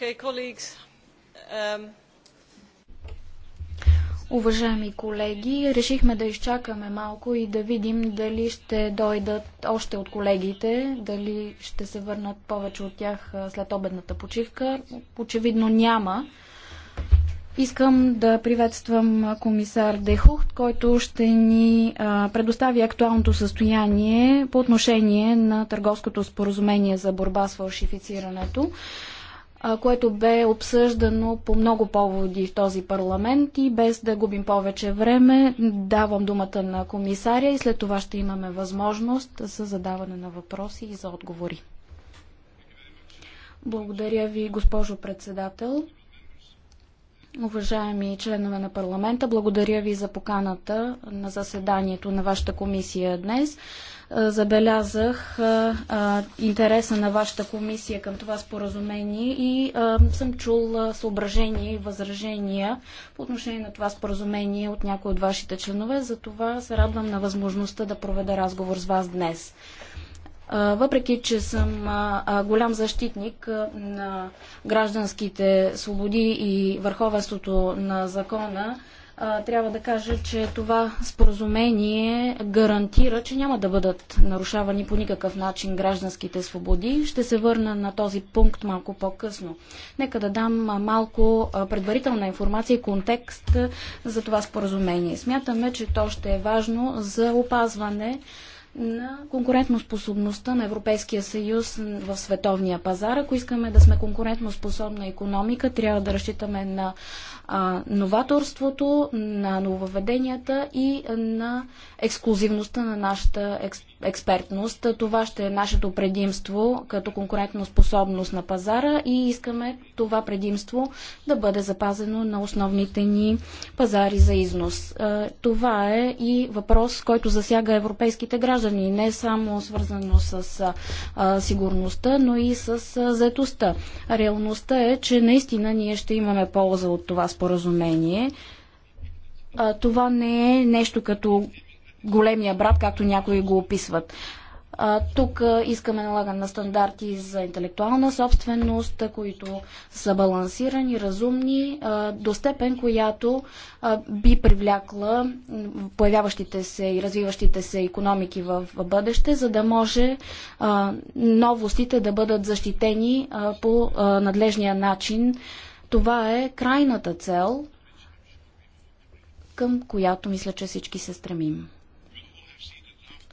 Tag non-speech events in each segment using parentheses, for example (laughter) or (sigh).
Um, Уважаеми колеги, решихме да изчакаме малко и да видим дали ще дойдат още от колегите, дали ще се върнат повече от тях след обедната почивка. Очевидно няма. Искам да приветствам комисар Дехухт, който ще ни предостави актуалното състояние по отношение на търговското споразумение за борба с фалшифицирането което бе обсъждано по много поводи в този парламент и без да губим повече време, давам думата на комисаря и след това ще имаме възможност за задаване на въпроси и за отговори. Благодаря ви, госпожо председател. Уважаеми членове на парламента, благодаря ви за поканата на заседанието на вашата комисия днес. Е, забелязах е, е, интереса на вашата комисия към това споразумение и съм чул съображения и възражения по отношение на това споразумение от някои от вашите членове. За това се радвам на възможността да проведа разговор с вас днес. Въпреки, че съм голям защитник на гражданските свободи и върховенството на закона, трябва да кажа, че това споразумение гарантира, че няма да бъдат нарушавани по никакъв начин гражданските свободи. Ще се върна на този пункт малко по-късно. Нека да дам малко предварителна информация и контекст за това споразумение. Смятаме, че то ще е важно за опазване на конкурентоспособността на Европейския съюз в световния пазар. Ако искаме да сме конкурентоспособна економика, трябва да разчитаме на а, новаторството, на нововведенията и на ексклюзивността на нашата експ експертност. Това ще е нашето предимство като конкурентно способност на пазара и искаме това предимство да бъде запазено на основните ни пазари за износ. Това е и въпрос, който засяга европейските граждани, не само свързано с сигурността, но и с заетостта. Реалността е, че наистина ние ще имаме полза от това споразумение. Това не е нещо като големия брат, както някои го описват. Тук искаме налагане на стандарти за интелектуална собственост, които са балансирани, разумни, до степен, която би привлякла появяващите се и развиващите се економики в бъдеще, за да може новостите да бъдат защитени по надлежния начин. Това е крайната цел, към която мисля, че всички се стремим.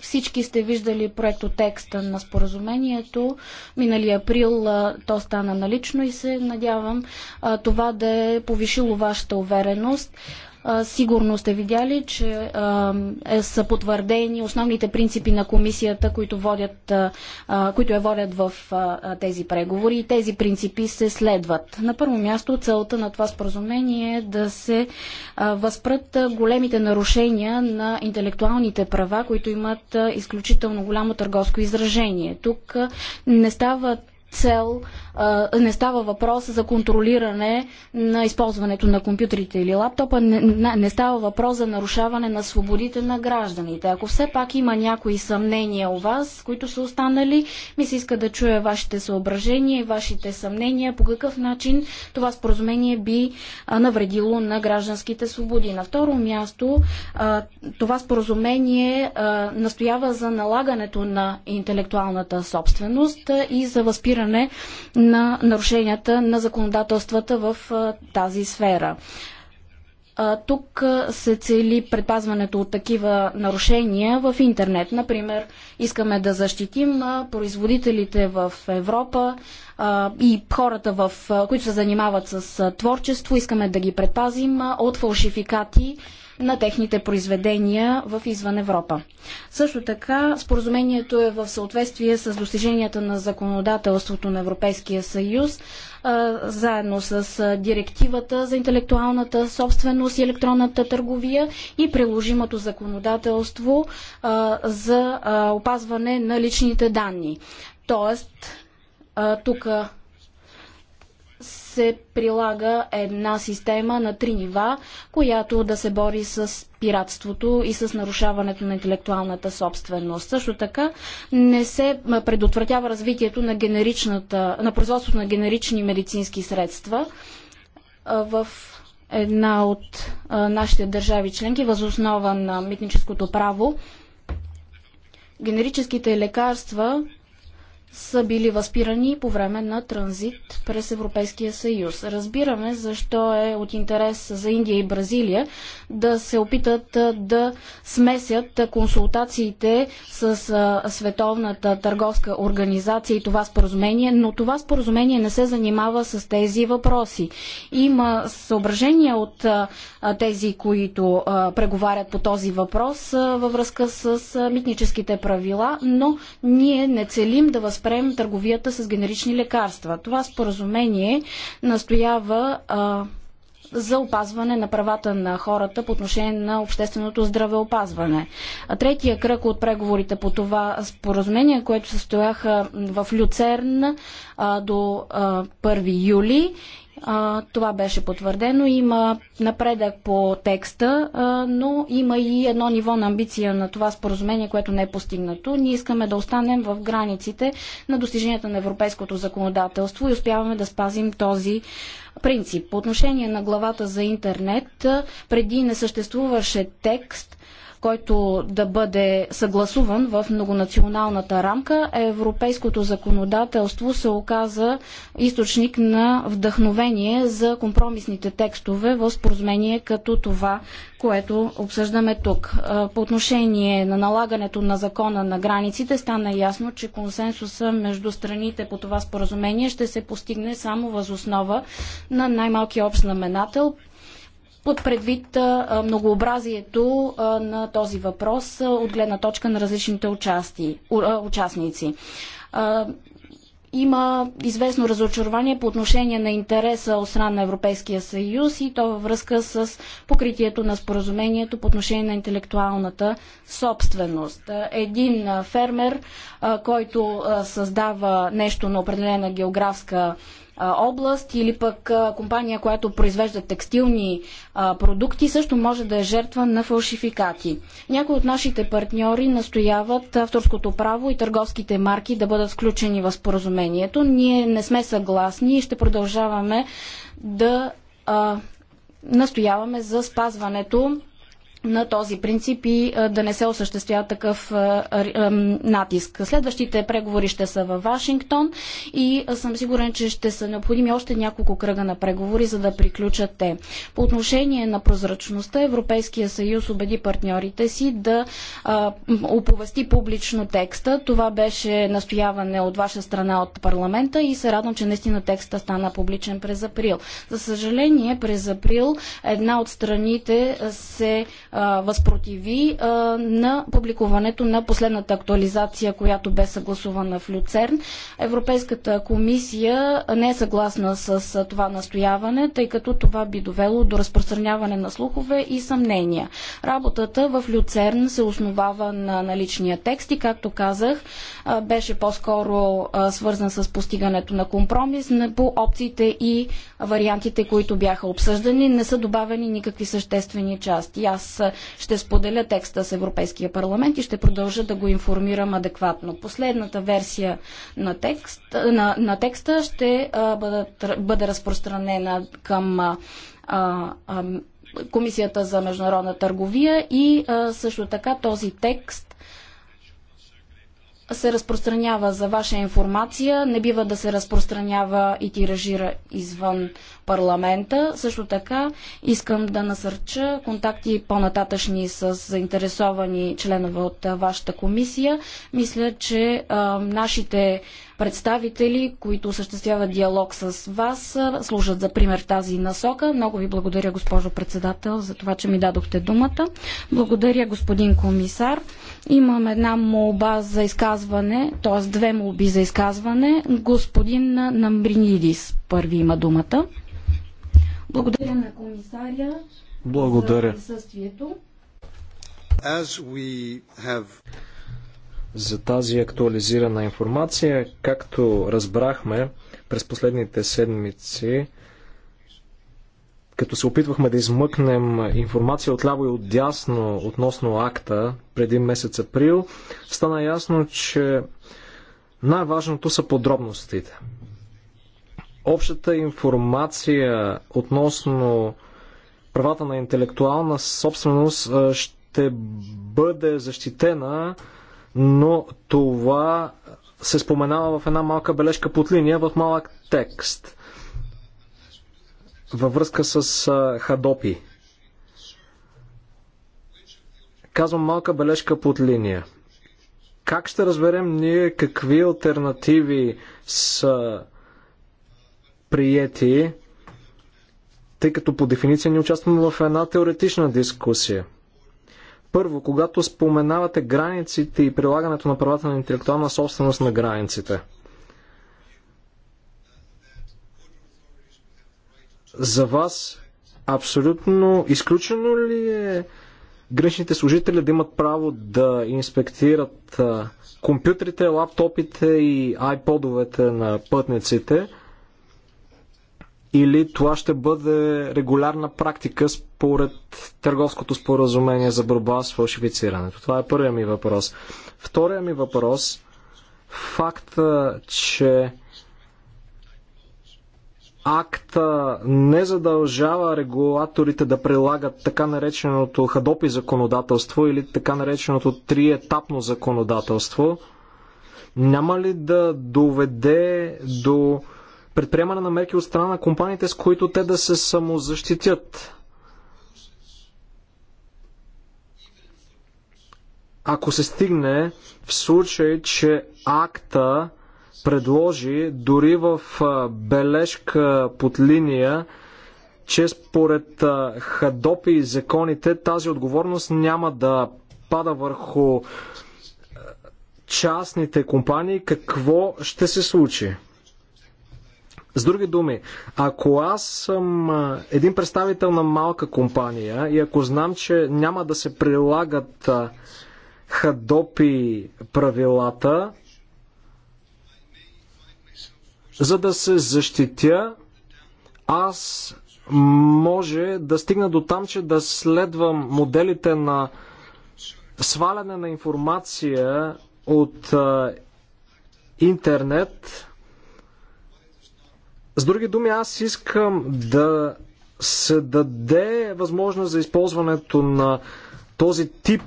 Всички сте виждали текста на споразумението. Минали април то стана налично и се надявам това да е повишило вашата увереност. Сигурно сте видяли, че е, са потвърдени основните принципи на комисията, които, водят, които я водят в тези преговори и тези принципи се следват. На първо място целта на това споразумение е да се възпрат големите нарушения на интелектуалните права, които имат изключително голямо търговско изражение. Тук не става цел не става въпрос за контролиране на използването на компютрите или лаптопа, не, не става въпрос за нарушаване на свободите на гражданите. Ако все пак има някои съмнения у вас, които са останали, ми се иска да чуя вашите съображения и вашите съмнения по какъв начин това споразумение би навредило на гражданските свободи. На второ място, това споразумение настоява за налагането на интелектуалната собственост и за възпиране на нарушенията на законодателствата в тази сфера. Тук се цели предпазването от такива нарушения в интернет. Например, искаме да защитим производителите в Европа и хората, в, които се занимават с творчество. Искаме да ги предпазим от фалшификати на техните произведения в извън Европа. Също така, споразумението е в съответствие с достиженията на законодателството на Европейския съюз, заедно с директивата за интелектуалната собственост и електронната търговия и приложимото законодателство за опазване на личните данни. Тоест, тук се прилага една система на три нива, която да се бори с пиратството и с нарушаването на интелектуалната собственост. Също така не се предотвратява развитието на, на производството на генерични медицински средства в една от нашите държави членки, възоснова на митническото право. Генерическите лекарства са били възпирани по време на транзит през Европейския съюз. Разбираме защо е от интерес за Индия и Бразилия да се опитат да смесят консултациите с Световната търговска организация и това споразумение, но това споразумение не се занимава с тези въпроси. Има съображения от тези, които преговарят по този въпрос във връзка с митническите правила, но ние не целим да възпираме спрем търговията с генерични лекарства. Това споразумение настоява а, за опазване на правата на хората по отношение на общественото здравеопазване. А третия кръг от преговорите по това споразумение, което състояха в Люцерн а, до а, 1 юли а, това беше потвърдено. Има напредък по текста, а, но има и едно ниво на амбиция на това споразумение, което не е постигнато. Ние искаме да останем в границите на достиженията на европейското законодателство и успяваме да спазим този принцип. По отношение на главата за интернет, преди не съществуваше текст, който да бъде съгласуван в многонационалната рамка, европейското законодателство се оказа източник на вдъхновение за компромисните текстове в споразумение като това, което обсъждаме тук. По отношение на налагането на закона на границите стана ясно, че консенсуса между страните по това споразумение ще се постигне само възоснова на най-малкия общ знаменател под предвид многообразието на този въпрос от гледна точка на различните участи, участници има известно разочарование по отношение на интереса от страна на Европейския съюз и то във връзка с покритието на споразумението по отношение на интелектуалната собственост. Един фермер, който създава нещо на определена географска област или пък компания, която произвежда текстилни продукти, също може да е жертва на фалшификати. Някои от нашите партньори настояват авторското право и търговските марки да бъдат включени в споразумението. Ние не сме съгласни и ще продължаваме да настояваме за спазването на този принцип и да не се осъществява такъв натиск. Следващите преговори ще са във Вашингтон и съм сигурен, че ще са необходими още няколко кръга на преговори, за да приключат те. По отношение на прозрачността, Европейския съюз убеди партньорите си да оповести публично текста. Това беше настояване от ваша страна от парламента и се радвам, че наистина текста стана публичен през април. За съжаление, през април една от страните се възпротиви а, на публикуването на последната актуализация, която бе съгласувана в Люцерн. Европейската комисия не е съгласна с това настояване, тъй като това би довело до разпространяване на слухове и съмнения. Работата в Люцерн се основава на наличния текст и, както казах, беше по-скоро свързан с постигането на компромис по опциите и вариантите, които бяха обсъждани. Не са добавени никакви съществени части. Аз ще споделя текста с Европейския парламент и ще продължа да го информирам адекватно. Последната версия на, текст, на, на текста ще а, бъдат, бъде разпространена към а, а, Комисията за международна търговия и а, също така този текст се разпространява за ваша информация, не бива да се разпространява и тиражира извън парламента. Също така искам да насърча контакти по-нататъчни с заинтересовани членове от вашата комисия. Мисля, че а, нашите представители, които осъществяват диалог с вас, служат за пример тази насока. Много ви благодаря, госпожо председател, за това, че ми дадохте думата. Благодаря, господин комисар. Имам една молба за изказване, т.е. две молби за изказване. Господин Намбринидис първи има думата. Благодаря на комисаря Благодаря. за присъствието. Have... За тази актуализирана информация, както разбрахме през последните седмици, като се опитвахме да измъкнем информация от ляво и от дясно относно акта преди месец април, стана ясно, че най-важното са подробностите общата информация относно правата на интелектуална собственост ще бъде защитена, но това се споменава в една малка бележка под линия в малък текст във връзка с Хадопи. Казвам малка бележка под линия. Как ще разберем ние какви альтернативи са приети, тъй като по дефиниция ни участваме в една теоретична дискусия. Първо, когато споменавате границите и прилагането на правата на интелектуална собственост на границите. За вас абсолютно изключено ли е граничните служители да имат право да инспектират компютрите, лаптопите и айподовете на пътниците – или това ще бъде регулярна практика според търговското споразумение за борба с фалшифицирането? Това е първият ми въпрос. Вторият ми въпрос факта, че акта не задължава регулаторите да прилагат така нареченото хадопи законодателство или така нареченото триетапно законодателство, няма ли да доведе до предприемане на мерки от страна на компаниите, с които те да се самозащитят. Ако се стигне в случай, че акта предложи дори в бележка под линия, че според Хадопи и законите тази отговорност няма да пада върху частните компании, какво ще се случи? С други думи, ако аз съм един представител на малка компания и ако знам, че няма да се прилагат хадопи правилата, за да се защитя, аз може да стигна до там, че да следвам моделите на сваляне на информация от а, интернет с други думи, аз искам да се даде възможност за използването на този тип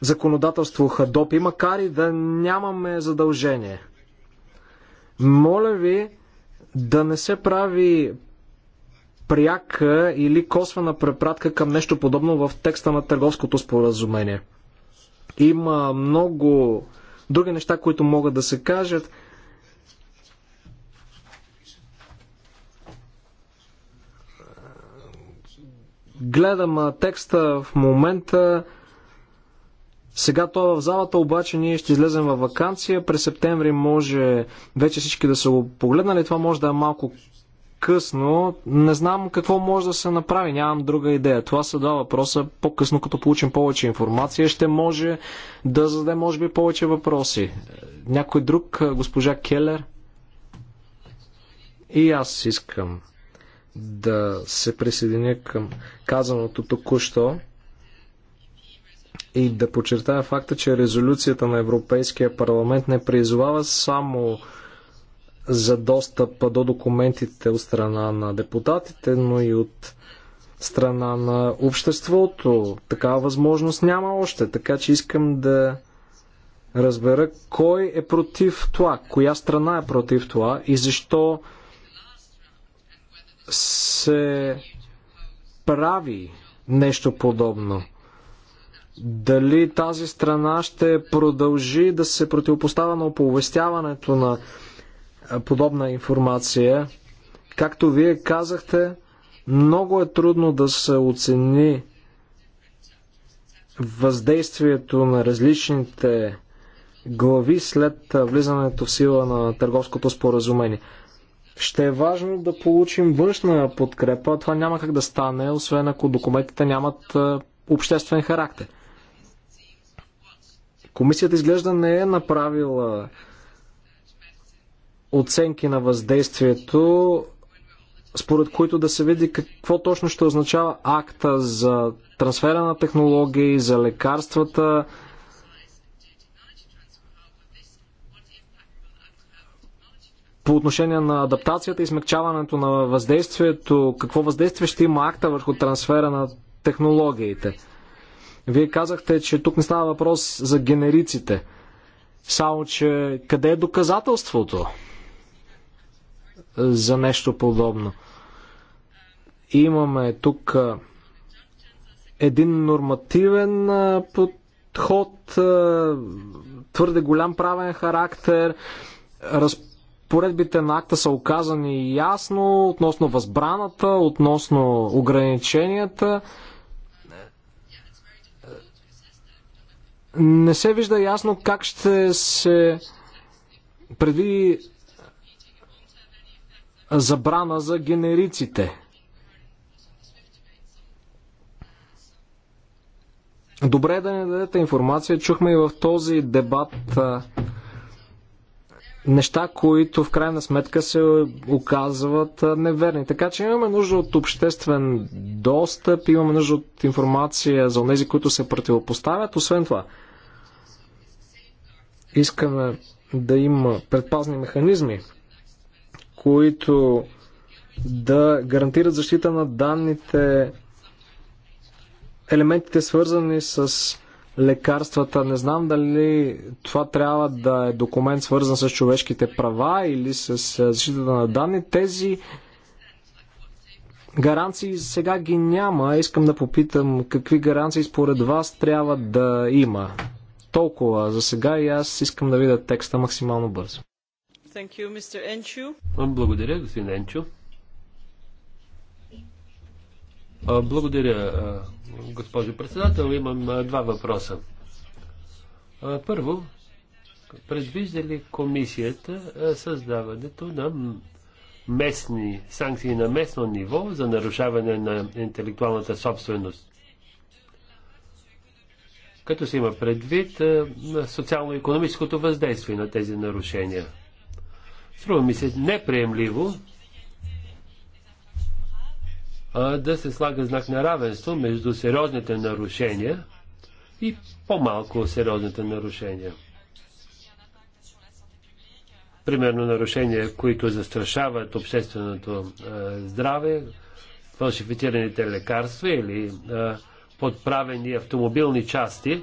законодателство и макар и да нямаме задължение. Моля ви да не се прави пряка или косвена препратка към нещо подобно в текста на търговското споразумение. Има много други неща, които могат да се кажат. Гледам текста в момента. Сега той е в залата, обаче ние ще излезем във вакансия. През септември може вече всички да са го погледнали. Това може да е малко късно. Не знам какво може да се направи. Нямам друга идея. Това са два въпроса. По-късно, като получим повече информация, ще може да зададе може би, повече въпроси. Някой друг, госпожа Келер? И аз искам да се присъединя към казаното току-що и да подчертая факта, че резолюцията на Европейския парламент не призовава само за достъп до документите от страна на депутатите, но и от страна на обществото. Такава възможност няма още, така че искам да разбера кой е против това, коя страна е против това и защо се прави нещо подобно. Дали тази страна ще продължи да се противопоставя на оповестяването на подобна информация? Както вие казахте, много е трудно да се оцени въздействието на различните глави след влизането в сила на търговското споразумение. Ще е важно да получим външна подкрепа. Това няма как да стане, освен ако документите нямат е, обществен характер. Комисията изглежда не е направила оценки на въздействието, според които да се види какво точно ще означава акта за трансфера на технологии, за лекарствата, по отношение на адаптацията и смягчаването на въздействието, какво въздействие ще има акта върху трансфера на технологиите? Вие казахте, че тук не става въпрос за генериците. Само, че къде е доказателството за нещо подобно? Имаме тук един нормативен подход, твърде голям правен характер, разпределение разпоредбите на акта са оказани ясно относно възбраната, относно ограниченията. Не се вижда ясно как ще се преди забрана за генериците. Добре е да ни дадете информация. Чухме и в този дебат неща, които в крайна сметка се оказват неверни. Така че имаме нужда от обществен достъп, имаме нужда от информация за тези, които се противопоставят. Освен това, искаме да има предпазни механизми, които да гарантират защита на данните, елементите свързани с лекарствата. Не знам дали това трябва да е документ свързан с човешките права или с защитата на данни. Тези гаранции сега ги няма. Искам да попитам какви гаранции според вас трябва да има. Толкова за сега и аз искам да видя текста максимално бързо. Благодаря, господин Енчо. Благодаря, госпожо председател. Имам два въпроса. Първо, предвижда ли комисията създаването на местни санкции на местно ниво за нарушаване на интелектуалната собственост? Като се има предвид социално-економическото въздействие на тези нарушения. Струва ми се неприемливо да се слага знак на равенство между сериозните нарушения и по-малко сериозните нарушения. Примерно нарушения, които застрашават общественото здраве, фалшифицираните лекарства или подправени автомобилни части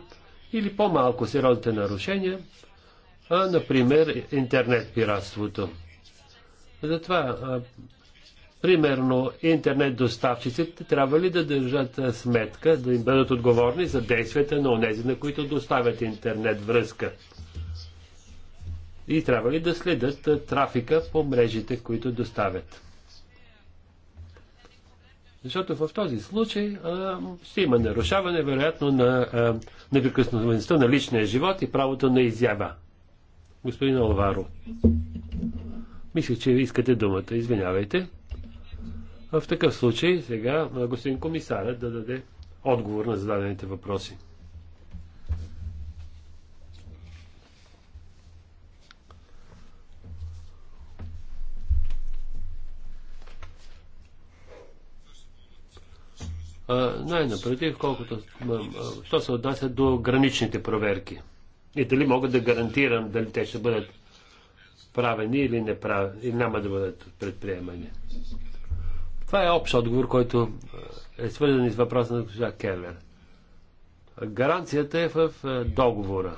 или по-малко сериозните нарушения, например интернет пиратството. Затова Примерно, интернет доставчиците трябва ли да държат сметка, да им бъдат отговорни за действията на онези, на които доставят интернет връзка? И трябва ли да следят трафика по мрежите, които доставят? Защото в този случай а, ще има нарушаване, вероятно, на непрекъснатостта на личния живот и правото на изява. Господин Алваро, мисля, че искате думата. Извинявайте. В такъв случай сега господин комисарът да даде отговор на зададените въпроси. най-напротив, колкото що се отнася до граничните проверки. И дали мога да гарантирам дали те ще бъдат правени или, не прав... или няма да бъдат предприемани. Това е общ отговор, който е, е свързан с въпроса на госпожа Келер. Гаранцията е в е, договора.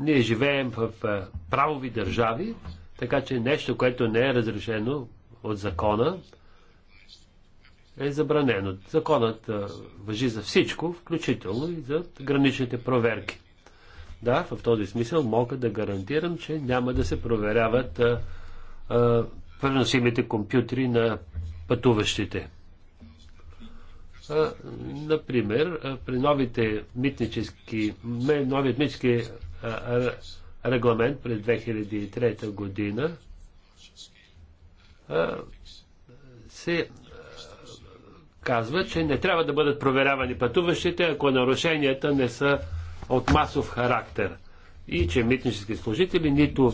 Ние живеем в е, правови държави, така че нещо, което не е разрешено от закона, е забранено. Законът въжи за всичко, включително и за граничните проверки. Да, в този смисъл мога да гарантирам, че няма да се проверяват преносимите компютри на пътуващите. А, например, при новите митнически, новият митнически регламент през 2003 година а, се казва, че не трябва да бъдат проверявани пътуващите, ако нарушенията не са от масов характер. И че митнически служители нито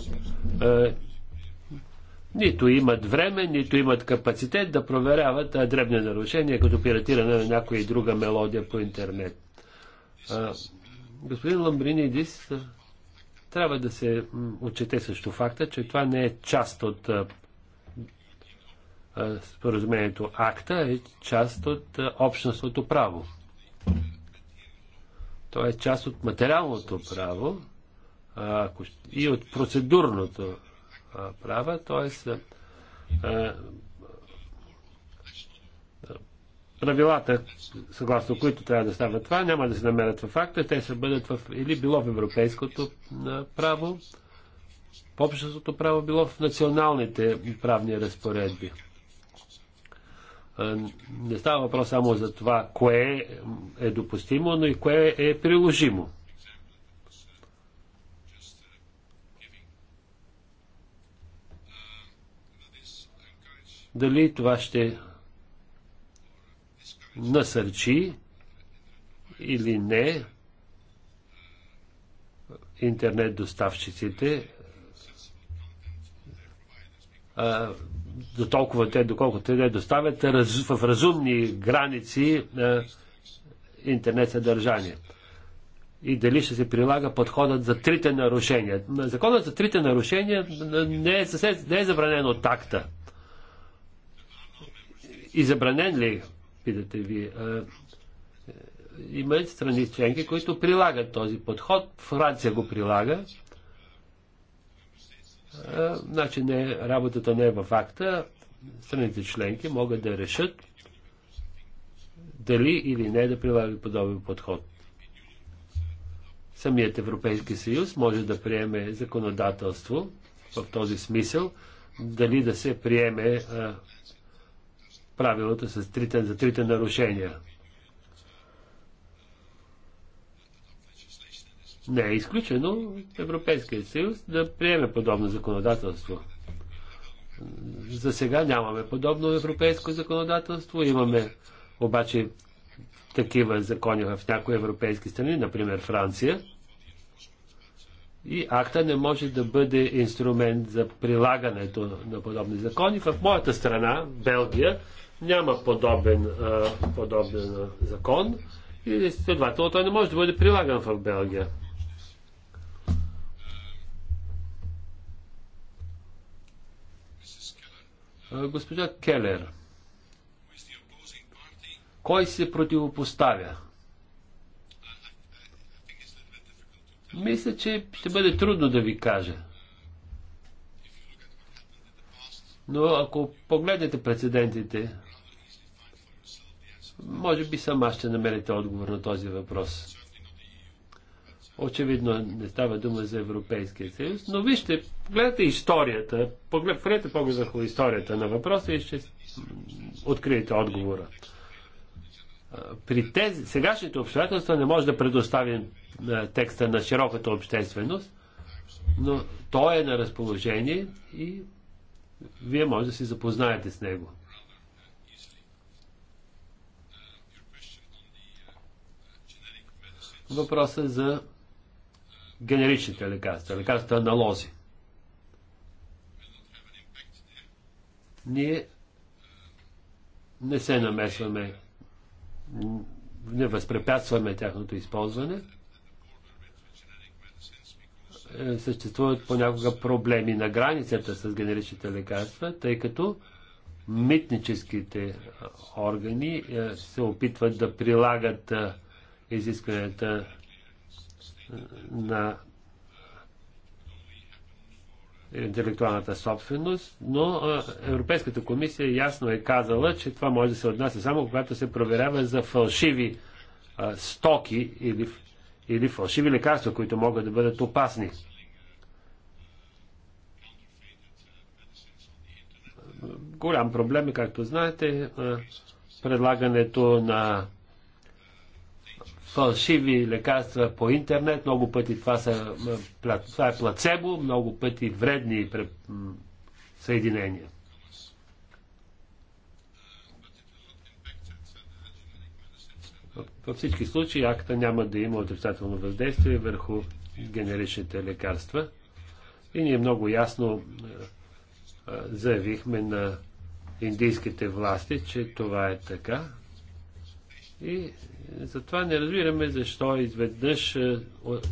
нито имат време, нито имат капацитет да проверяват дребни нарушения, като пиратиране на някоя и друга мелодия по интернет. А, господин Ламбринидис, трябва да се отчете също факта, че това не е част от а, споразумението акта, е част от а, общностното право. То е част от материалното право а, и от процедурното права, т.е. правилата, съгласно които трябва да става това, няма да се намерят в факта, те ще бъдат в, или било в европейското право, в обществото право, било в националните правни разпоредби. Не става въпрос само за това, кое е допустимо, но и кое е приложимо. дали това ще насърчи или не интернет доставчиците до толкова те, доколкото те не доставят в разумни граници интернет съдържание. И дали ще се прилага подходът за трите нарушения. Законът за трите нарушения не е, не е забранен от такта. И забранен ли, питате ви, е, има страни членки, които прилагат този подход. Франция го прилага. Значи не, работата не е в акта, Страните членки могат да решат дали или не да прилагат подобен подход. Самият Европейски съюз може да приеме законодателство в този смисъл, дали да се приеме правилата с трите, за трите нарушения. Не е изключено Европейския съюз да приеме подобно законодателство. За сега нямаме подобно европейско законодателство. Имаме обаче такива закони в някои европейски страни, например Франция. И акта не може да бъде инструмент за прилагането на подобни закони. В моята страна, Белгия, няма подобен, а, подобен закон и следователно той не може да бъде прилаган в Белгия. Госпожа Келер, кой се противопоставя? Мисля, че ще бъде трудно да ви кажа. Но ако погледнете прецедентите може би сама ще намерите отговор на този въпрос. Очевидно не става дума за Европейския съюз, но вижте, гледате историята, погледнете по върху историята на въпроса и ще откриете отговора. При тези, сегашните обстоятелства не може да предоставим текста на широката общественост, но той е на разположение и вие може да се запознаете с него. въпроса е за генеричните лекарства, лекарства аналози. Ние не се намесваме, не възпрепятстваме тяхното използване. Е, съществуват понякога проблеми на границата с генеричните лекарства, тъй като митническите органи е, се опитват да прилагат изискванията на интелектуалната собственост, но Европейската комисия ясно е казала, че това може да се отнася само когато се проверява за фалшиви стоки или, или фалшиви лекарства, които могат да бъдат опасни. Голям проблем е, както знаете, предлагането на фалшиви лекарства по интернет. Много пъти това, са, това е плацебо, много пъти вредни съединения. Във всички случаи акта няма да има отрицателно въздействие върху генеричните лекарства. И ние много ясно заявихме на индийските власти, че това е така. И затова не разбираме защо изведнъж е,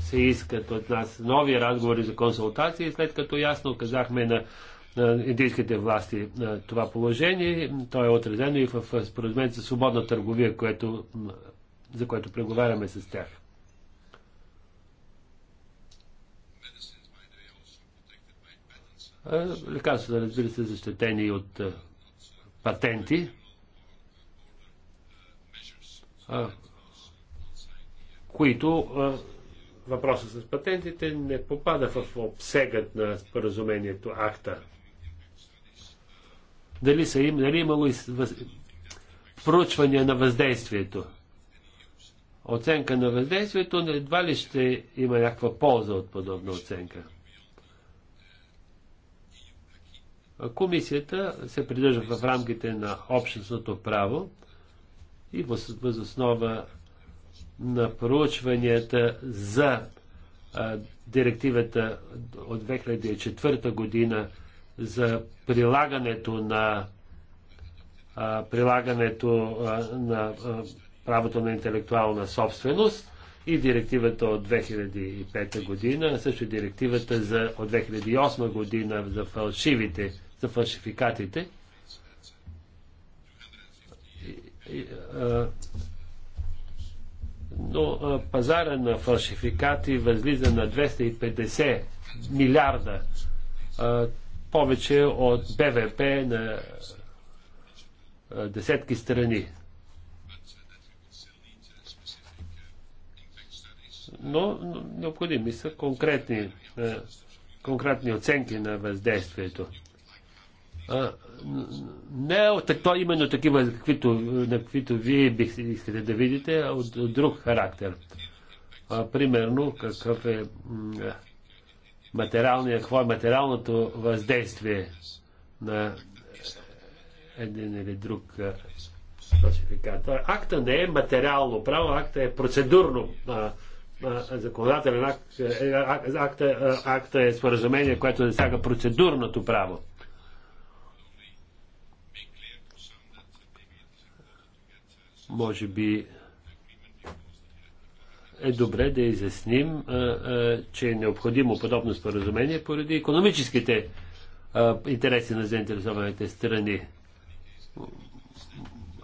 се искат от нас нови разговори за консултации, след като ясно казахме на, индийските власти е, това положение. То е отразено и в споразумение за свободна търговия, което, за което преговаряме с тях. Е, лекарствата, разбира се, защитени от патенти които въпроса с патентите не попада в обсегът на споразумението акта. Дали, са им, дали имало въз... проучване на въздействието? Оценка на въздействието едва ли ще има някаква полза от подобна оценка. Комисията се придържа в рамките на общностното право и възоснова на проучванията за директивата от 2004 година за прилагането на прилагането на правото на интелектуална собственост и директивата от 2005 година, също директивата за, от 2008 година за фалшивите, за фалшификатите но пазара на фалшификати възлиза на 250 милиарда повече от БВП на десетки страни. Но необходими са конкретни, конкретни оценки на въздействието не от такова, именно такива, каквито, на каквито вие бих искате да видите, а от, от друг характер. А, примерно, какъв е материалния, какво е материалното въздействие на един или друг класификатор. Акта не е материално право, акта е процедурно а, а, законодателен акт, е, акта, акта е споразумение, което засяга процедурното право. Може би е добре да изясним, че е необходимо подобно споразумение поради економическите интереси на заинтересованите страни.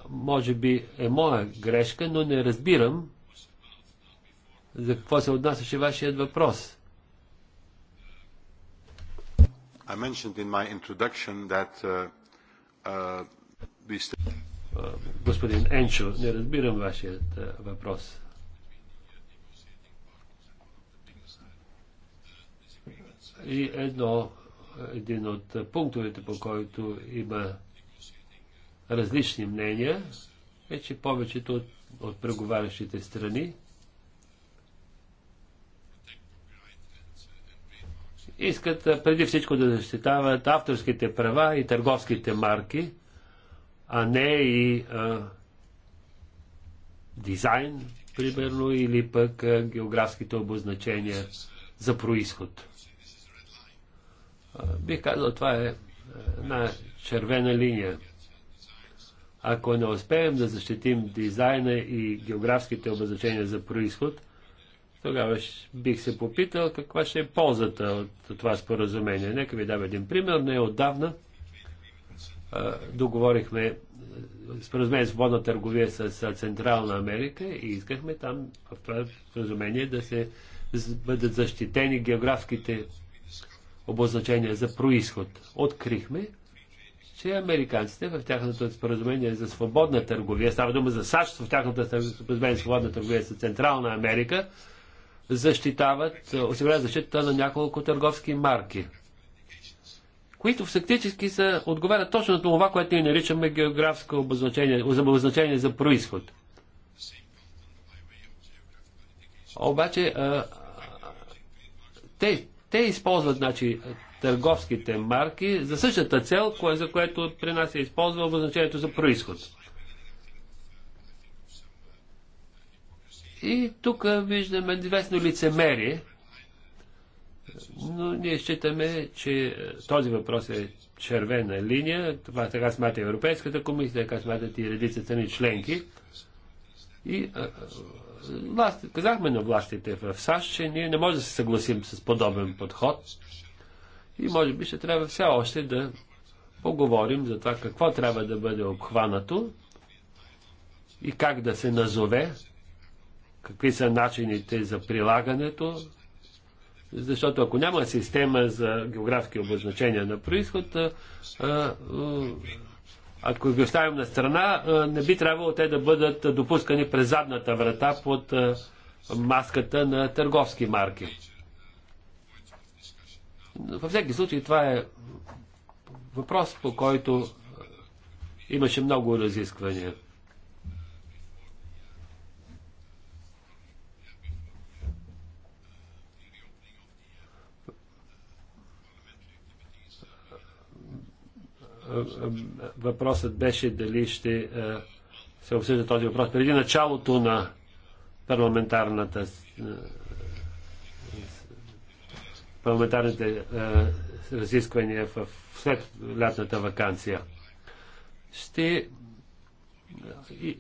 Може би е моя грешка, но не разбирам за какво се отнасяше вашият въпрос. I mentioned in my introduction that uh, uh, we господин Енчо. Не разбирам вашият въпрос. И едно, един от пунктовете, по който има различни мнения, е, че повечето от, от преговарящите страни искат преди всичко да защитават авторските права и търговските марки, а не и а, дизайн, примерно, или пък а, географските обозначения за происход. А, бих казал, това е една червена линия. Ако не успеем да защитим дизайна и географските обозначения за происход, тогава бих се попитал каква ще е ползата от това споразумение. Нека ви дам един пример. Не отдавна договорихме споразумение за свободна търговия с Централна Америка и искахме там в това споразумение да се бъдат защитени географските обозначения за происход. Открихме, че американците в тяхното споразумение за свободна търговия, става дума за САЩ в тяхното споразумение за свободна търговия с Централна Америка, защитават, осигуряват защита на няколко търговски марки – които фактически са, отговарят точно на това, което ние наричаме географско обозначение, обозначение за происход. Обаче, а, те, те използват значи, търговските марки за същата цел, кое, за което при нас се използва обозначението за происход. И тук виждаме известно лицемерие, но ние считаме, че е, този въпрос е червена линия. Това така смята Европейската комисия, така смятат и редица страни членки. И а, е, е, власт, казахме на властите в САЩ, че ние не можем да се съгласим с подобен подход. И може би ще трябва все още да поговорим за това какво трябва да бъде обхванато и как да се назове, какви са начините за прилагането, защото ако няма система за географски обозначения на происход, ако ги оставим на страна, не би трябвало те да бъдат допускани през задната врата под маската на търговски марки. Във всеки случай това е въпрос, по който имаше много разисквания. въпросът беше дали ще се обсъжда този въпрос преди началото на парламентарната парламентарните разисквания в, след лятната вакансия. Ще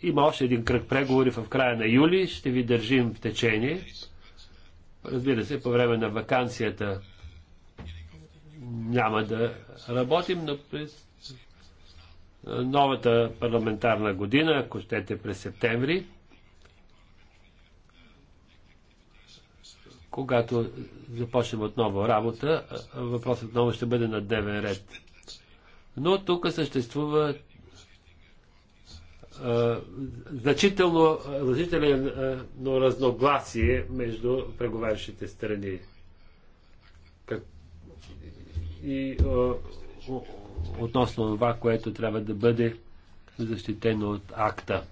има още един кръг преговори в края на юли. Ще ви държим в течение. Разбира се, по време на вакансията няма да работим, но през е, новата парламентарна година, ако щете през септември, когато започнем отново работа, е, въпросът отново ще бъде на дневен ред. Но тук съществува а, е, значително значително разногласие между преговарящите страни. Как... И а, относно това, което трябва да бъде защитено от акта.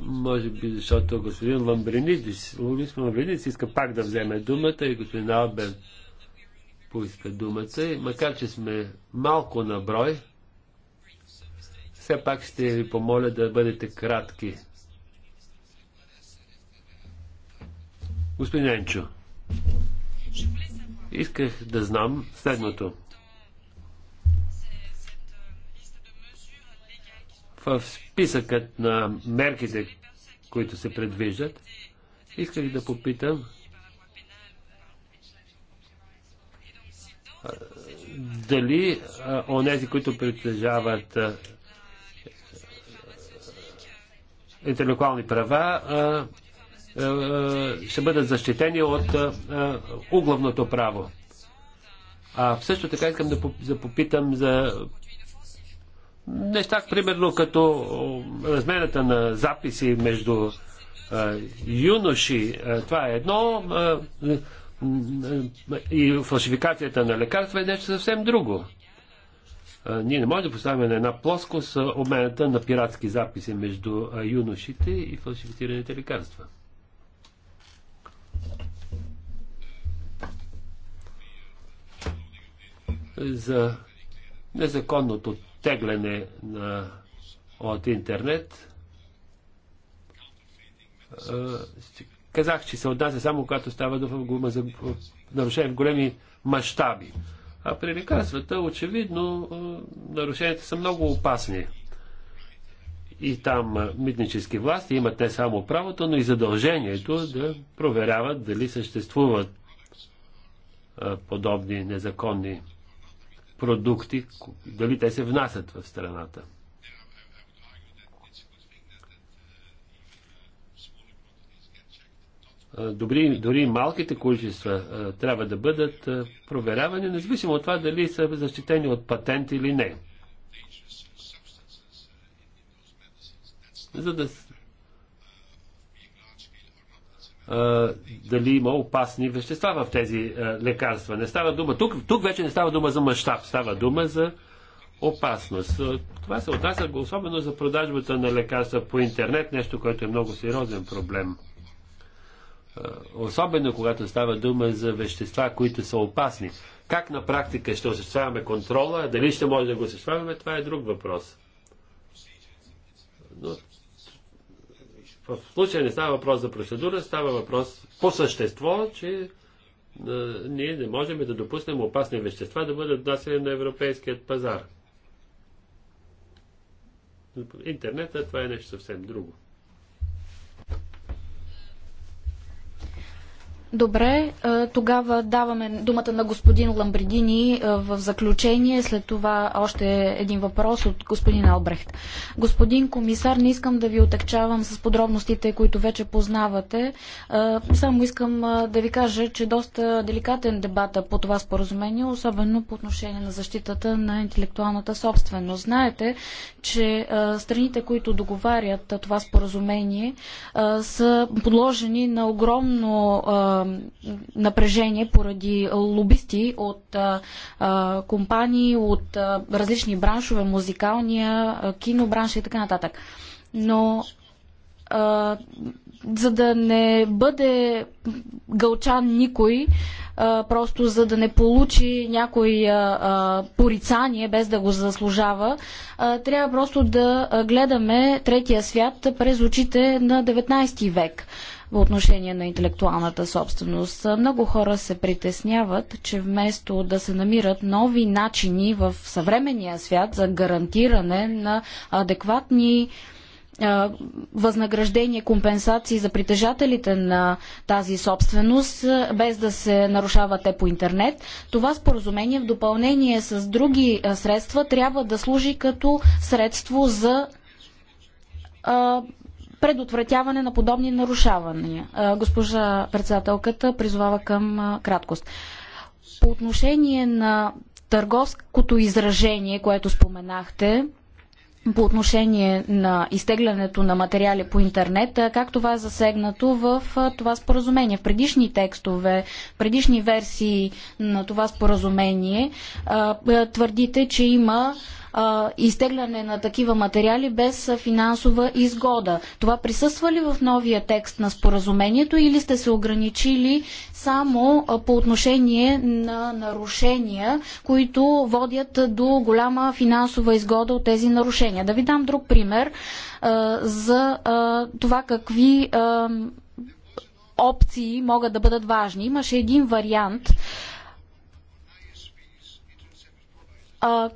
Може би, защото господин Ламбренидис, Луис Ламбренидис иска пак да вземе думата и господин Албер поиска думата. И макар, че сме малко на брой, все пак ще ви помоля да бъдете кратки. Господин Енчо. Исках да знам следното. В списъкът на мерките, които се предвиждат, исках да попитам дали онези, които притежават интелектуални права, а, е, е, ще бъдат защитени от е, углавното право. А също така искам да попитам за неща, примерно като размената на записи между юноши, това е едно, и фалшификацията на лекарства е нещо съвсем друго. Ние не можем да поставим на една плоскост обмената на пиратски записи между юношите и фалшифицираните лекарства. за незаконното тегляне на, от интернет. Казах, че се отнася само когато става дума за нарушение в големи мащаби. А при лекарствата, очевидно, нарушенията са много опасни. И там митнически власти имат не само правото, но и задължението да проверяват дали съществуват подобни незаконни продукти, дали те се внасят в страната. Добри, дори малките количества трябва да бъдат проверявани, независимо от това дали са защитени от патент или не. За да дали има опасни вещества в тези лекарства. Не става дума. Тук, тук вече не става дума за мащаб, става дума за опасност. Това се отнася особено за продажбата на лекарства по интернет, нещо, което е много сериозен проблем. Особено когато става дума за вещества, които са опасни. Как на практика ще осъществяваме контрола, дали ще може да го осъществяваме, това е друг въпрос. Но в случая не става въпрос за процедура, става въпрос по същество, че ние не можем да допуснем опасни вещества да бъдат внасяни на европейският пазар. Интернета това е нещо съвсем друго. Добре, тогава даваме думата на господин Ламбридини в заключение. След това още един въпрос от господин Албрехт. Господин комисар, не искам да ви отекчавам с подробностите, които вече познавате. Само искам да ви кажа, че доста деликатен дебат по това споразумение, особено по отношение на защитата на интелектуалната собственост. Знаете, че страните, които договарят това споразумение, са подложени на огромно напрежение поради лобисти от компании, от различни браншове, музикалния, кинобранш и така нататък. Но за да не бъде гълчан никой, просто за да не получи някой порицание, без да го заслужава, трябва просто да гледаме третия свят през очите на 19 век по отношение на интелектуалната собственост. Много хора се притесняват, че вместо да се намират нови начини в съвременния свят за гарантиране на адекватни възнаграждение, компенсации за притежателите на тази собственост, без да се нарушават те по интернет. Това споразумение в допълнение с други средства трябва да служи като средство за предотвратяване на подобни нарушавания. Госпожа председателката призовава към краткост. По отношение на търговското изражение, което споменахте, по отношение на изтеглянето на материали по интернет, как това е засегнато в това споразумение. В предишни текстове, предишни версии на това споразумение твърдите, че има а, изтегляне на такива материали без финансова изгода. Това присъства ли в новия текст на споразумението или сте се ограничили само по отношение на нарушения, които водят до голяма финансова изгода от тези нарушения? Да ви дам друг пример а, за а, това какви. А, опции могат да бъдат важни. Имаше един вариант, а,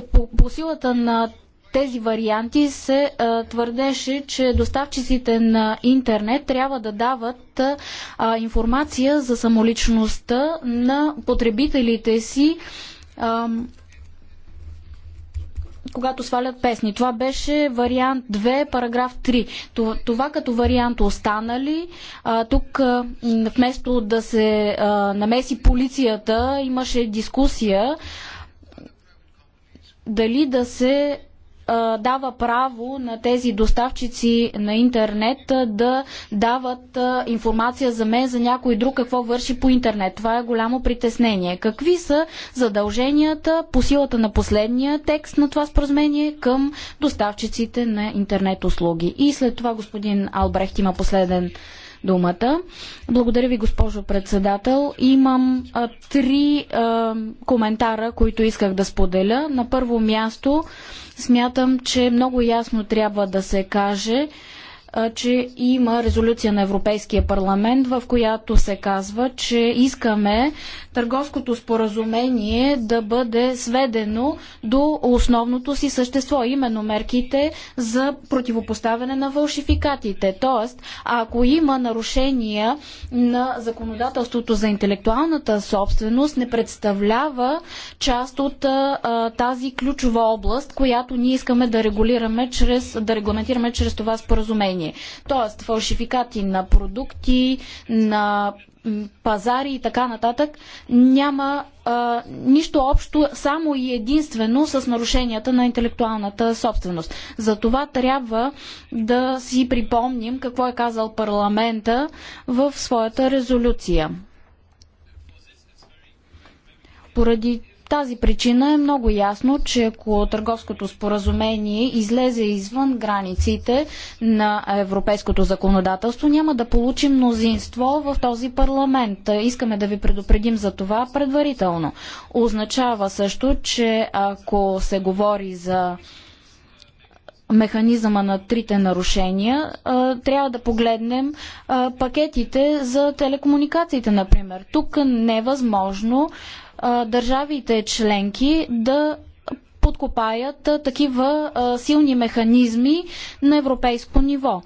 по, по силата на тези варианти се а, твърдеше, че доставчиците на интернет трябва да дават а, информация за самоличността на потребителите си. А, когато свалят песни. Това беше вариант 2, параграф 3. Това, това като вариант останали. А, тук а, вместо да се а, намеси полицията, имаше дискусия дали да се дава право на тези доставчици на интернет да дават информация за мен, за някой друг, какво върши по интернет. Това е голямо притеснение. Какви са задълженията по силата на последния текст на това споразумение към доставчиците на интернет услуги? И след това господин Албрехт има последен думата. Благодаря ви, госпожо председател. Имам а, три а, коментара, които исках да споделя. На първо място смятам, че много ясно трябва да се каже, че има резолюция на Европейския парламент, в която се казва, че искаме търговското споразумение да бъде сведено до основното си същество, именно мерките за противопоставяне на фалшификатите. Тоест, ако има нарушения на законодателството за интелектуалната собственост, не представлява част от а, тази ключова област, която ние искаме да регулираме чрез, да регламентираме чрез това споразумение съдържание. Тоест фалшификати на продукти, на пазари и така нататък, няма а, нищо общо само и единствено с нарушенията на интелектуалната собственост. За това трябва да си припомним какво е казал парламента в своята резолюция. Поради тази причина е много ясно, че ако търговското споразумение излезе извън границите на европейското законодателство, няма да получи мнозинство в този парламент. Искаме да ви предупредим за това предварително. Означава също, че ако се говори за механизъма на трите нарушения, трябва да погледнем пакетите за телекомуникациите, например. Тук не е възможно държавите членки да подкопаят такива силни механизми на европейско ниво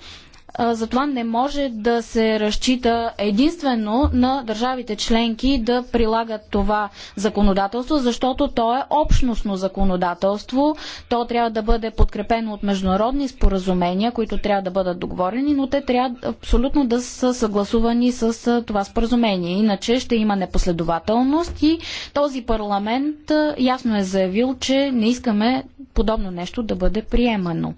затова не може да се разчита единствено на държавите членки да прилагат това законодателство, защото то е общностно законодателство. То трябва да бъде подкрепено от международни споразумения, които трябва да бъдат договорени, но те трябва абсолютно да са съгласувани с това споразумение. Иначе ще има непоследователност и този парламент ясно е заявил, че не искаме подобно нещо да бъде приемано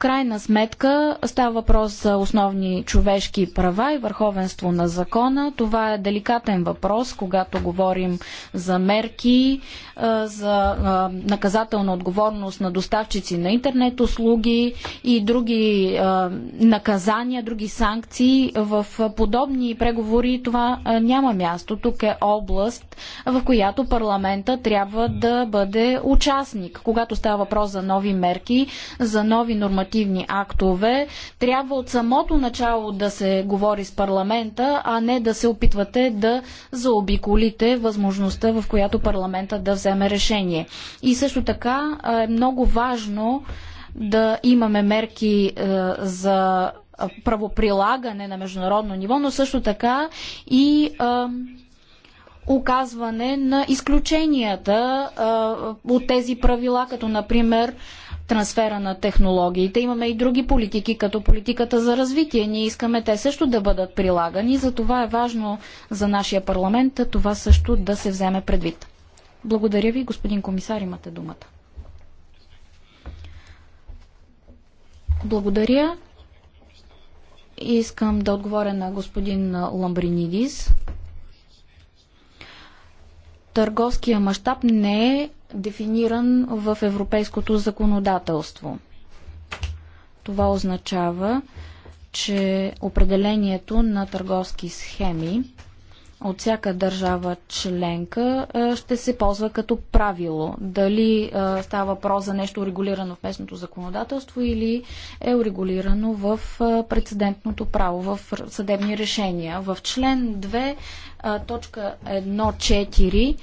крайна сметка става въпрос за основни човешки права и върховенство на закона. Това е деликатен въпрос, когато говорим за мерки, е, за е, наказателна отговорност на доставчици на интернет услуги и други е, наказания, други санкции. В подобни преговори това няма място. Тук е област, в която парламента трябва да бъде участник. Когато става въпрос за нови мерки, за нови нормативни административни актове, трябва от самото начало да се говори с парламента, а не да се опитвате да заобиколите възможността, в която парламента да вземе решение. И също така е много важно да имаме мерки е, за правоприлагане на международно ниво, но също така и е, оказване на изключенията от тези правила, като например трансфера на технологиите. Имаме и други политики, като политиката за развитие. Ние искаме те също да бъдат прилагани. За това е важно за нашия парламент това също да се вземе предвид. Благодаря ви, господин комисар, имате думата. Благодаря. Искам да отговоря на господин Ламбринидис. Търговския мащаб не е дефиниран в европейското законодателство. Това означава, че определението на търговски схеми от всяка държава членка ще се ползва като правило. Дали става въпрос за нещо регулирано в местното законодателство или е урегулирано в прецедентното право, в съдебни решения. В член 2, точка 1.4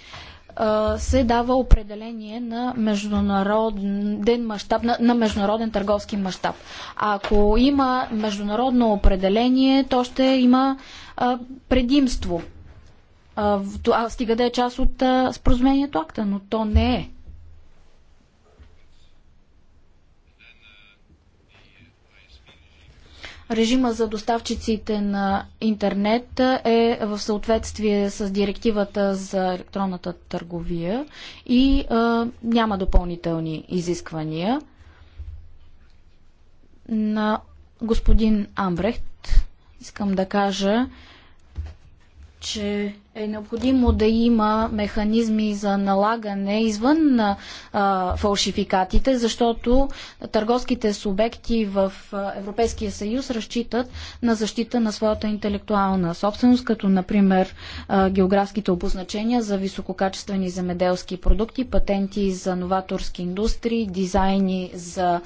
се дава определение на международен мащаб, на, на международен търговски мащаб. Ако има международно определение, то ще има а, предимство. А, стига да е част от а, споразумението акта, но то не е. Режима за доставчиците на интернет е в съответствие с директивата за електронната търговия и а, няма допълнителни изисквания. На господин Амбрехт искам да кажа, че е необходимо да има механизми за налагане извън на фалшификатите, защото търговските субекти в Европейския съюз разчитат на защита на своята интелектуална собственост, като например географските обозначения за висококачествени земеделски продукти, патенти за новаторски индустрии, дизайни за,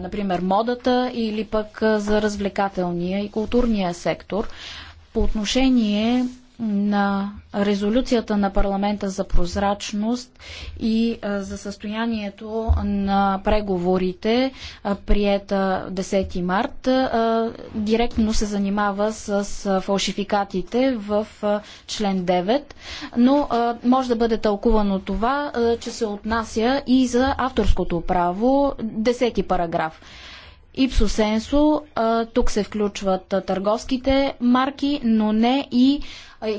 например, модата или пък за развлекателния и културния сектор. По отношение на резолюцията на парламента за прозрачност и за състоянието на преговорите, приета 10 март, директно се занимава с фалшификатите в член 9, но може да бъде тълкувано това, че се отнася и за авторското право, 10 параграф. Ипсо тук се включват търговските марки, но не и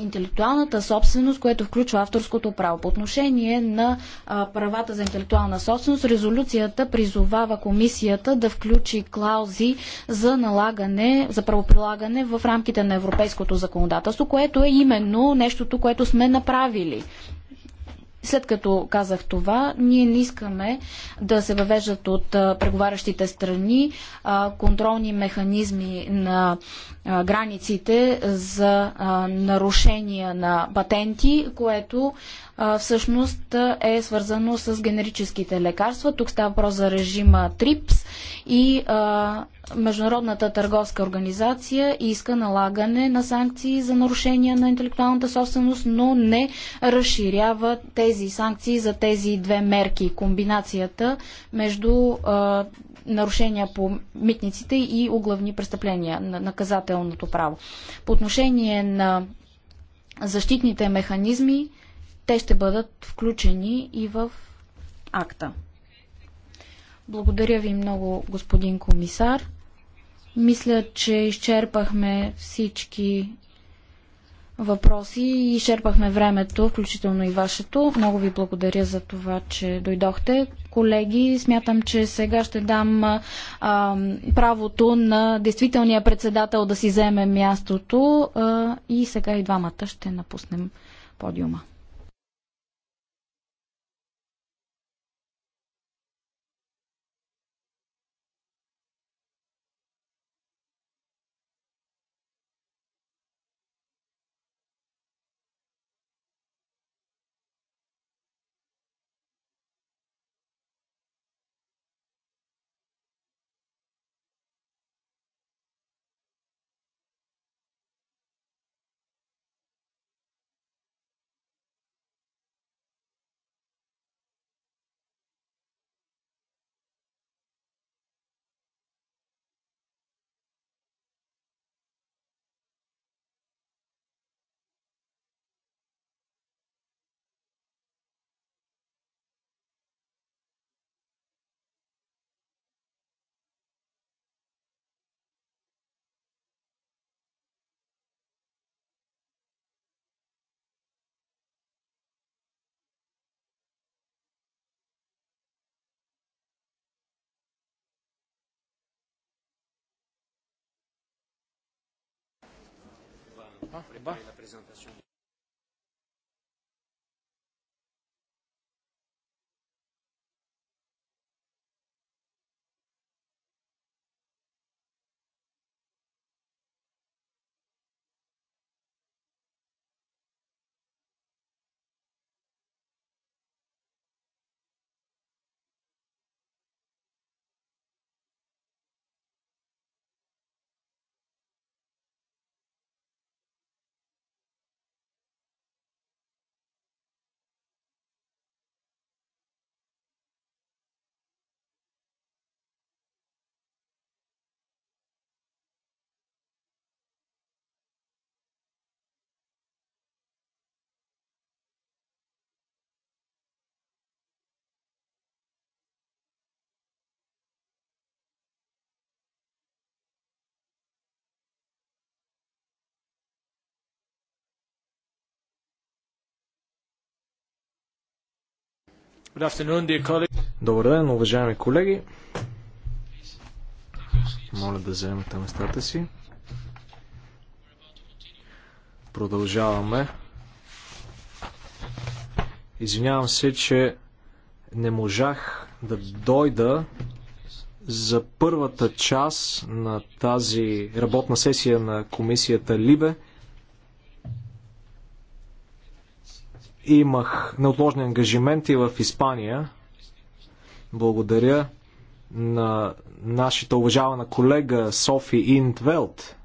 интелектуалната собственост, което включва авторското право. По отношение на правата за интелектуална собственост, резолюцията призовава комисията да включи клаузи за налагане, за правоприлагане в рамките на европейското законодателство, което е именно нещото, което сме направили след като казах това, ние не искаме да се въвеждат от преговарящите страни контролни механизми на границите за нарушения на патенти, което всъщност е свързано с генерическите лекарства. Тук става въпрос за режима ТРИПС и Международната търговска организация иска налагане на санкции за нарушения на интелектуалната собственост, но не разширява тези санкции за тези две мерки. Комбинацията между нарушения по митниците и углавни престъпления на наказателното право. По отношение на защитните механизми, те ще бъдат включени и в акта. Благодаря ви много, господин комисар. Мисля, че изчерпахме всички въпроси и изчерпахме времето, включително и вашето. Много ви благодаря за това, че дойдохте. Колеги, смятам, че сега ще дам а, правото на действителния председател да си вземе мястото а, и сега и двамата ще напуснем подиума. pas Добър ден, уважаеми колеги. Моля да вземете местата си. Продължаваме. Извинявам се, че не можах да дойда за първата част на тази работна сесия на комисията Либе – Имах неотложни ангажименти в Испания. Благодаря на нашата уважавана колега Софи Интвелт,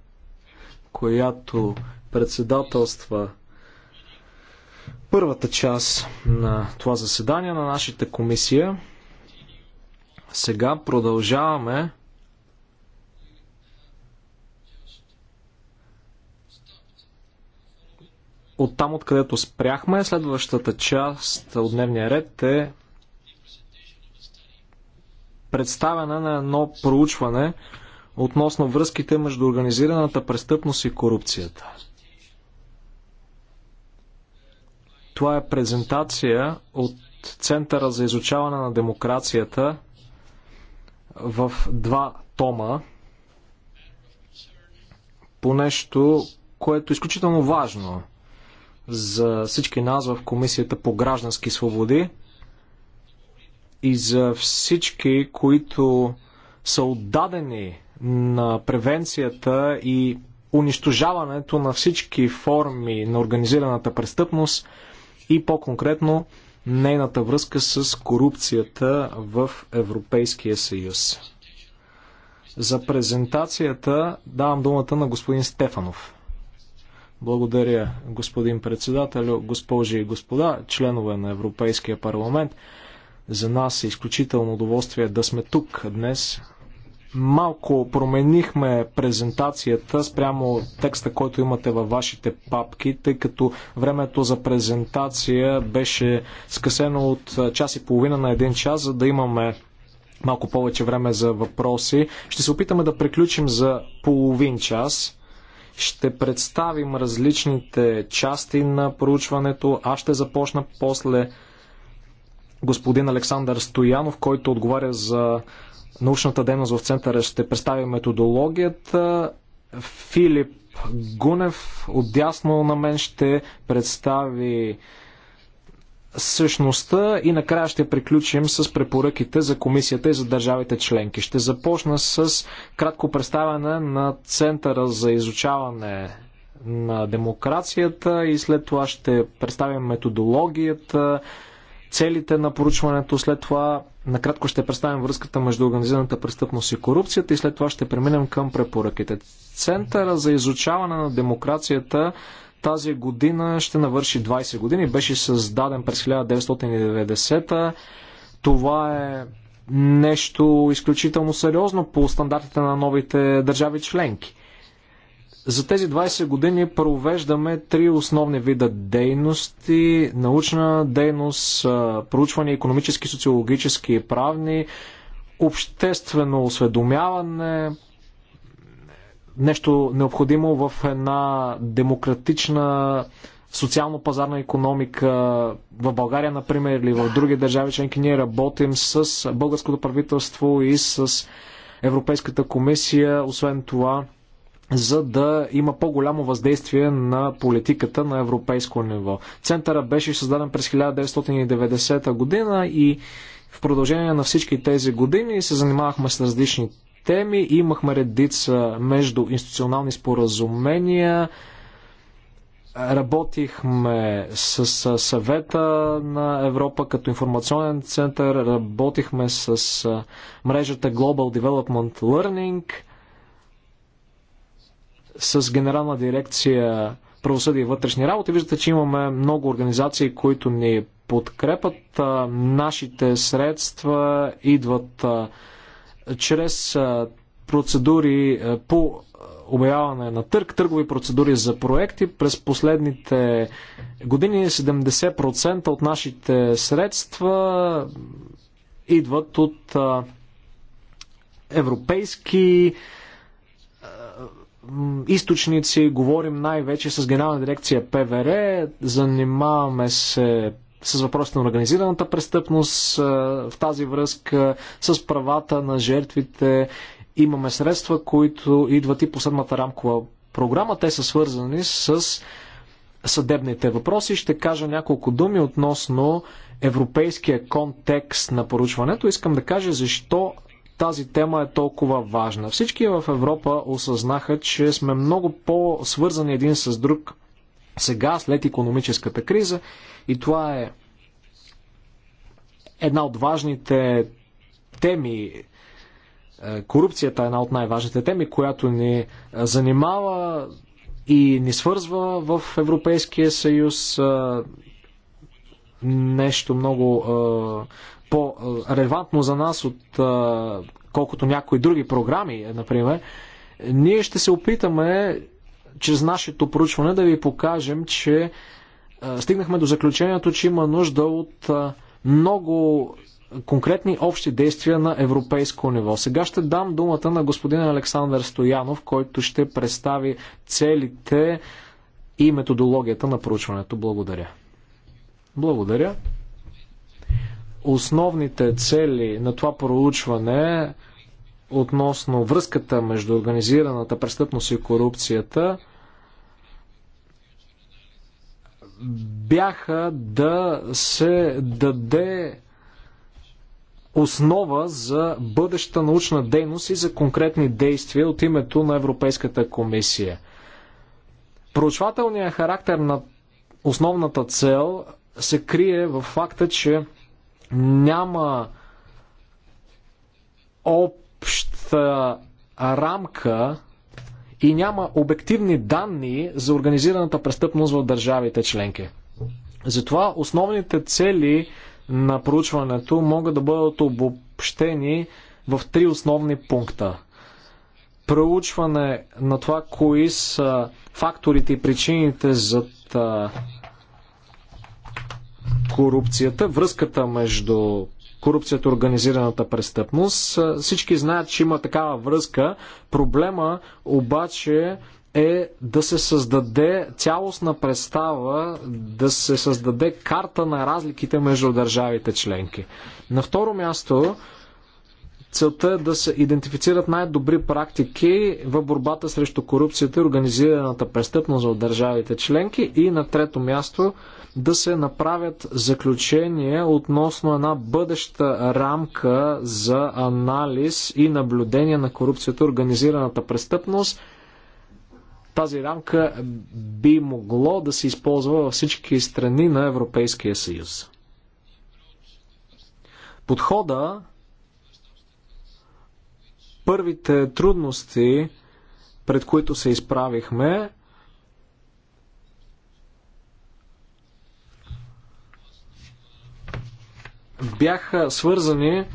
която председателства първата част на това заседание на нашата комисия. Сега продължаваме от там, откъдето спряхме, следващата част от дневния ред е представяне на едно проучване относно връзките между организираната престъпност и корупцията. Това е презентация от Центъра за изучаване на демокрацията в два тома по нещо, което е изключително важно – за всички нас в Комисията по граждански свободи и за всички, които са отдадени на превенцията и унищожаването на всички форми на организираната престъпност и по-конкретно нейната връзка с корупцията в Европейския съюз. За презентацията давам думата на господин Стефанов. Благодаря, господин председател, госпожи и господа, членове на Европейския парламент. За нас е изключително удоволствие да сме тук днес. Малко променихме презентацията спрямо текста, който имате във вашите папки, тъй като времето за презентация беше скъсено от час и половина на един час, за да имаме малко повече време за въпроси. Ще се опитаме да приключим за половин час. Ще представим различните части на проучването. Аз ще започна после господин Александър Стоянов, който отговаря за научната дейност в центъра. Ще представи методологията. Филип Гунев отдясно на мен ще представи същността и накрая ще приключим с препоръките за комисията и за държавите членки. Ще започна с кратко представяне на Центъра за изучаване на демокрацията и след това ще представим методологията, целите на поручването, след това накратко ще представим връзката между организираната престъпност и корупцията и след това ще преминем към препоръките. Центъра за изучаване на демокрацията тази година ще навърши 20 години. Беше създаден през 1990. Това е нещо изключително сериозно по стандартите на новите държави членки. За тези 20 години провеждаме три основни вида дейности. Научна дейност, проучване економически, социологически и правни, обществено осведомяване, нещо необходимо в една демократична социално-пазарна економика в България, например, или в други държави членки. Ние работим с българското правителство и с Европейската комисия, освен това, за да има по-голямо въздействие на политиката на европейско ниво. Центъра беше създаден през 1990 година и в продължение на всички тези години се занимавахме с различни теми. Имахме редица между институционални споразумения. Работихме с съвета на Европа като информационен център, работихме с мрежата Global Development Learning, с генерална дирекция правосъдие и вътрешни работи. Виждате, че имаме много организации, които ни подкрепят. Нашите средства идват чрез процедури по обявяване на търг, търгови процедури за проекти. През последните години 70% от нашите средства идват от европейски източници, говорим най-вече с генерална дирекция ПВР, занимаваме се с въпросите на организираната престъпност, в тази връзка с правата на жертвите. Имаме средства, които идват и по седмата рамкова програма. Те са свързани с съдебните въпроси. Ще кажа няколко думи относно европейския контекст на поручването. Искам да кажа защо тази тема е толкова важна. Всички в Европа осъзнаха, че сме много по-свързани един с друг сега, след економическата криза. И това е една от важните теми. Е, корупцията е една от най-важните теми, която ни е, занимава и ни свързва в Европейския съюз е, нещо много по-релевантно за нас от колкото някои други програми, например. Ние ще се опитаме чрез нашето проучване да ви покажем, че е, стигнахме до заключението, че има нужда от е, много конкретни общи действия на европейско ниво. Сега ще дам думата на господин Александър Стоянов, който ще представи целите и методологията на проучването. Благодаря. Благодаря. Основните цели на това проучване относно връзката между организираната престъпност и корупцията бяха да се даде основа за бъдеща научна дейност и за конкретни действия от името на Европейската комисия. Проучвателният характер на основната цел се крие в факта, че няма опит обща рамка и няма обективни данни за организираната престъпност в държавите членки. Затова основните цели на проучването могат да бъдат обобщени в три основни пункта. Проучване на това, кои са факторите и причините за корупцията, връзката между корупцията, организираната престъпност. Всички знаят, че има такава връзка. Проблема обаче е да се създаде цялостна представа, да се създаде карта на разликите между държавите членки. На второ място, целта е да се идентифицират най-добри практики в борбата срещу корупцията и организираната престъпност от държавите членки. И на трето място, да се направят заключения относно една бъдеща рамка за анализ и наблюдение на корупцията, организираната престъпност. Тази рамка би могло да се използва във всички страни на Европейския съюз. Подхода, първите трудности, пред които се изправихме, бяха свързани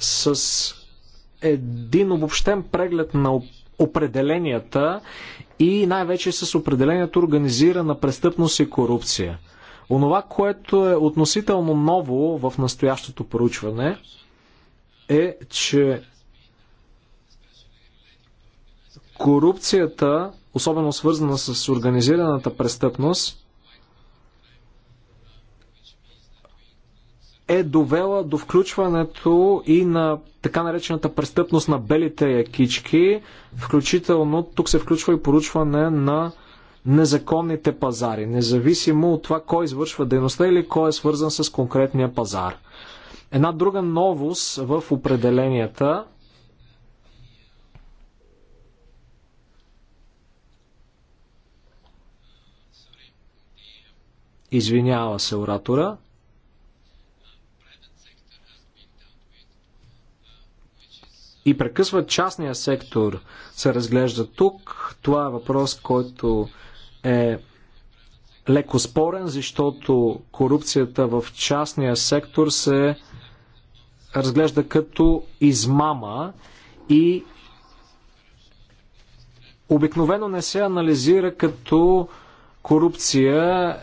с един обобщен преглед на определенията и най-вече с определението организирана престъпност и корупция. Онова, което е относително ново в настоящото проучване е, че корупцията, особено свързана с организираната престъпност, е довела до включването и на така наречената престъпност на белите якички, включително тук се включва и поручване на незаконните пазари, независимо от това кой извършва дейността или кой е свързан с конкретния пазар. Една друга новост в определенията Извинява се оратора. и прекъсват частния сектор се разглежда тук. Това е въпрос, който е леко спорен, защото корупцията в частния сектор се разглежда като измама и обикновено не се анализира като корупция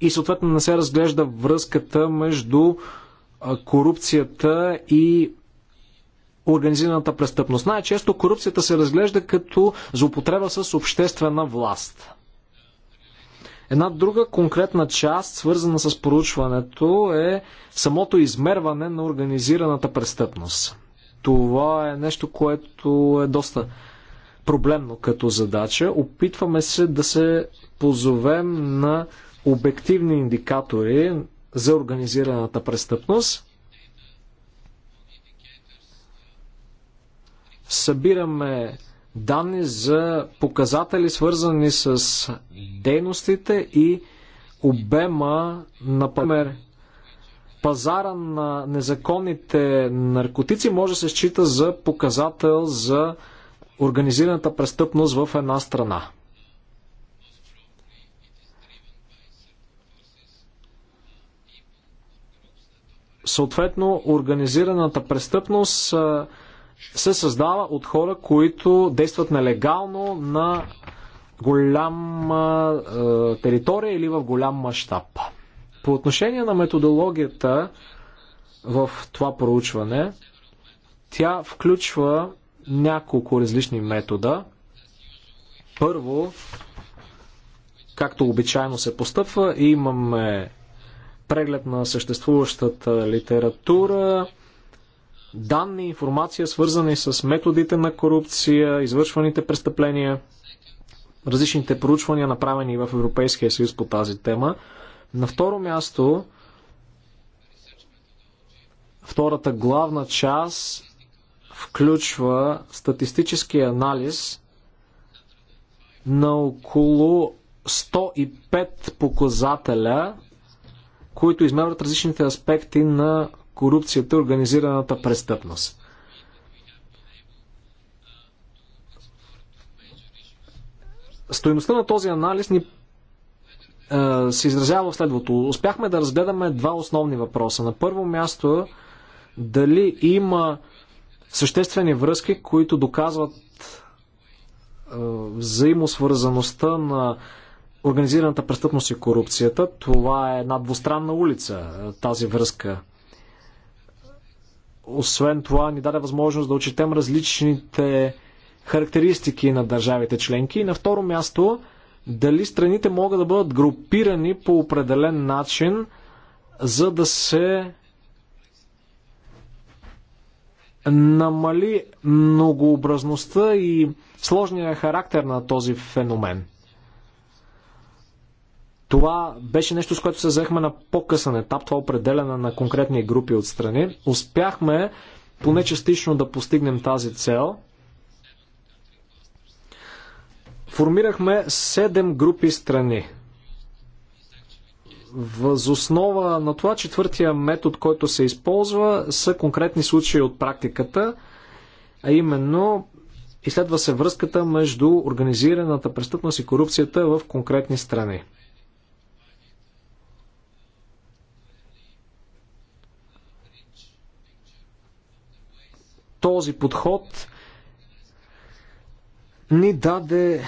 и съответно не се разглежда връзката между корупцията и организираната престъпност. Най-често корупцията се разглежда като злоупотреба с обществена власт. Една друга конкретна част, свързана с проучването, е самото измерване на организираната престъпност. Това е нещо, което е доста проблемно като задача. Опитваме се да се позовем на обективни индикатори за организираната престъпност. събираме данни за показатели, свързани с дейностите и обема, например, пазара на незаконните наркотици може да се счита за показател за организираната престъпност в една страна. Съответно, организираната престъпност се създава от хора, които действат нелегално на голяма е, територия или в голям мащаб. По отношение на методологията в това проучване, тя включва няколко различни метода. Първо, както обичайно се постъпва, имаме преглед на съществуващата литература, данни и информация, свързани с методите на корупция, извършваните престъпления, различните проучвания, направени в Европейския съюз по тази тема. На второ място, втората главна част включва статистически анализ на около 105 показателя, които измерват различните аспекти на корупцията и е организираната престъпност. Стоеността на този анализ ни се изразява в следвото. Успяхме да разгледаме два основни въпроса. На първо място, дали има съществени връзки, които доказват взаимосвързаността на организираната престъпност и корупцията. Това е една двустранна улица, тази връзка. Освен това, ни даде възможност да отчетем различните характеристики на държавите членки. И на второ място, дали страните могат да бъдат групирани по определен начин, за да се намали многообразността и сложния характер на този феномен. Това беше нещо, с което се взехме на по-късен етап, това е определяне на конкретни групи от страни. Успяхме поне частично да постигнем тази цел. Формирахме 7 групи страни. Възоснова на това четвъртия метод, който се използва, са конкретни случаи от практиката, а именно изследва се връзката между организираната престъпност и корупцията в конкретни страни. Този подход ни даде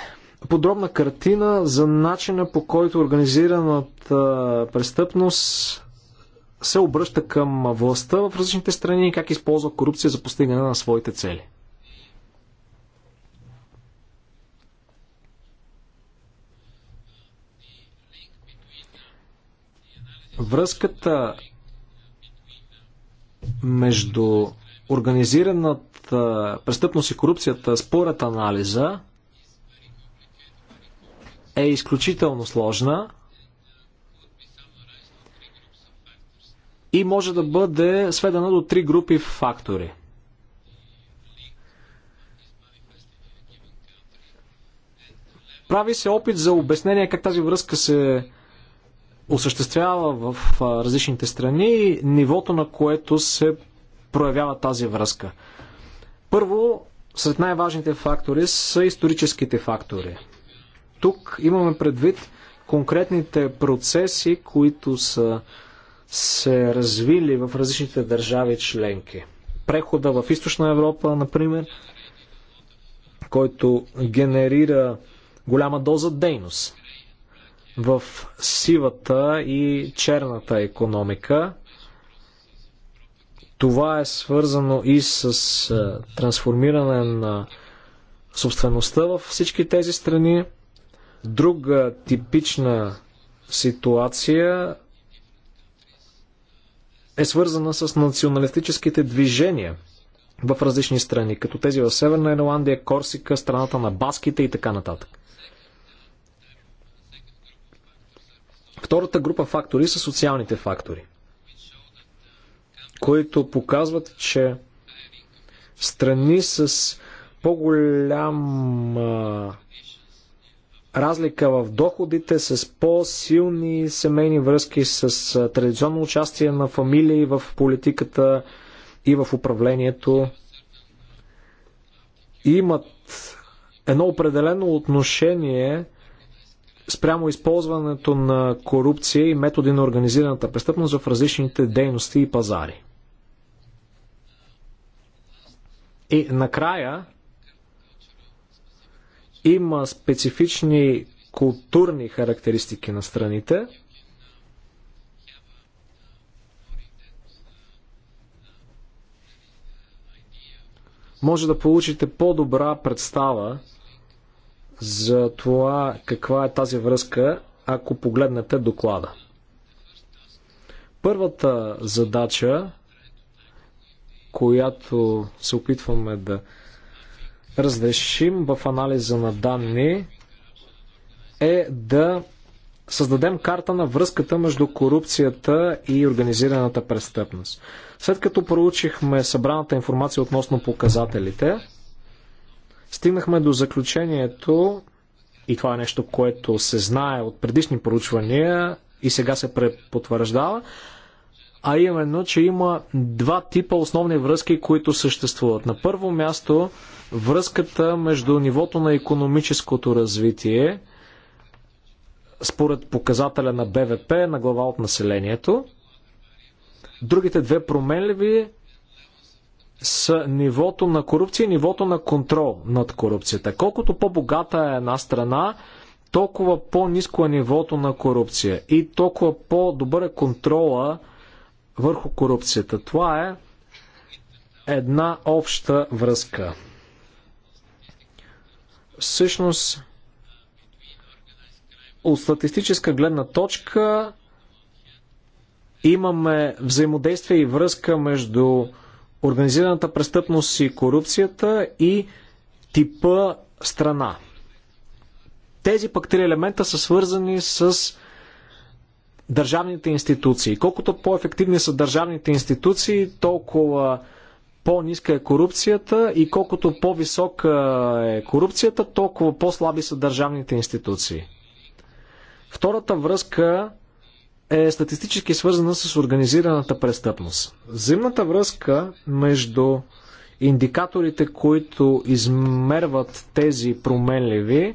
подробна картина за начина по който организираната престъпност се обръща към властта в различните страни и как използва корупция за постигане на своите цели. Връзката между Организираната престъпност и корупцията според анализа е изключително сложна и може да бъде сведена до три групи фактори. Прави се опит за обяснение как тази връзка се осъществява в различните страни и нивото на което се проявява тази връзка. Първо, сред най-важните фактори са историческите фактори. Тук имаме предвид конкретните процеси, които са се развили в различните държави членки. Прехода в Източна Европа, например, който генерира голяма доза дейност в сивата и черната економика, това е свързано и с е, трансформиране на собствеността във всички тези страни. Друга типична ситуация е свързана с националистическите движения в различни страни, като тези в Северна Ирландия, Корсика, страната на баските и така нататък. Втората група фактори са социалните фактори – които показват, че страни с по-голяма разлика в доходите, с по-силни семейни връзки, с традиционно участие на фамилии в политиката и в управлението, имат едно определено отношение спрямо използването на корупция и методи на организираната престъпност в различните дейности и пазари. И накрая има специфични културни характеристики на страните. Може да получите по-добра представа за това каква е тази връзка, ако погледнете доклада. Първата задача която се опитваме да разрешим в анализа на данни, е да създадем карта на връзката между корупцията и организираната престъпност. След като проучихме събраната информация относно показателите, стигнахме до заключението, и това е нещо, което се знае от предишни проучвания и сега се препотвърждава, а именно, че има два типа основни връзки, които съществуват. На първо място, връзката между нивото на економическото развитие, според показателя на БВП на глава от населението. Другите две променливи с нивото на корупция и нивото на контрол над корупцията. Колкото по-богата е една страна, толкова по-низко е нивото на корупция и толкова по-добър е контрола върху корупцията. Това е една обща връзка. Всъщност, от статистическа гледна точка имаме взаимодействие и връзка между организираната престъпност и корупцията и типа страна. Тези пък три елемента са свързани с държавните институции. Колкото по-ефективни са държавните институции, толкова по-ниска е корупцията и колкото по-висока е корупцията, толкова по-слаби са държавните институции. Втората връзка е статистически свързана с организираната престъпност. Взаимната връзка между индикаторите, които измерват тези променливи,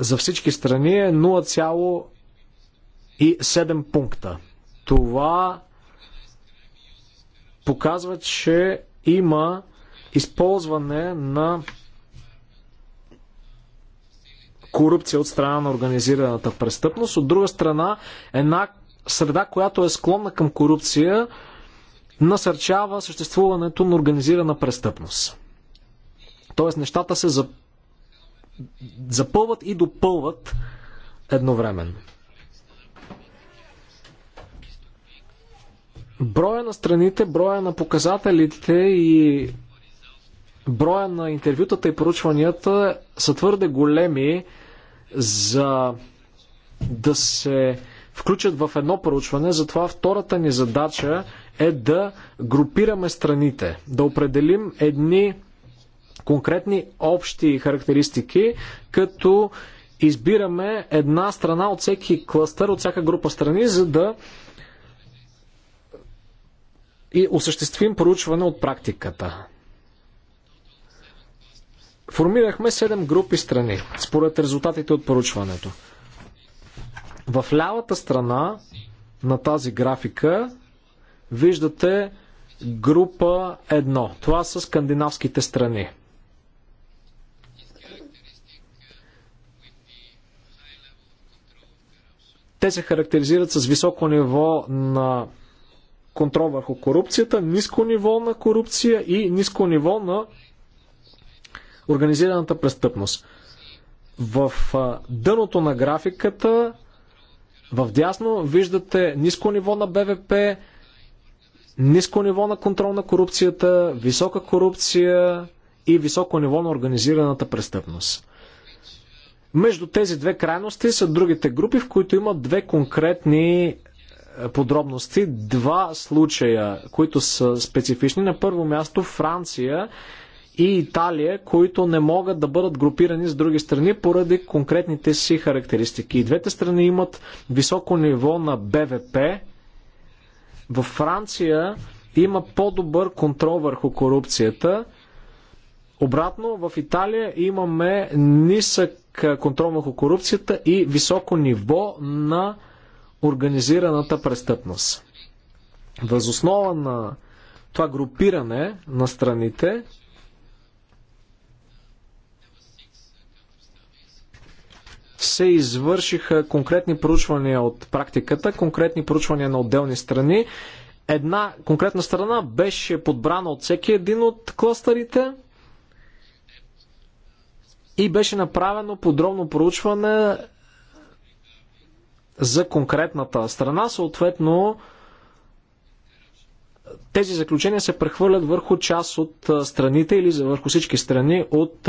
за всички страни е 0,7 пункта. Това показва, че има използване на корупция от страна на организираната престъпност. От друга страна, една среда, която е склонна към корупция, насърчава съществуването на организирана престъпност. Тоест нещата се запълват и допълват едновременно. Броя на страните, броя на показателите и броя на интервютата и поручванията са твърде големи за да се включат в едно проучване, затова втората ни задача е да групираме страните, да определим едни конкретни общи характеристики, като избираме една страна от всеки кластър, от всяка група страни, за да и осъществим проучване от практиката. Формирахме 7 групи страни, според резултатите от проучването. В лявата страна на тази графика виждате група 1. Това са скандинавските страни. Те се характеризират с високо ниво на контрол върху корупцията, ниско ниво на корупция и ниско ниво на организираната престъпност. В дъното на графиката, в дясно, виждате ниско ниво на БВП, ниско ниво на контрол на корупцията, висока корупция и високо ниво на организираната престъпност. Между тези две крайности са другите групи, в които има две конкретни е, подробности, два случая, които са специфични. На първо място Франция и Италия, които не могат да бъдат групирани с други страни поради конкретните си характеристики. И двете страни имат високо ниво на БВП. Във Франция има по-добър контрол върху корупцията. Обратно, в Италия имаме нисък контрол върху корупцията и високо ниво на организираната престъпност. Възоснова на това групиране на страните се извършиха конкретни проучвания от практиката, конкретни проучвания на отделни страни. Една конкретна страна беше подбрана от всеки един от клъстерите – и беше направено подробно проучване за конкретната страна, съответно тези заключения се прехвърлят върху част от страните или върху всички страни от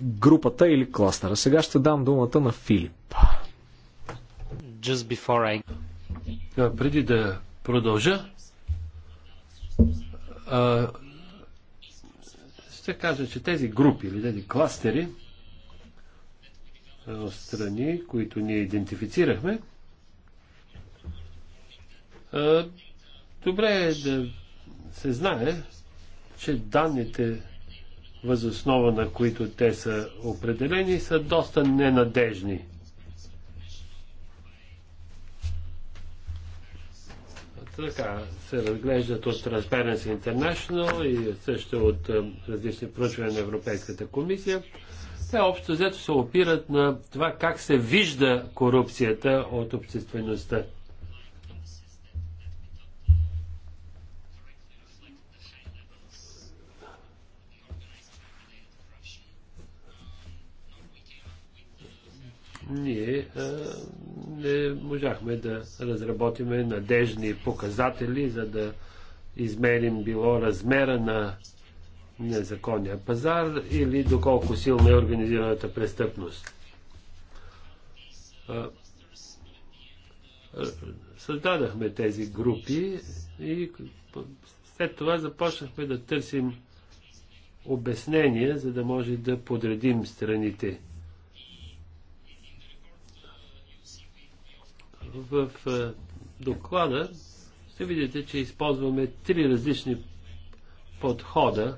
групата или кластера. Сега ще дам думата на Филип. I... Преди да продължа, ще кажа, че тези групи или тези кластери страни, които ние идентифицирахме, добре е да се знае, че данните възоснова на които те са определени са доста ненадежни. Така се разглеждат от Transparency International и също от е, различни проучвания на Европейската комисия. Те общо взето се опират на това как се вижда корупцията от обществеността. ние не можахме да разработиме надежни показатели, за да измерим било размера на незаконния пазар или доколко силна е организираната престъпност. Създадахме тези групи и след това започнахме да търсим обяснения, за да може да подредим страните. в е, доклада ще видите, че използваме три различни подхода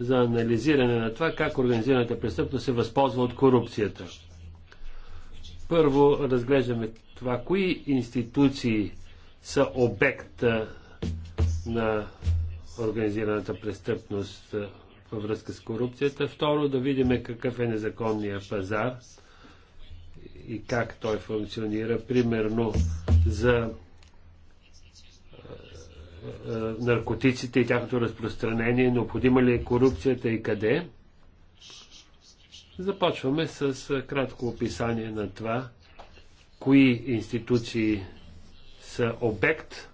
за анализиране на това как организираната престъпност се възползва от корупцията. Първо разглеждаме това, кои институции са обект е, на организираната престъпност е, във връзка с корупцията. Второ, да видим какъв е незаконния пазар и как той функционира, примерно за наркотиците и тяхното разпространение, необходима ли е корупцията и къде. Започваме с кратко описание на това, кои институции са обект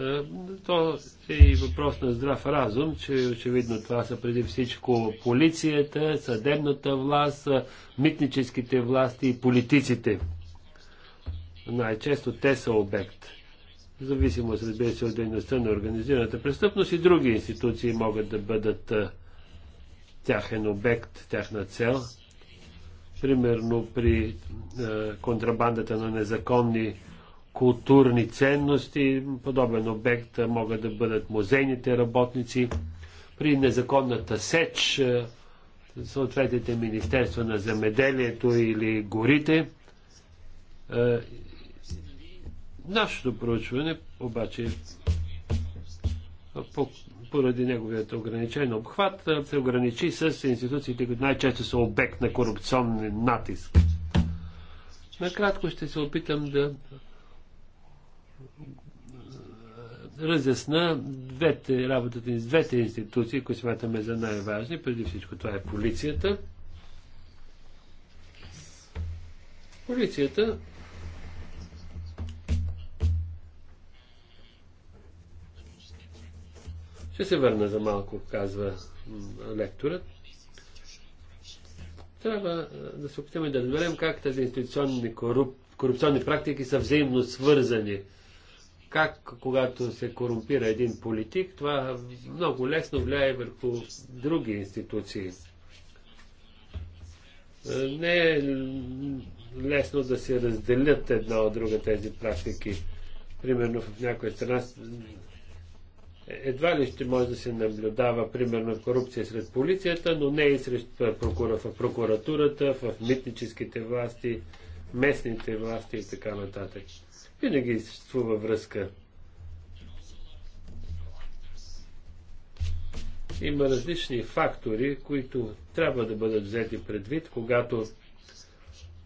е, то е и въпрос на здрав разум, че очевидно това са преди всичко полицията, съдебната власт, митническите власти и политиците. Най-често те са обект. В зависимост, разбира се, от дейността на организираната престъпност и други институции могат да бъдат е, тяхен обект, тяхна цел. Примерно при е, контрабандата на незаконни културни ценности. Подобен обект могат да бъдат музейните работници. При незаконната сеч е, съответните Министерства на земеделието или горите. Е, нашето проучване обаче поради неговият ограничен обхват е, се ограничи с институциите, които най-често са обект на корупционен натиск. Накратко ще се опитам да разясна двете, работата с двете институции, които смятаме за най-важни. Преди всичко това е полицията. Полицията Ще се върна за малко, казва лекторът. Трябва да се опитаме да разберем как тези институционни коруп... корупционни практики са взаимно свързани как когато се корумпира един политик, това много лесно влияе върху други институции. Е, не е лесно да се разделят една от друга тези практики. Примерно в някоя страна едва ли ще може да се наблюдава, примерно, корупция сред полицията, но не и сред прокура, в прокуратурата, в митническите власти, местните власти и така нататък. Винаги съществува връзка. Има различни фактори, които трябва да бъдат взети предвид, когато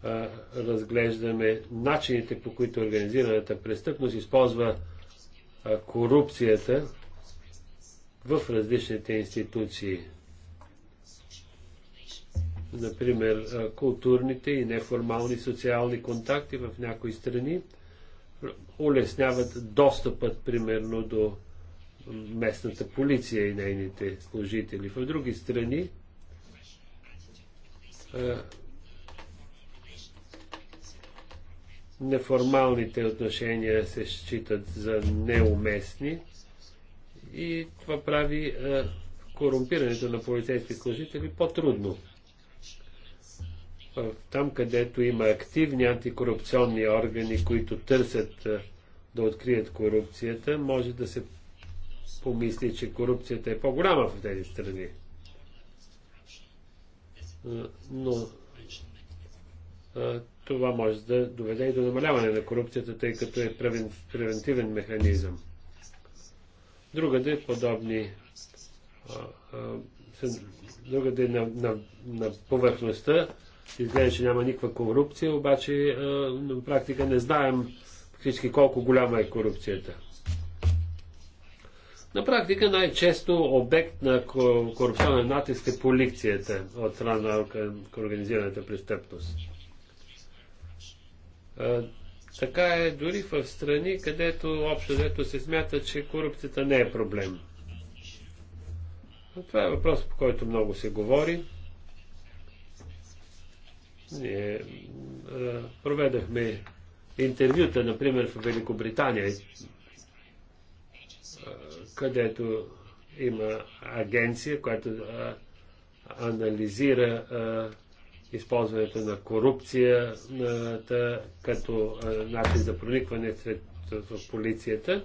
а, разглеждаме начините, по които организираната престъпност използва а, корупцията в различните институции например, културните и неформални социални контакти в някои страни улесняват достъпът, примерно, до местната полиция и нейните служители. В други страни неформалните отношения се считат за неуместни и това прави корумпирането на полицейски служители по-трудно там, където има активни антикорупционни органи, които търсят да открият корупцията, може да се помисли, че корупцията е по-голяма в тези страни. Но това може да доведе и до намаляване на корупцията, тъй като е превентивен механизъм. Другаде подобни другаде на, на, на повърхността изглежда, че няма никаква корупция, обаче е, на практика не знаем всички колко голяма е корупцията. На практика най-често обект на корупционен натиск е полицията от страна на организираната престъпност. Е, така е дори в страни, където общо взето се смята, че корупцията не е проблем. Но това е въпрос, по който много се говори. Ние а, е, проведахме интервюта, например, в Великобритания, е, където има агенция, която е, анализира а, използването на корупцията като а, начин за проникване сред в полицията.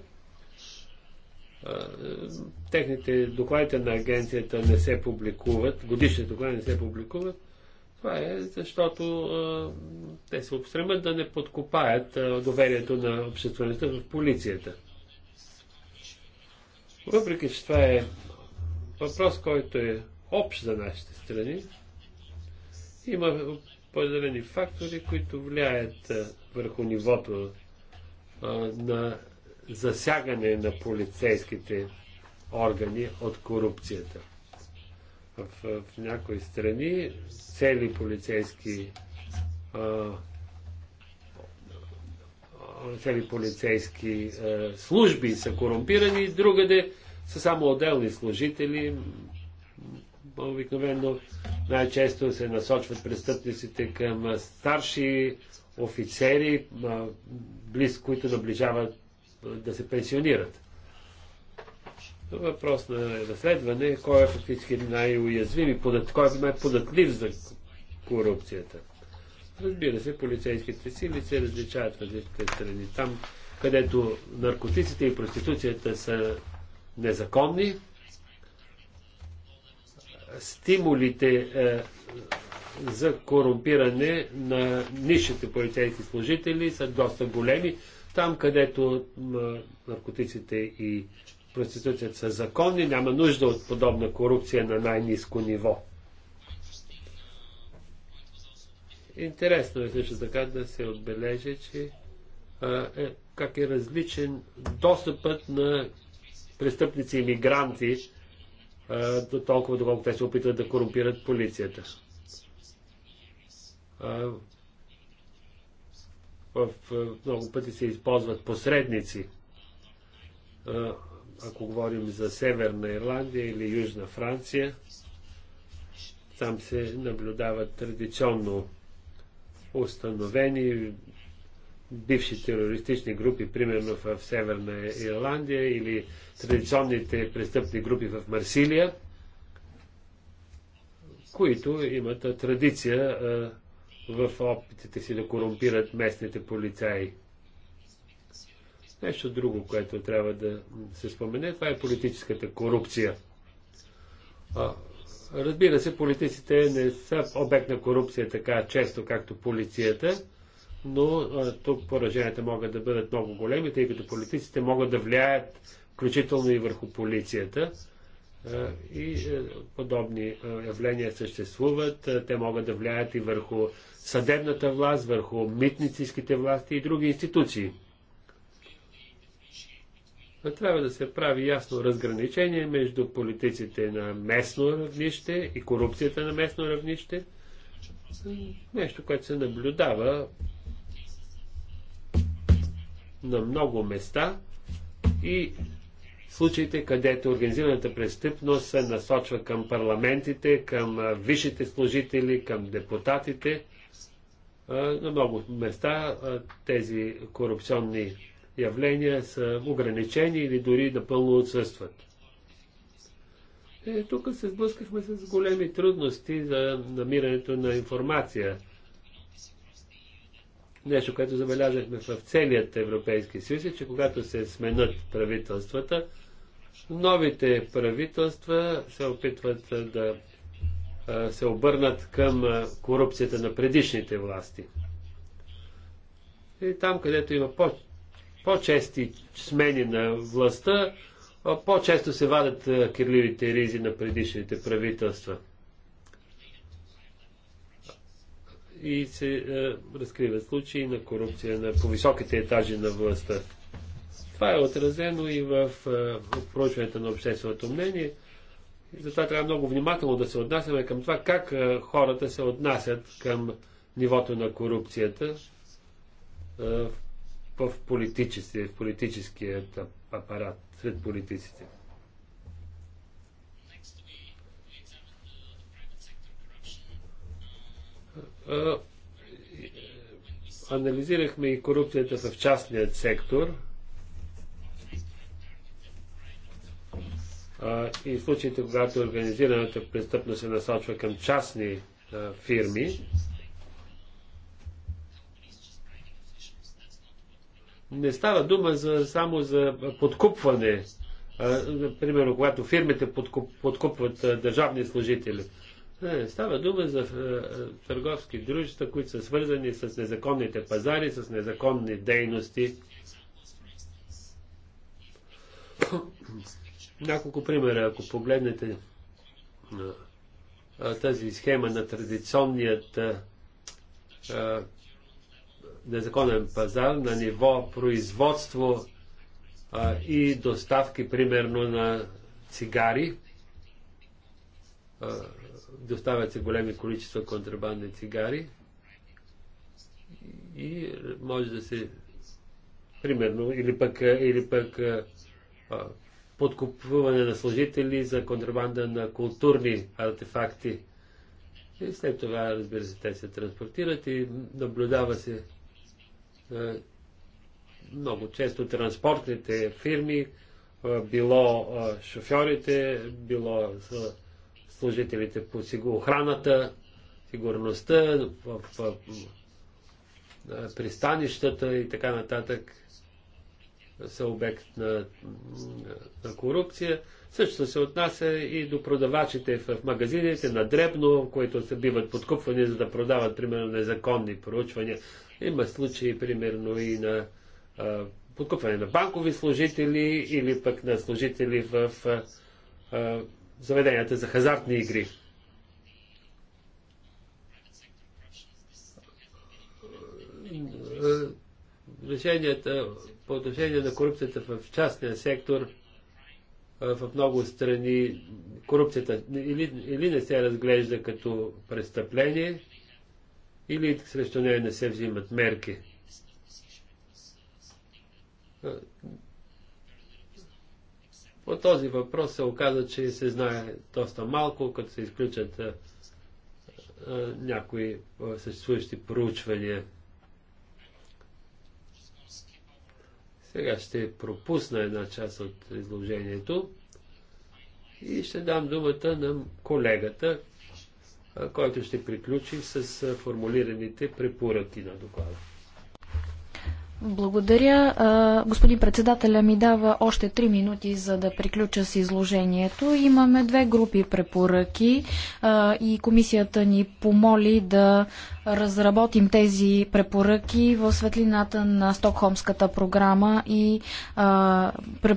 А, техните докладите на агенцията не се публикуват, годишните доклади не се публикуват, това е защото а, те се обстремят да не подкопаят а, доверието на обществеността в полицията. Въпреки, че това е въпрос, който е общ за нашите страни, има определени фактори, които влияят върху нивото а, на засягане на полицейските органи от корупцията. В, в някои страни цели полицейски а, цели полицейски а, е, служби са корумпирани, другаде са само отделни служители. Обикновено най-често се насочват престъпниците към старши офицери, близ които наближават да се пенсионират въпрос на разследване, кой е фактически най-уязвим и подат, кой е най-податлив за корупцията. Разбира се, полицейските сили се различават в различните страни. Там, където наркотиците и проституцията са незаконни, стимулите е, за корумпиране на нишите полицейски служители са доста големи. Там, където наркотиците и проституцията са законни, няма нужда от подобна корупция на най-низко ниво. Интересно е също така да се отбележи, че а, е, как е различен достъпът на престъпници и мигранти до толкова, доколкото те се опитват да корумпират полицията. А, в, в много пъти се използват посредници. А, ако говорим за Северна Ирландия или Южна Франция, там се наблюдават традиционно установени бивши терористични групи, примерно в Северна Ирландия или традиционните престъпни групи в Марсилия, които имат традиция в опитите си да корумпират местните полицаи. Нещо друго, което трябва да се спомене, това е политическата корупция. А, разбира се, политиците не са обект на корупция така често, както полицията, но а, тук пораженията могат да бъдат много големи, тъй като политиците могат да влияят включително и върху полицията. А, и подобни явления съществуват. Те могат да влияят и върху съдебната власт, върху митническите власти и други институции. Но трябва да се прави ясно разграничение между политиците на местно равнище и корупцията на местно равнище. Нещо, което се наблюдава на много места и случаите, където организираната престъпност се насочва към парламентите, към висшите служители, към депутатите. На много места тези корупционни явления са ограничени или дори напълно отсъстват. Е, тук се сблъскахме с големи трудности за намирането на информация. Нещо, което забелязахме в целият Европейски съюз е, че когато се сменят правителствата, новите правителства се опитват да се обърнат към корупцията на предишните власти. И там, където има по-чести смени на властта, по-често се вадат кирливите ризи на предишните правителства. И се разкриват случаи на корупция на по-високите етажи на властта. Това е отразено и в проучването на общественото мнение. И затова трябва много внимателно да се отнасяме към това как хората се отнасят към нивото на корупцията. в в, политически, в политическият апарат, сред политиците. Анализирахме и корупцията в частният сектор и случаите, когато организираната престъпност се насочва към частни фирми Не става дума за, само за подкупване. Примерно, когато фирмите подкуп, подкупват държавни служители. Не, става дума за търговски дружества, които са свързани с незаконните пазари, с незаконни дейности. Няколко примера, ако погледнете тази схема на традиционният незаконен пазар на ниво производство а, и доставки, примерно на цигари. А, доставят се големи количества контрабандни цигари и може да се примерно или пък, или пък а, подкупуване на служители за контрабанда на културни артефакти. И след това, разбира се, те се транспортират и наблюдава се е, много често транспортните фирми, е, било е, шофьорите, било служителите по охраната, сигурността в, пристанищата и така нататък са обект на, на корупция. Също се отнася и до продавачите в магазините на дребно, които се биват подкупвани, за да продават, примерно, незаконни проучвания. Има случаи, примерно, и на а, подкупване на банкови служители или пък на служители в а, а, заведенията за хазартни игри. Решенията по отношение на корупцията в частния сектор – в много страни корупцията или, или не се разглежда като престъпление, или срещу нея не се взимат мерки. По този въпрос се оказа, че се знае доста малко, като се изключат някои съществуващи проучвания. Сега ще пропусна една част от изложението и ще дам думата на колегата, който ще приключи с формулираните препоръки на доклада. Благодаря. Господин председателя ми дава още три минути, за да приключа с изложението. Имаме две групи препоръки и комисията ни помоли да разработим тези препоръки в светлината на Стокхолмската програма и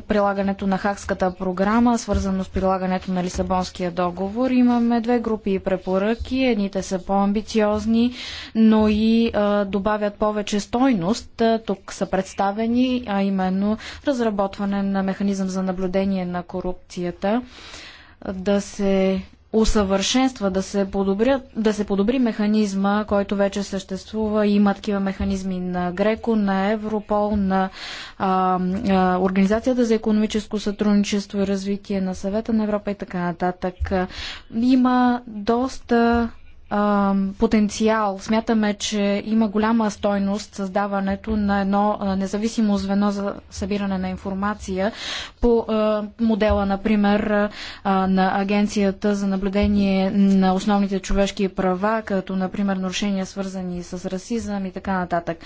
прилагането на Хакската програма, свързано с прилагането на Лисабонския договор. Имаме две групи препоръки. Едните са по-амбициозни, но и добавят повече стойност тук са представени, а именно разработване на механизъм за наблюдение на корупцията, да се усъвършенства, да се, подобря, да се подобри механизма, който вече съществува. Има такива механизми на Греко, на Европол, на а, а, Организацията за економическо сътрудничество и развитие на съвета на Европа и така нататък. Има доста потенциал. Смятаме, че има голяма стойност създаването на едно независимо звено за събиране на информация по модела, например, на Агенцията за наблюдение на основните човешки права, като, например, нарушения свързани с расизъм и така нататък.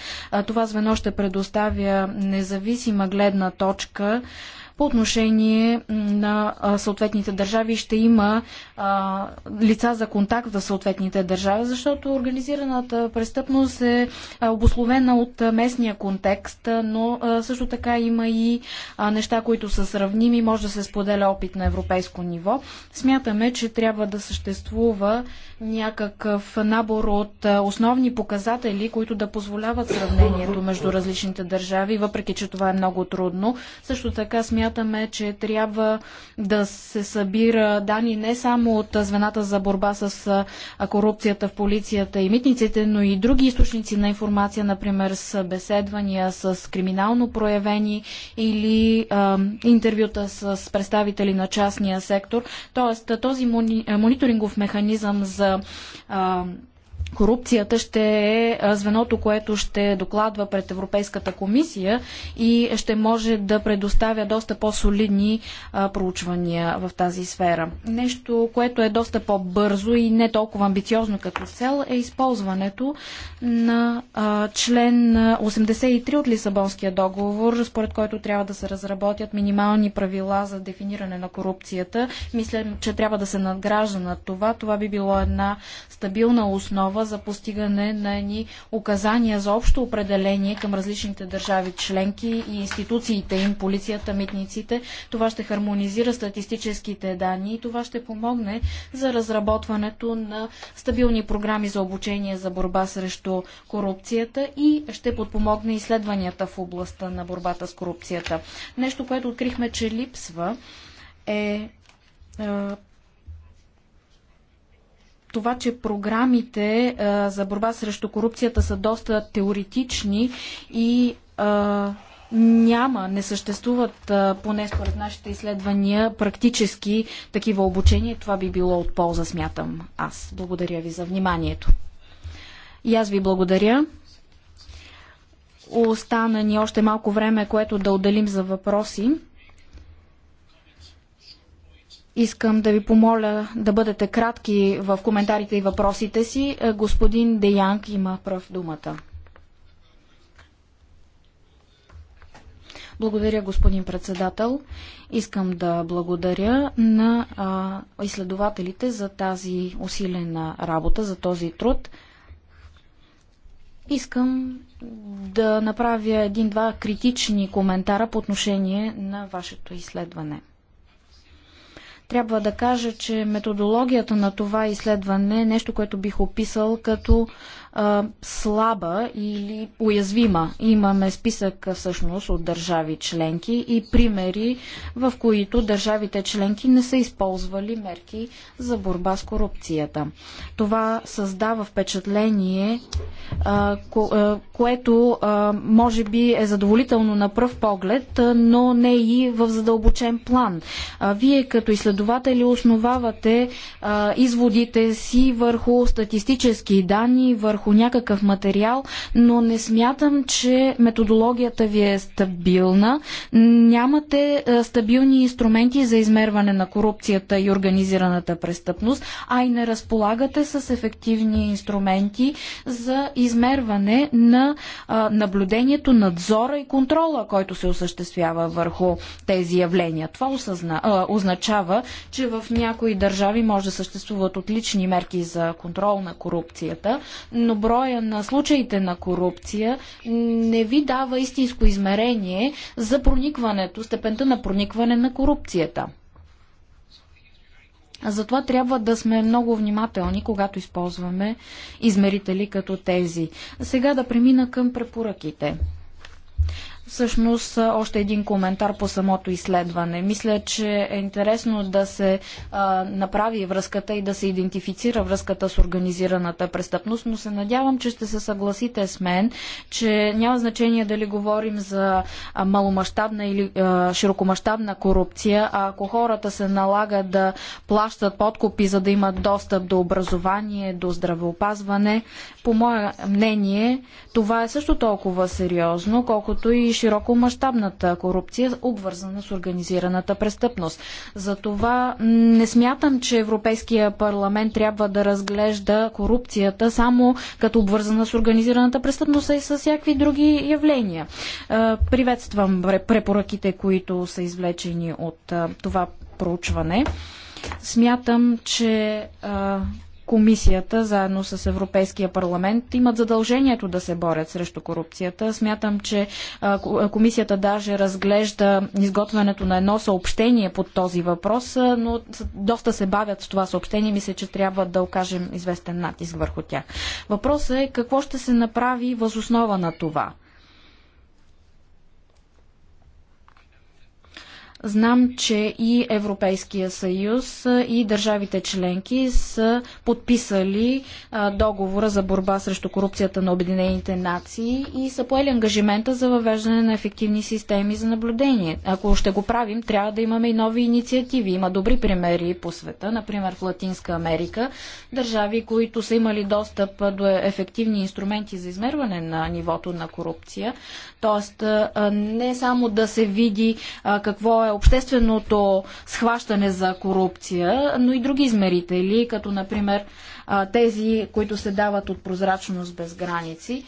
това звено ще предоставя независима гледна точка по отношение на съответните държави ще има лица за контакт в съответните държави, защото организираната престъпност е обословена от местния контекст, но също така има и неща, които са сравними, може да се споделя опит на европейско ниво. Смятаме, че трябва да съществува някакъв набор от основни показатели, които да позволяват сравнението между различните държави, въпреки че това е много трудно. Също така смятаме, смятаме, че трябва да се събира данни не само от звената за борба с корупцията в полицията и митниците, но и други източници на информация, например с беседвания с криминално проявени или а, интервюта с представители на частния сектор. Тоест този мониторингов механизъм за а, корупцията ще е звеното, което ще докладва пред Европейската комисия и ще може да предоставя доста по-солидни проучвания в тази сфера. Нещо, което е доста по-бързо и не толкова амбициозно като цел е използването на член 83 от Лисабонския договор, според който трябва да се разработят минимални правила за дефиниране на корупцията. Мисля, че трябва да се надгражда на това. Това би било една стабилна основа основа за постигане на едни указания за общо определение към различните държави членки и институциите им, полицията, митниците. Това ще хармонизира статистическите данни и това ще помогне за разработването на стабилни програми за обучение за борба срещу корупцията и ще подпомогне изследванията в областта на борбата с корупцията. Нещо, което открихме, че липсва е, е това, че програмите за борба срещу корупцията са доста теоретични и няма, не съществуват, поне според нашите изследвания, практически такива обучения. Това би било от полза, смятам аз. Благодаря ви за вниманието. И аз ви благодаря. Остана ни още малко време, което да отделим за въпроси. Искам да ви помоля да бъдете кратки в коментарите и въпросите си. Е, господин Деянг има прав думата. Благодаря, господин председател. Искам да благодаря на а, изследователите за тази усилена работа, за този труд. Искам да направя един-два критични коментара по отношение на вашето изследване. Трябва да кажа, че методологията на това изследване е нещо, което бих описал като а, слаба или уязвима. Имаме списък всъщност от държави членки и примери, в които държавите членки не са използвали мерки за борба с корупцията. Това създава впечатление, а, ко, а, което а, може би е задоволително на пръв поглед, но не и в задълбочен план. А, вие като изследователи основавате а, изводите си върху статистически данни, върху върху някакъв материал, но не смятам, че методологията ви е стабилна. Нямате е, стабилни инструменти за измерване на корупцията и организираната престъпност, а и не разполагате с ефективни инструменти за измерване на е, наблюдението, надзора и контрола, който се осъществява върху тези явления. Това осъзна, а, е, означава, че в някои държави може да съществуват отлични мерки за контрол на корупцията, но броя на случаите на корупция не ви дава истинско измерение за проникването, степента на проникване на корупцията. Затова трябва да сме много внимателни, когато използваме измерители като тези. Сега да премина към препоръките. Всъщност, още един коментар по самото изследване. Мисля, че е интересно да се а, направи връзката и да се идентифицира връзката с организираната престъпност, но се надявам, че ще се съгласите с мен, че няма значение дали говорим за маломащабна или а, широкомащабна корупция, а ако хората се налага да плащат подкупи, за да имат достъп до образование, до здравеопазване, по мое мнение, това е също толкова сериозно, колкото и широкомащабната корупция, обвързана с организираната престъпност. Затова не смятам, че Европейския парламент трябва да разглежда корупцията само като обвързана с организираната престъпност, а и с всякакви други явления. Е, приветствам препоръките, които са извлечени от е, това проучване. Смятам, че е, комисията заедно с Европейския парламент имат задължението да се борят срещу корупцията. Смятам, че комисията даже разглежда изготвянето на едно съобщение под този въпрос, но доста се бавят с това съобщение. Мисля, че трябва да окажем известен натиск върху тях. Въпросът е какво ще се направи възоснова на това. Знам, че и Европейския съюз и държавите членки са подписали договора за борба срещу корупцията на Обединените нации и са поели ангажимента за въвеждане на ефективни системи за наблюдение. Ако ще го правим, трябва да имаме и нови инициативи. Има добри примери по света, например в Латинска Америка, държави, които са имали достъп до ефективни инструменти за измерване на нивото на корупция. Тоест, не само да се види какво е е общественото схващане за корупция, но и други измерители, като например тези, които се дават от прозрачност без граници.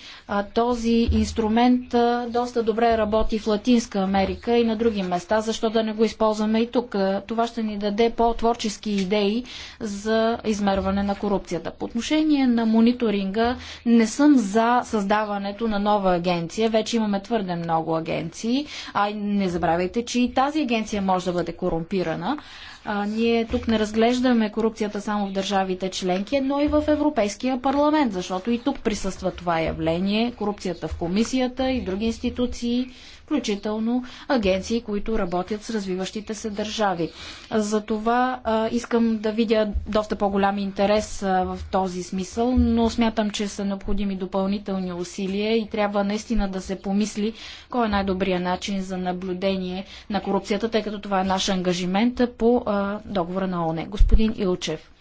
Този инструмент доста добре работи в Латинска Америка и на други места, защо да не го използваме и тук. Това ще ни даде по-творчески идеи за измерване на корупцията. По отношение на мониторинга не съм за създаването на нова агенция. Вече имаме твърде много агенции, а не забравяйте, че и тази агенция може да бъде корумпирана. А, ние тук не разглеждаме корупцията само в държавите членки, но и в Европейския парламент, защото и тук присъства това явление, корупцията в комисията и други институции, включително агенции, които работят с развиващите се държави. За това а, искам да видя доста по-голям интерес а, в този смисъл, но смятам, че са необходими допълнителни усилия и трябва наистина да се помисли кой е най-добрият начин за наблюдение на корупцията, тъй като това е наш ангажимент по а, договора на ОНЕ. Господин Илчев.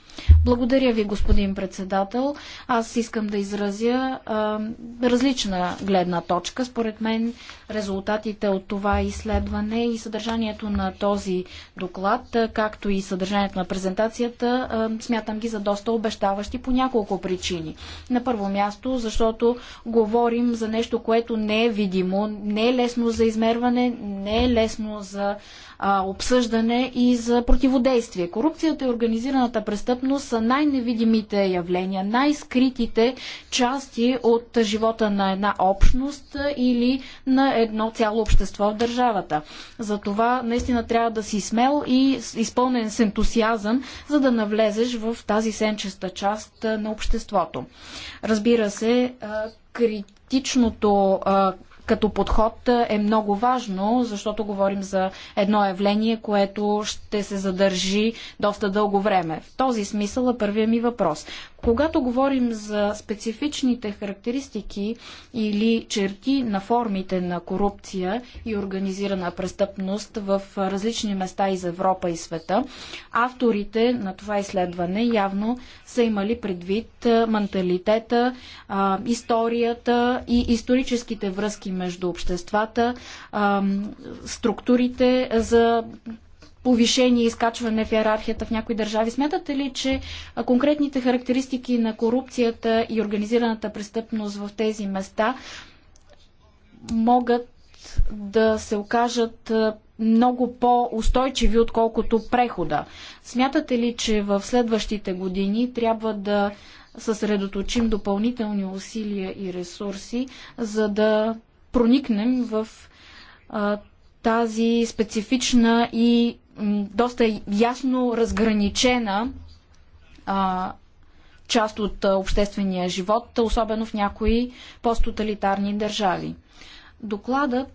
Благодаря ви, господин председател. Аз искам да изразя а, различна гледна точка. Според мен резултатите от това изследване и съдържанието на този доклад, както и съдържанието на презентацията, а, смятам ги за доста обещаващи по няколко причини. На първо място, защото говорим за нещо, което не е видимо, не е лесно за измерване, не е лесно за а, обсъждане и за противодействие. Корупцията и организираната престъпност вероятно са най-невидимите явления, най-скритите части от живота на една общност или на едно цяло общество в държавата. Затова наистина трябва да си смел и изпълнен с ентусиазъм, за да навлезеш в тази сенчеста част на обществото. Разбира се, критичното като подход е много важно, защото говорим за едно явление, което ще се задържи доста дълго време. В този смисъл е първия ми въпрос. Когато говорим за специфичните характеристики или черти на формите на корупция и организирана престъпност в различни места из Европа и света, авторите на това изследване явно са имали предвид менталитета, историята и историческите връзки между обществата, структурите за повишение и изкачване в иерархията в някои държави. Смятате ли, че конкретните характеристики на корупцията и организираната престъпност в тези места могат да се окажат много по-устойчиви, отколкото прехода. Смятате ли, че в следващите години трябва да съсредоточим допълнителни усилия и ресурси, за да проникнем в тази специфична и доста ясно разграничена а, част от обществения живот, особено в някои посттоталитарни държави. Докладът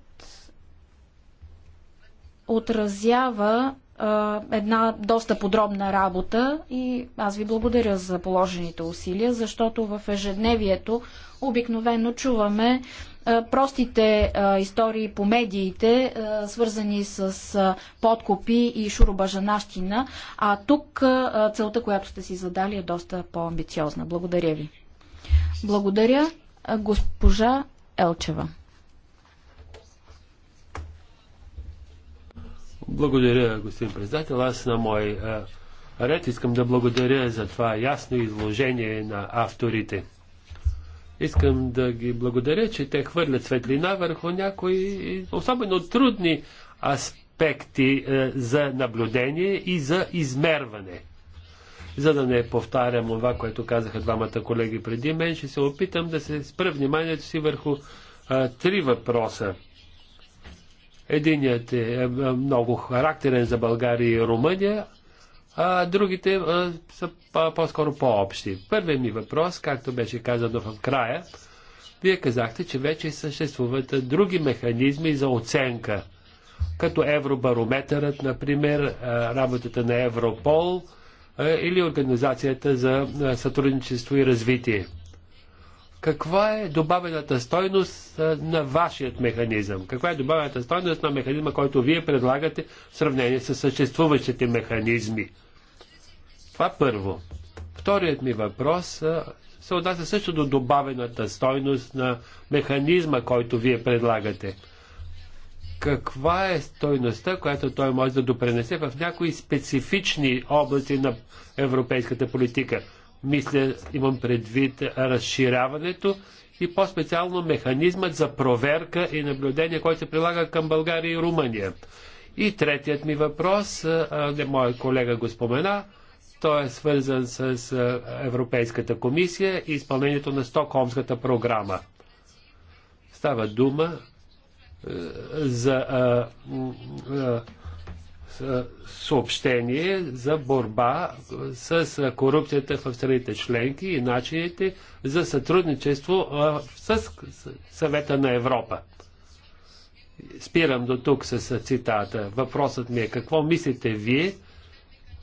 отразява а, една доста подробна работа и аз ви благодаря за положените усилия, защото в ежедневието обикновено чуваме простите истории по медиите, свързани с подкопи и шурубажанащина, а тук целта, която сте си задали е доста по-амбициозна. Благодаря ви. Благодаря госпожа Елчева. Благодаря, господин председател. Аз на мой ред искам да благодаря за това ясно изложение на авторите. Искам да ги благодаря, че те хвърлят светлина върху някои особено трудни аспекти е, за наблюдение и за измерване. За да не повтарям това, което казаха двамата колеги преди мен, ще се опитам да се спра вниманието си върху а, е, три въпроса. Единият е, е, е много характерен за България и Румъния, а другите а, са по-скоро по-общи. Първият ми въпрос, както беше казано в края, вие казахте, че вече съществуват други механизми за оценка, като евробарометърът, например, работата на Европол или Организацията за сътрудничество и развитие. Каква е добавената стойност на вашият механизъм? Каква е добавената стойност на механизма, който вие предлагате в сравнение с съществуващите механизми? Това първо. Вторият ми въпрос се отнася също до добавената стойност на механизма, който вие предлагате. Каква е стойността, която той може да допренесе в някои специфични области на европейската политика? Мисля, имам предвид разширяването и по-специално механизмът за проверка и наблюдение, който се прилага към България и Румъния. И третият ми въпрос, не моят колега го спомена, той е свързан с Европейската комисия и изпълнението на Стокхолмската програма. Става дума за а, а, съобщение за борба с корупцията в страните членки и начините за сътрудничество с съвета на Европа. Спирам до тук с цитата. Въпросът ми е какво мислите вие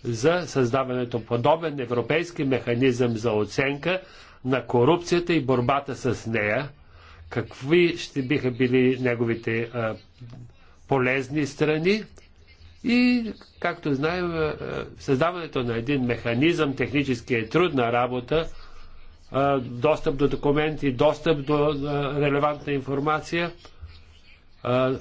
за създаването подобен европейски механизъм за оценка на корупцията и борбата с нея? Какви ще биха били неговите а, полезни страни? И, както знаем, а, създаването на един механизъм технически е трудна работа, а, достъп до документи, достъп до а, релевантна информация. А,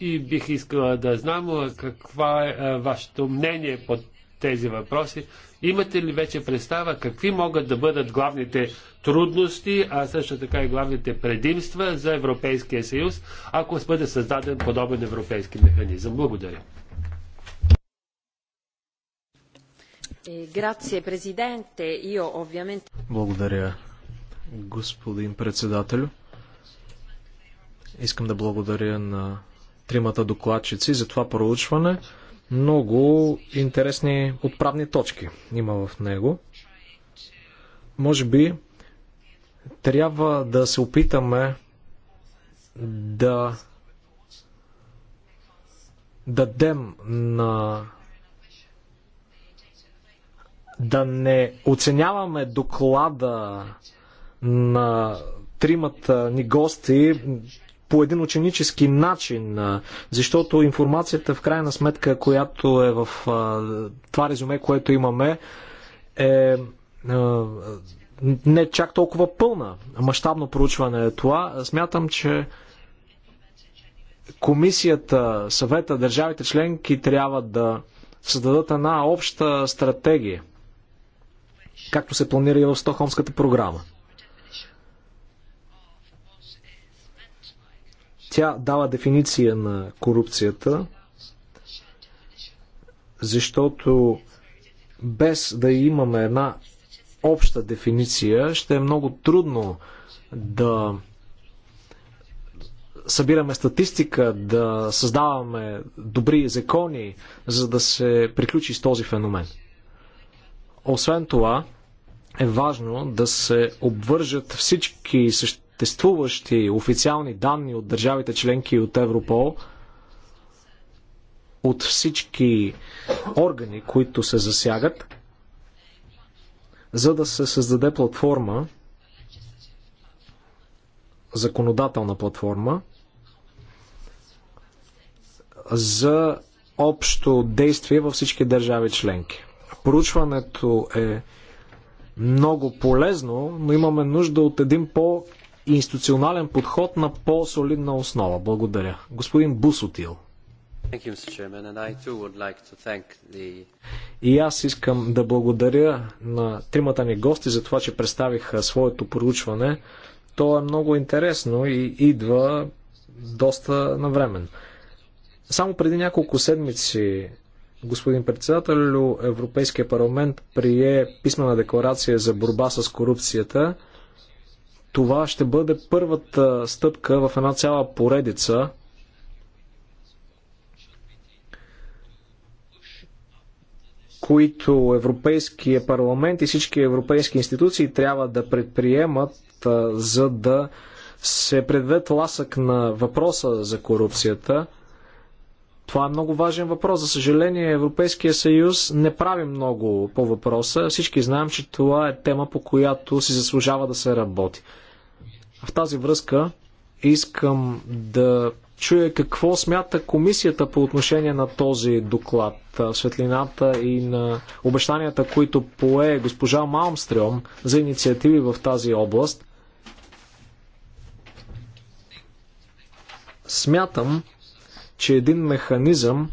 и бих искала да знам каква е вашето мнение по тези въпроси. Имате ли вече представа какви могат да бъдат главните трудности, а също така и главните предимства за Европейския съюз, ако бъде създаден подобен европейски механизъм? Благодаря. Е, благодаря, господин председател. Искам да благодаря на тримата докладчици за това проучване. Много интересни отправни точки има в него. Може би трябва да се опитаме да дадем на да не оценяваме доклада на тримата ни гости по един ученически начин, защото информацията в крайна сметка, която е в това резюме, което имаме, е не чак толкова пълна. Мащабно проучване е това. Смятам, че комисията, съвета, държавите членки трябва да създадат една обща стратегия, както се планира и в Стохомската програма. Тя дава дефиниция на корупцията, защото без да имаме една обща дефиниция, ще е много трудно да събираме статистика, да създаваме добри закони, за да се приключи с този феномен. Освен това, е важно да се обвържат всички съществени съществуващи официални данни от държавите членки от Европол, от всички органи, които се засягат, за да се създаде платформа, законодателна платформа, за общо действие във всички държави членки. Проучването е много полезно, но имаме нужда от един по- институционален подход на по-солидна основа. Благодаря. Господин Бусотил. И аз искам да благодаря на тримата ни гости за това, че представиха своето проучване. То е много интересно и идва доста навремен. Само преди няколко седмици, господин председател, Европейския парламент прие писмена декларация за борба с корупцията – това ще бъде първата стъпка в една цяла поредица. които Европейския парламент и всички европейски институции трябва да предприемат, за да се предведат ласък на въпроса за корупцията. Това е много важен въпрос. За съжаление, Европейския съюз не прави много по въпроса. Всички знаем, че това е тема, по която си заслужава да се работи. В тази връзка искам да чуя какво смята комисията по отношение на този доклад, в светлината и на обещанията, които пое госпожа Малмстрем за инициативи в тази област. Смятам, че един механизъм,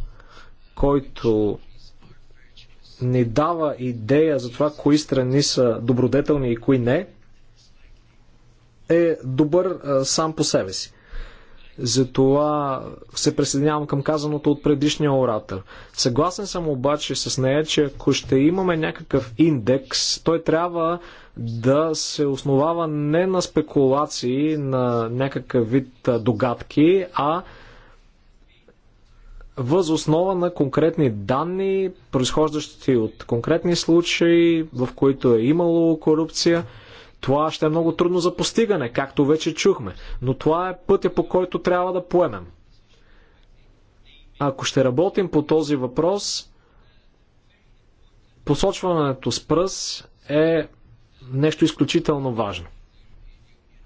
който ни дава идея за това кои страни са добродетелни и кои не – е добър сам по себе си. Затова се присъединявам към казаното от предишния оратор. Съгласен съм обаче с нея, че ако ще имаме някакъв индекс, той трябва да се основава не на спекулации, на някакъв вид догадки, а въз основа на конкретни данни, произхождащи от конкретни случаи, в които е имало корупция – това ще е много трудно за постигане, както вече чухме, но това е пътя по който трябва да поемем. Ако ще работим по този въпрос, посочването с пръст е нещо изключително важно.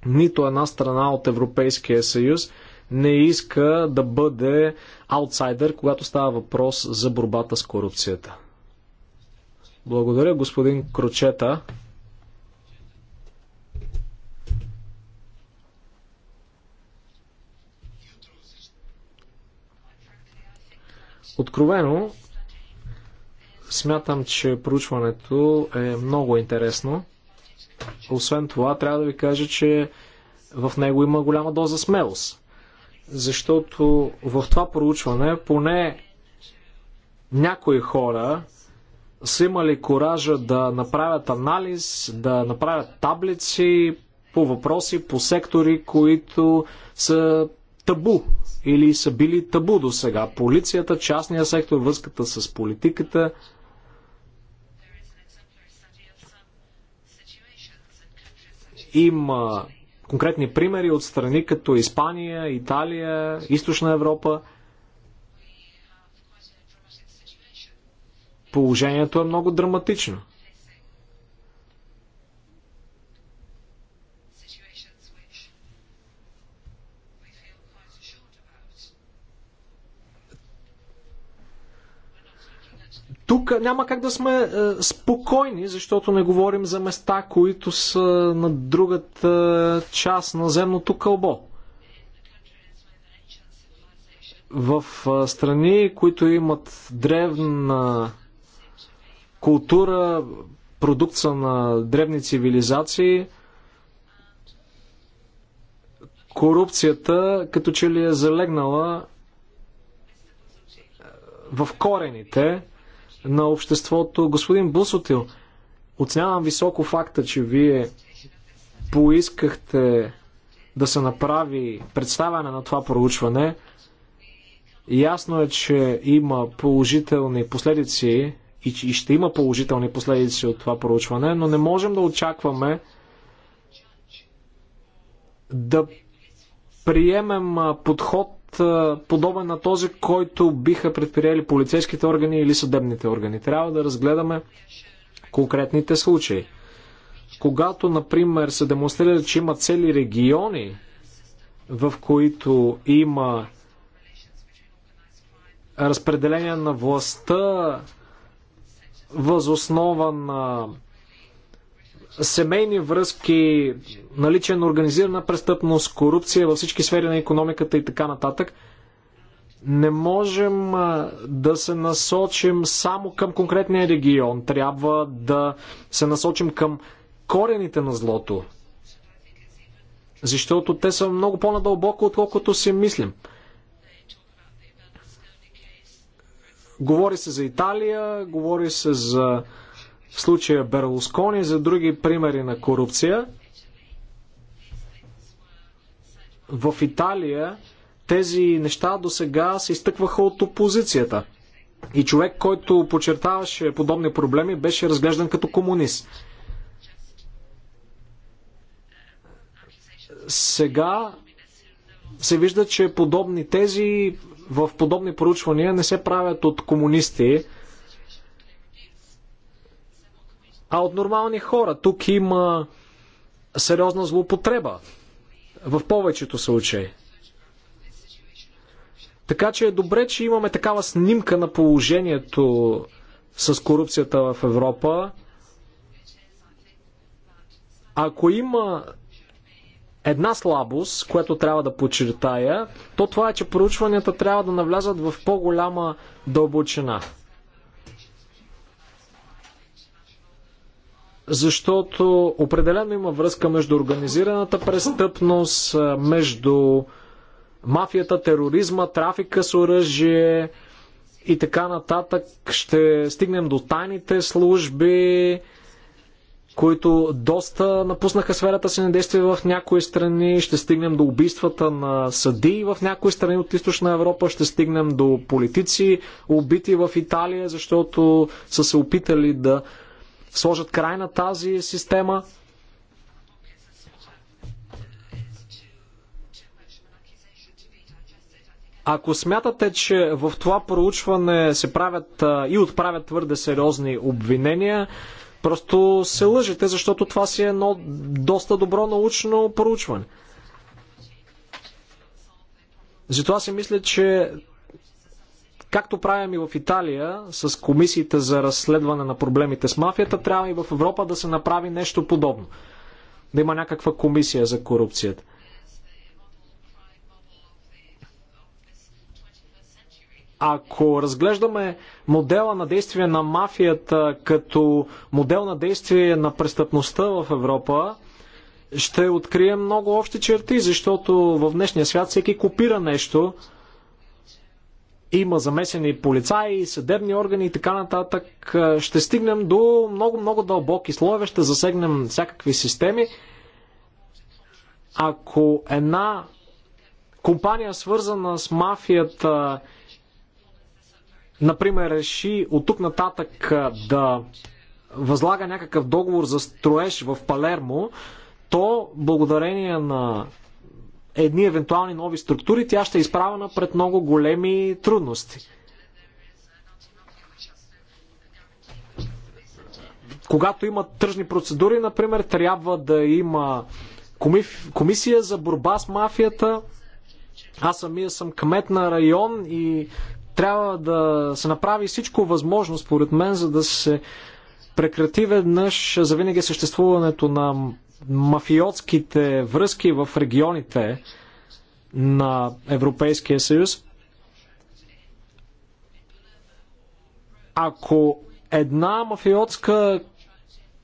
Нито една страна от Европейския съюз не иска да бъде аутсайдер, когато става въпрос за борбата с корупцията. Благодаря, господин Крочета. Откровено, смятам, че проучването е много интересно. Освен това, трябва да ви кажа, че в него има голяма доза смелост. Защото в това проучване поне някои хора са имали коража да направят анализ, да направят таблици по въпроси, по сектори, които са табу или са били табу до сега. Полицията, частния сектор, връзката с политиката. Има конкретни примери от страни като Испания, Италия, Източна Европа. Положението е много драматично. Тук няма как да сме е, спокойни, защото не говорим за места, които са на другата е, част на земното кълбо. В е, страни, които имат древна култура, продукция на древни цивилизации, корупцията като че ли е залегнала е, в корените на обществото. Господин Бусотил, оценявам високо факта, че вие поискахте да се направи представяне на това проучване. Ясно е, че има положителни последици и ще има положителни последици от това проучване, но не можем да очакваме да приемем подход е, подобен на този, който биха предприели полицейските органи или съдебните органи. Трябва да разгледаме конкретните случаи. Когато, например, се демонстрира, че има цели региони, в които има разпределение на властта възоснова на семейни връзки, наличие на организирана престъпност, корупция във всички сфери на економиката и така нататък, не можем да се насочим само към конкретния регион. Трябва да се насочим към корените на злото. Защото те са много по-надълбоко, отколкото си мислим. Говори се за Италия, говори се за в случая Берлускони, за други примери на корупция. В Италия тези неща до сега се изтъкваха от опозицията. И човек, който подчертаваше подобни проблеми, беше разглеждан като комунист. Сега се вижда, че подобни тези в подобни проучвания не се правят от комунисти, а от нормални хора. Тук има сериозна злоупотреба в повечето случаи. Така че е добре, че имаме такава снимка на положението с корупцията в Европа. Ако има една слабост, която трябва да подчертая, то това е, че проучванията трябва да навлязат в по-голяма дълбочина. защото определено има връзка между организираната престъпност, между мафията, тероризма, трафика с оръжие и така нататък. Ще стигнем до тайните служби, които доста напуснаха сферата си на действие в някои страни. Ще стигнем до убийствата на съдии в някои страни от източна Европа. Ще стигнем до политици, убити в Италия, защото са се опитали да сложат край на тази система. Ако смятате, че в това проучване се правят и отправят твърде сериозни обвинения, просто се лъжете, защото това си е едно доста добро научно проучване. Затова си мисля, че Както правим и в Италия с комисиите за разследване на проблемите с мафията, трябва и в Европа да се направи нещо подобно. Да има някаква комисия за корупцията. Ако разглеждаме модела на действие на мафията като модел на действие на престъпността в Европа, ще открием много общи черти, защото в днешния свят всеки копира нещо, има замесени полицаи, съдебни органи и така нататък. Е, ще стигнем до много-много дълбоки слоеве, ще засегнем всякакви системи. Ако една компания, свързана с мафията, например, реши от тук нататък е, да възлага някакъв договор за строеж в Палермо, то благодарение на едни евентуални нови структури, тя ще е изправена пред много големи трудности. Когато има тръжни процедури, например, трябва да има комисия за борба с мафията. Аз самия съм кмет на район и трябва да се направи всичко възможно, според мен, за да се прекрати веднъж завинаги съществуването на мафиотските връзки в регионите на Европейския съюз. Ако една мафиотска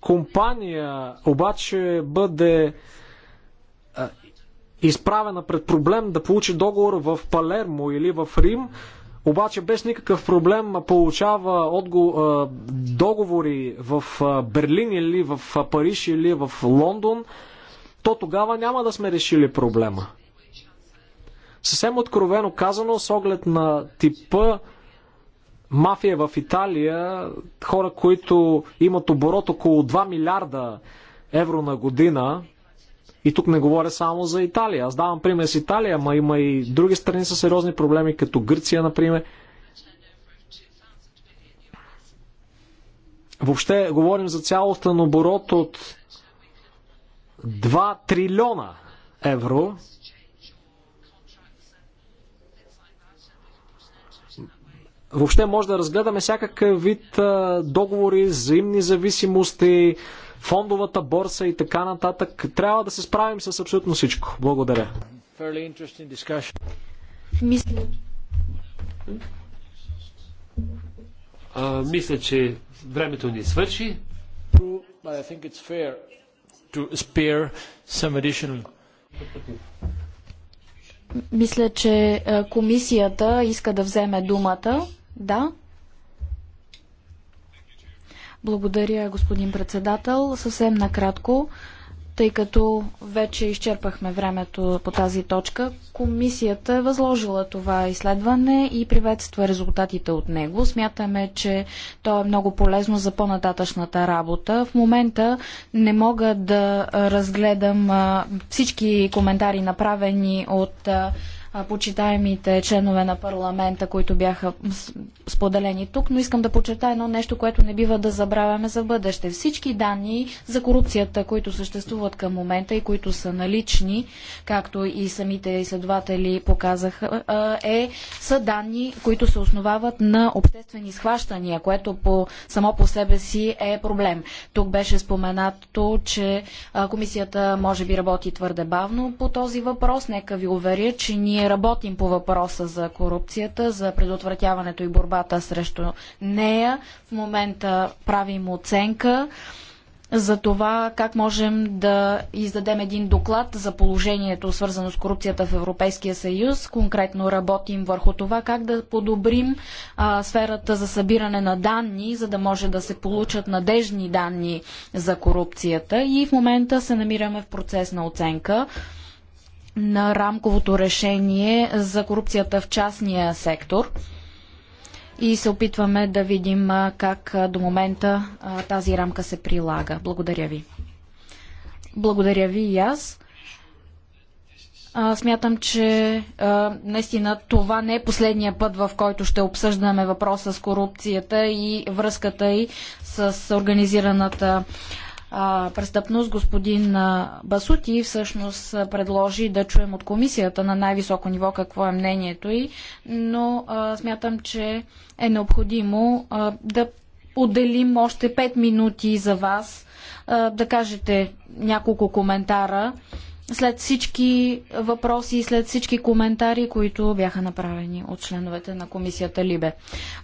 компания обаче бъде изправена пред проблем да получи договор в Палермо или в Рим, обаче без никакъв проблем получава договори в Берлин или в Париж или в Лондон, то тогава няма да сме решили проблема. Съвсем откровено казано, с оглед на типа мафия в Италия, хора, които имат оборот около 2 милиарда евро на година, и тук не говоря само за Италия. Аз давам пример с Италия, ма има и други страни с сериозни проблеми, като Гърция, например. Въобще говорим за цялостен оборот от 2 трилиона евро. Въобще може да разгледаме всякакъв вид договори, взаимни зависимости, фондовата борса и така нататък. Трябва да се справим с абсолютно всичко. Благодаря. Мисля, а, мисля че времето ни свърши. Мисля, че е, комисията иска да вземе думата. Да. Благодаря, господин председател. Съвсем накратко, тъй като вече изчерпахме времето по тази точка, комисията е възложила това изследване и приветства резултатите от него. Смятаме, че то е много полезно за по-нататъчната работа. В момента не мога да разгледам всички коментари, направени от почитаемите членове на парламента, които бяха споделени тук, но искам да почета едно нещо, което не бива да забравяме за бъдеще. Всички данни за корупцията, които съществуват към момента и които са налични, както и самите изследователи показаха, е, са данни, които се основават на обществени схващания, което по, само по себе си е проблем. Тук беше споменато, че комисията може би работи твърде бавно по този въпрос. Нека ви уверя, че ние ние работим по въпроса за корупцията, за предотвратяването и борбата срещу нея. В момента правим оценка за това как можем да издадем един доклад за положението, свързано с корупцията в Европейския съюз. Конкретно работим върху това как да подобрим а, сферата за събиране на данни, за да може да се получат надежни данни за корупцията. И в момента се намираме в процес на оценка на рамковото решение за корупцията в частния сектор и се опитваме да видим как до момента тази рамка се прилага. Благодаря ви. Благодаря ви и аз. смятам, че наистина това не е последния път, в който ще обсъждаме въпроса с корупцията и връзката й с организираната престъпност, господин Басути всъщност предложи да чуем от комисията на най-високо ниво какво е мнението й, но смятам, че е необходимо да отделим още 5 минути за вас, да кажете няколко коментара след всички въпроси и след всички коментари, които бяха направени от членовете на комисията Либе.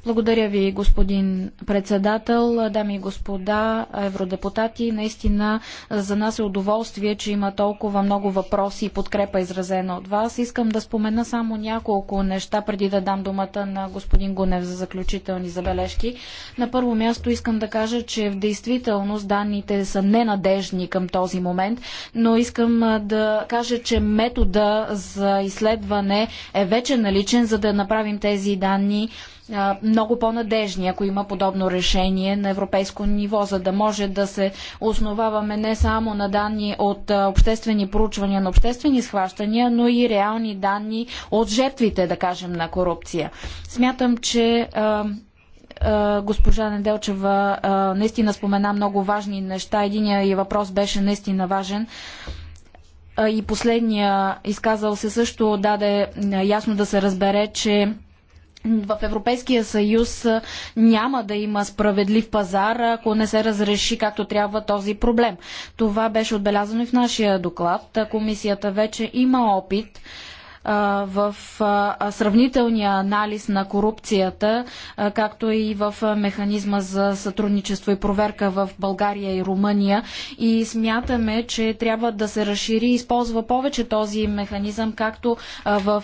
Благодаря ви, господин председател, дами и господа, евродепутати. Наистина за нас е удоволствие, че има толкова много въпроси и подкрепа изразена от вас. Искам да спомена само няколко неща, преди да дам думата на господин Гунев за заключителни забележки. На първо място искам да кажа, че в действителност данните са ненадежни към този момент, но искам да каже, че метода за изследване е вече наличен, за да направим тези данни много по-надежни, ако има подобно решение на европейско ниво, за да може да се основаваме не само на данни от обществени проучвания на обществени схващания, но и реални данни от жертвите, да кажем, на корупция. Смятам, че госпожа Неделчева наистина спомена много важни неща. Единият и въпрос беше наистина важен. И последния изказал се също даде ясно да се разбере, че в Европейския съюз няма да има справедлив пазар, ако не се разреши както трябва този проблем. Това беше отбелязано и в нашия доклад. Комисията вече има опит в сравнителния анализ на корупцията, както и в механизма за сътрудничество и проверка в България и Румъния. И смятаме, че трябва да се разшири и използва повече този механизъм, както в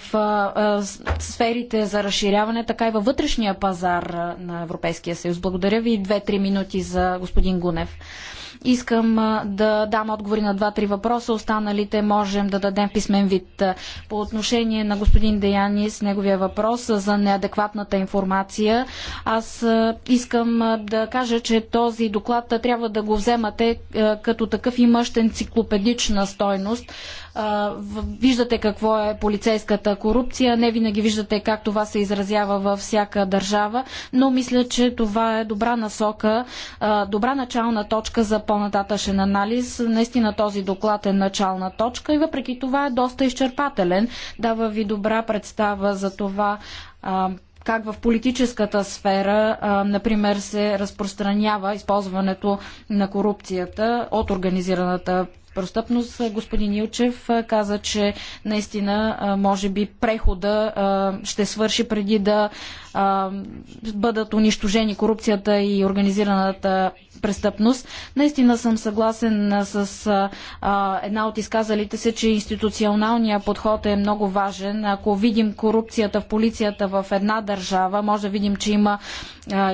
сферите за разширяване, така и във вътрешния пазар на Европейския съюз. Благодаря ви. Две-три минути за господин Гунев. Искам да дам отговори на два-три въпроса, останалите можем да дадем писмен вид. По отношение на господин с неговия въпрос за неадекватната информация, аз искам да кажа, че този доклад трябва да го вземате като такъв имащ енциклопедична стойност. Виждате какво е полицейската корупция, не винаги виждате как това се изразява във всяка държава, но мисля, че това е добра насока, добра начална точка за по по-нататъчен анализ. Наистина този доклад е начална точка и въпреки това е доста изчерпателен. Дава ви добра представа за това как в политическата сфера, например, се разпространява използването на корупцията от организираната престъпност. Господин Илчев каза, че наистина може би прехода ще свърши преди да бъдат унищожени корупцията и организираната престъпност. Наистина съм съгласен с а, една от изказалите се, че институционалният подход е много важен. Ако видим корупцията в полицията в една държава, може да видим, че има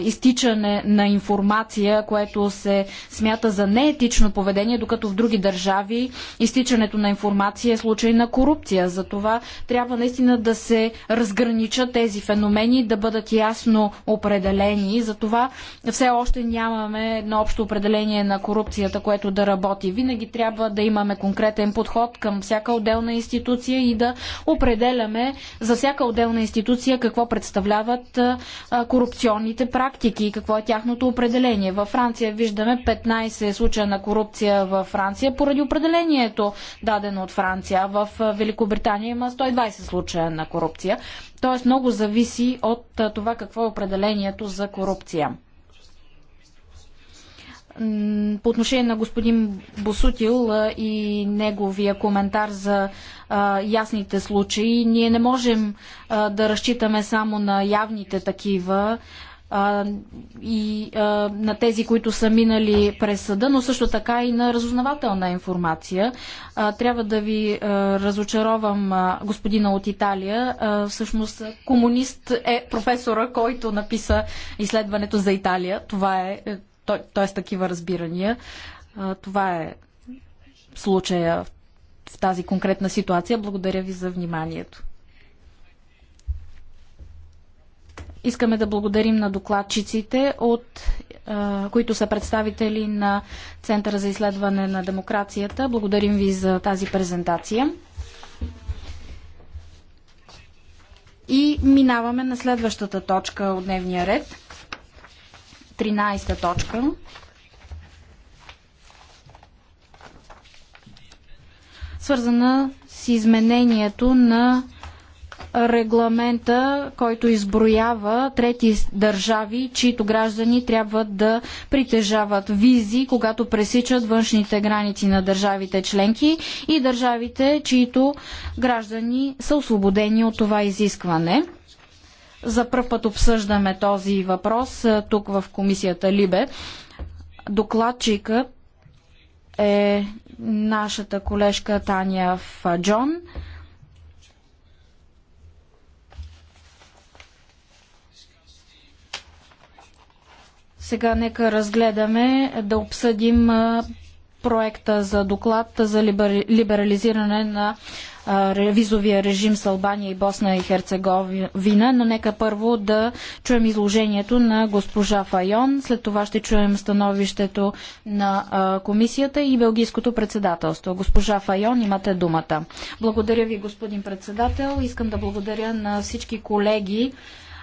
изтичане на информация, което се смята за неетично поведение, докато в други държави изтичането на информация е случай на корупция. Затова трябва наистина да се разграничат тези феномени, да бъдат ясно определени. Затова все още нямаме едно общо определение на корупцията, което да работи. Винаги трябва да имаме конкретен подход към всяка отделна институция и да определяме за всяка отделна институция какво представляват корупционните корупционните практики и какво е тяхното определение. Във Франция виждаме 15 случая на корупция във Франция поради определението дадено от Франция. В Великобритания има 120 случая на корупция. Тоест много зависи от това какво е определението за корупция по отношение на господин Босутил и неговия коментар за а, ясните случаи, ние не можем а, да разчитаме само на явните такива а, и а, на тези, които са минали през съда, но също така и на разузнавателна информация. А, трябва да ви а, разочаровам а, господина от Италия. А, всъщност комунист е професора, който написа изследването за Италия. Това е, т.е. Е такива разбирания. А, това е случая в тази конкретна ситуация. Благодаря ви за вниманието. Искаме да благодарим на докладчиците, от, които са представители на Центъра за изследване на демокрацията. Благодарим ви за тази презентация. И минаваме на следващата точка от дневния ред. 13-та точка. Свързана с изменението на регламента, който изброява трети държави, чието граждани трябва да притежават визи, когато пресичат външните граници на държавите членки и държавите, чието граждани са освободени от това изискване. За първ път обсъждаме този въпрос е, тук в комисията Либе. Докладчика е нашата колежка Таня Фаджон. Сега нека разгледаме да обсъдим проекта за доклад за либерализиране на визовия режим с Албания и Босна и Херцеговина, но нека първо да чуем изложението на госпожа Файон, след това ще чуем становището на комисията и Белгийското председателство. Госпожа Файон, имате думата. Благодаря ви, господин председател. Искам да благодаря на всички колеги,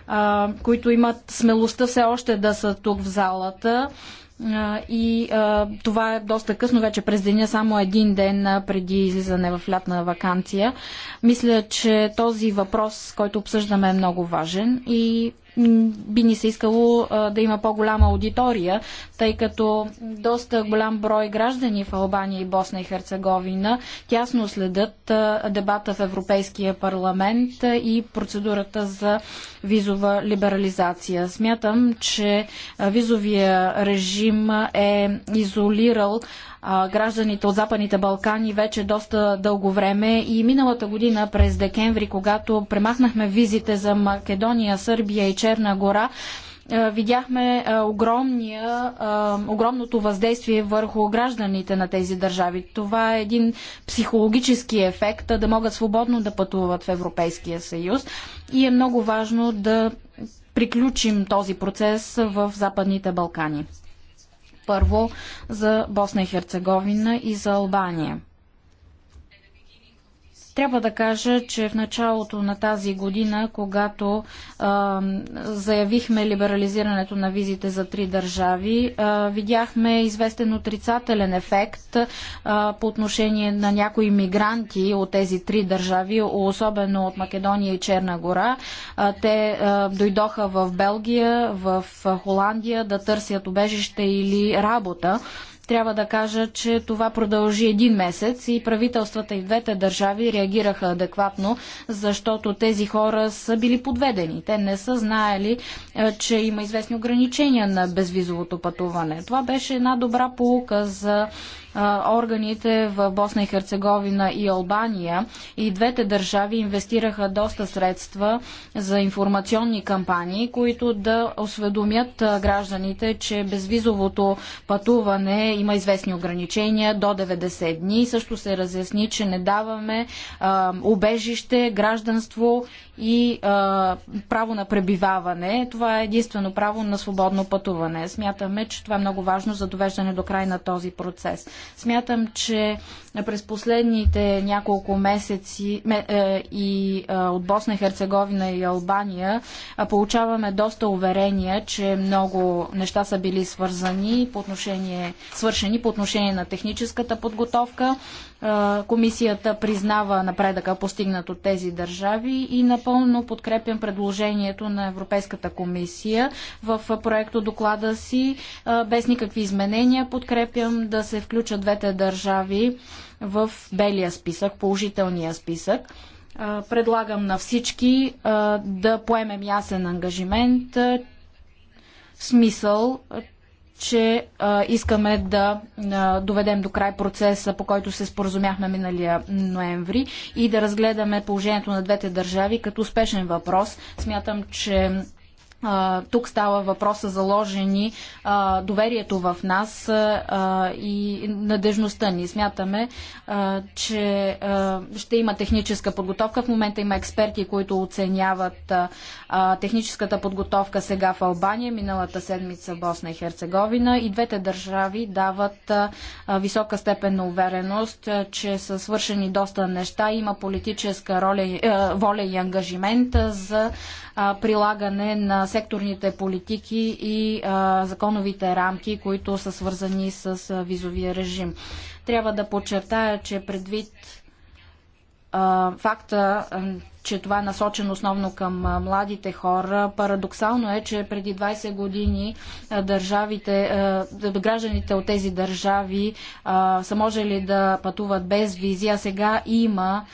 а, които имат смелостта все още да са тук в залата. и а, това е доста късно, вече през деня, само един ден преди излизане в лятна вакансия. Мисля, че този въпрос, който обсъждаме, е много важен и би ни се искало да има по-голяма аудитория, тъй като доста голям брой граждани в Албания и Босна и Херцеговина тясно следят дебата в Европейския парламент и процедурата за визова либерализация. Смятам, че визовия режим е изолирал гражданите от Западните Балкани вече доста дълго време и миналата година през декември, когато премахнахме визите за Македония, Сърбия и Черна Черна гора, е, видяхме е, огромния, е, огромното въздействие върху гражданите на тези държави. Това е един психологически ефект да могат свободно да пътуват в Европейския съюз и е много важно да приключим този процес в Западните Балкани. Първо за Босна и Херцеговина и за Албания. Трябва да кажа, че в началото на тази година, когато а, заявихме либерализирането на визите за три държави, а, видяхме известен отрицателен ефект а, по отношение на някои мигранти от тези три държави, особено от Македония и Черна гора. А, те а, дойдоха в Белгия, в Холандия да търсят убежище или работа. Трябва да кажа, че това продължи един месец и правителствата и двете държави реагираха адекватно, защото тези хора са били подведени. Те не са знаели, е, че има известни ограничения на безвизовото пътуване. Това беше една добра полука за органите в Босна и Херцеговина и Албания. И двете държави инвестираха доста средства за информационни кампании, които да осведомят гражданите, че безвизовото пътуване има известни ограничения до 90 дни. Също се разясни, че не даваме убежище, гражданство и а, право на пребиваване. Това е единствено право на свободно пътуване. Смятаме, че това е много важно за довеждане до край на този процес. Смятам, че през последните няколко месеци е, и от Босна и Херцеговина и Албания получаваме доста уверения, че много неща са били свързани по отношение, свършени по отношение на техническата подготовка Комисията признава напредъка постигнат от тези държави и напълно подкрепям предложението на Европейската комисия в проекто доклада си. Без никакви изменения подкрепям да се включат двете държави в белия списък, положителния списък предлагам на всички да поемем ясен ангажимент в смисъл, че а, искаме да а, доведем до край процеса, по който се споразумяхме миналия ноември и да разгледаме положението на двете държави като успешен въпрос. Смятам, че тук става въпроса заложени доверието в нас и надежността ни. Смятаме, че ще има техническа подготовка. В момента има експерти, които оценяват техническата подготовка сега в Албания, миналата седмица в Босна и Херцеговина. И двете държави дават висока степен на увереност, че са свършени доста неща. Има политическа роля, воля и ангажимент за прилагане на секторните политики и законовите рамки, които са свързани с визовия режим. Трябва да подчертая, че предвид факта, че това е насочено основно към младите хора. Парадоксално е, че преди 20 години държавите, гражданите от тези държави са можели да пътуват без визи, а сега има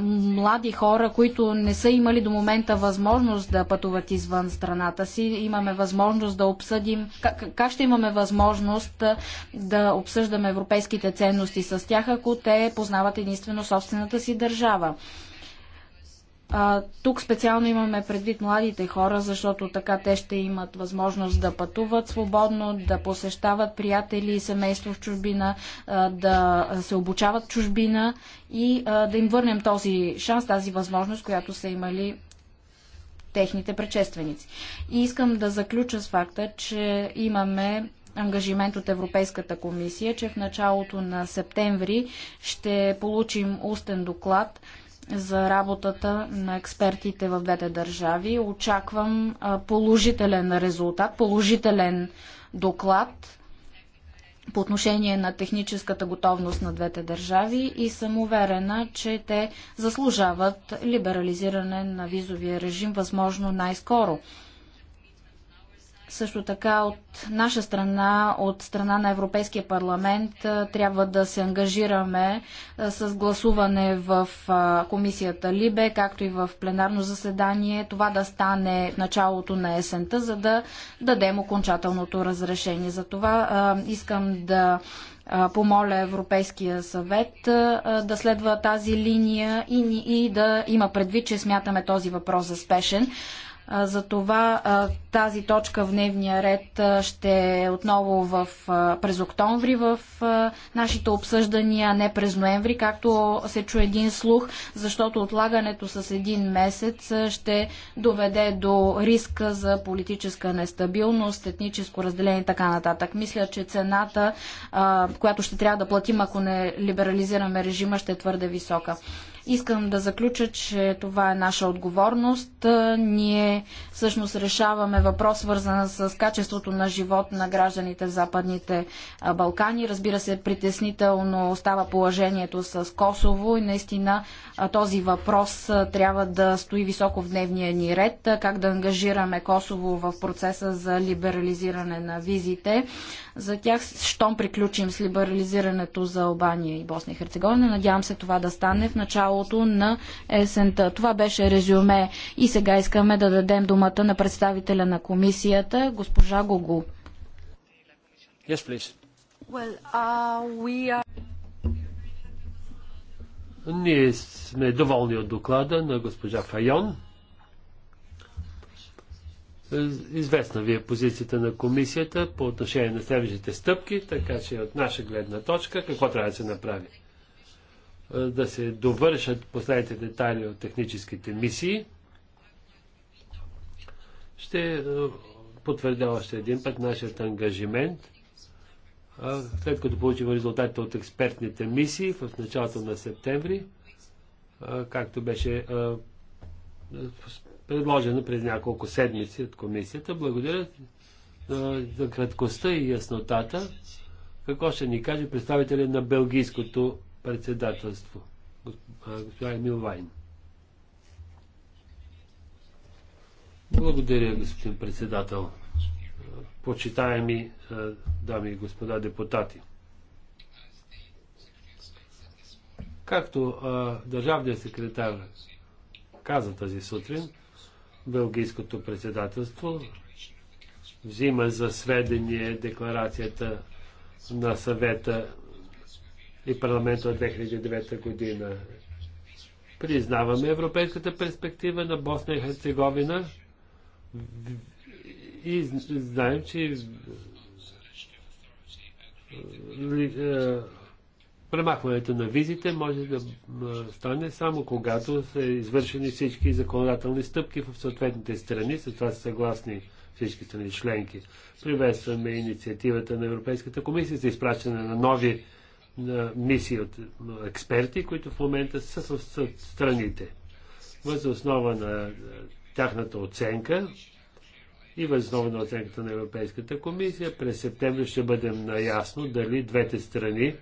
млади хора, които не са имали до момента възможност да пътуват извън страната си. Имаме възможност да обсъдим как ще имаме възможност да обсъждаме европейските ценности с тях, ако те познават единствено собствената си държава. А, тук специално имаме предвид младите хора, защото така те ще имат възможност да пътуват свободно, да посещават приятели и семейство в чужбина, а, да се обучават в чужбина и а, да им върнем този шанс, тази възможност, която са имали техните предшественици. И искам да заключа с факта, че имаме ангажимент от Европейската комисия, че в началото на септември ще получим устен доклад за работата на експертите в двете държави. Очаквам положителен резултат, положителен доклад по отношение на техническата готовност на двете държави и съм уверена, че те заслужават либерализиране на визовия режим възможно най-скоро. Също така от наша страна, от страна на Европейския парламент, трябва да се ангажираме с гласуване в комисията Либе, както и в пленарно заседание. Това да стане в началото на есента, за да дадем окончателното разрешение. За това искам да помоля Европейския съвет да следва тази линия и, и да има предвид, че смятаме този въпрос за спешен. Затова тази точка в дневния ред ще е отново в, през октомври в нашите обсъждания, а не през ноември, както се чу един слух, защото отлагането с един месец ще доведе до риска за политическа нестабилност, етническо разделение и така нататък. Мисля, че цената, която ще трябва да платим, ако не либерализираме режима, ще е твърде висока. Искам да заключа, че това е наша отговорност. Е, ние всъщност решаваме въпрос, свързан с качеството на живот на гражданите в Западните Балкани. Разбира се, притеснително остава положението с Косово и наистина този въпрос е, трябва да стои високо в дневния ни ред. Е, как да ангажираме Косово в процеса за либерализиране на визите. За тях, щом приключим с либерализирането за Албания и Босния и Херцеговина, надявам се това да стане в начало началото на есента. Това беше резюме и сега искаме да дадем думата на представителя на комисията, госпожа Гогу. Yes, please. Well, uh, we are... Ние сме доволни от доклада на госпожа Файон. Известна ви е позицията на комисията по отношение на следващите стъпки, така че от наша гледна точка какво трябва да се направи? Е, да се довършат последните детайли от техническите мисии. Ще е, потвърдя още един път нашият ангажимент. Е, след като получим резултатите от експертните мисии в началото на септември, както беше предложено през няколко седмици от комисията, благодаря за краткостта и яснотата. Какво ще ни каже представителя на Белгийското председателство. господин Емил Вайн. Благодаря, господин председател. Почитаеми дами и господа депутати. Както Държавния държавният секретар каза тази сутрин, Белгийското председателство взима за сведение декларацията на съвета и парламента от 2009 година. Признаваме европейската перспектива на Босна и Херцеговина и знаем, че е, премахването на визите може да е, стане само когато са извършени всички законодателни стъпки в съответните страни, с това са съгласни всички страни членки. Приветстваме инициативата на Европейската комисия за изпращане на нови на мисии от експерти, които в момента са в страните. Въз основа на е, тяхната оценка и въз основа на оценката на Европейската комисия, през септември ще бъдем наясно дали двете страни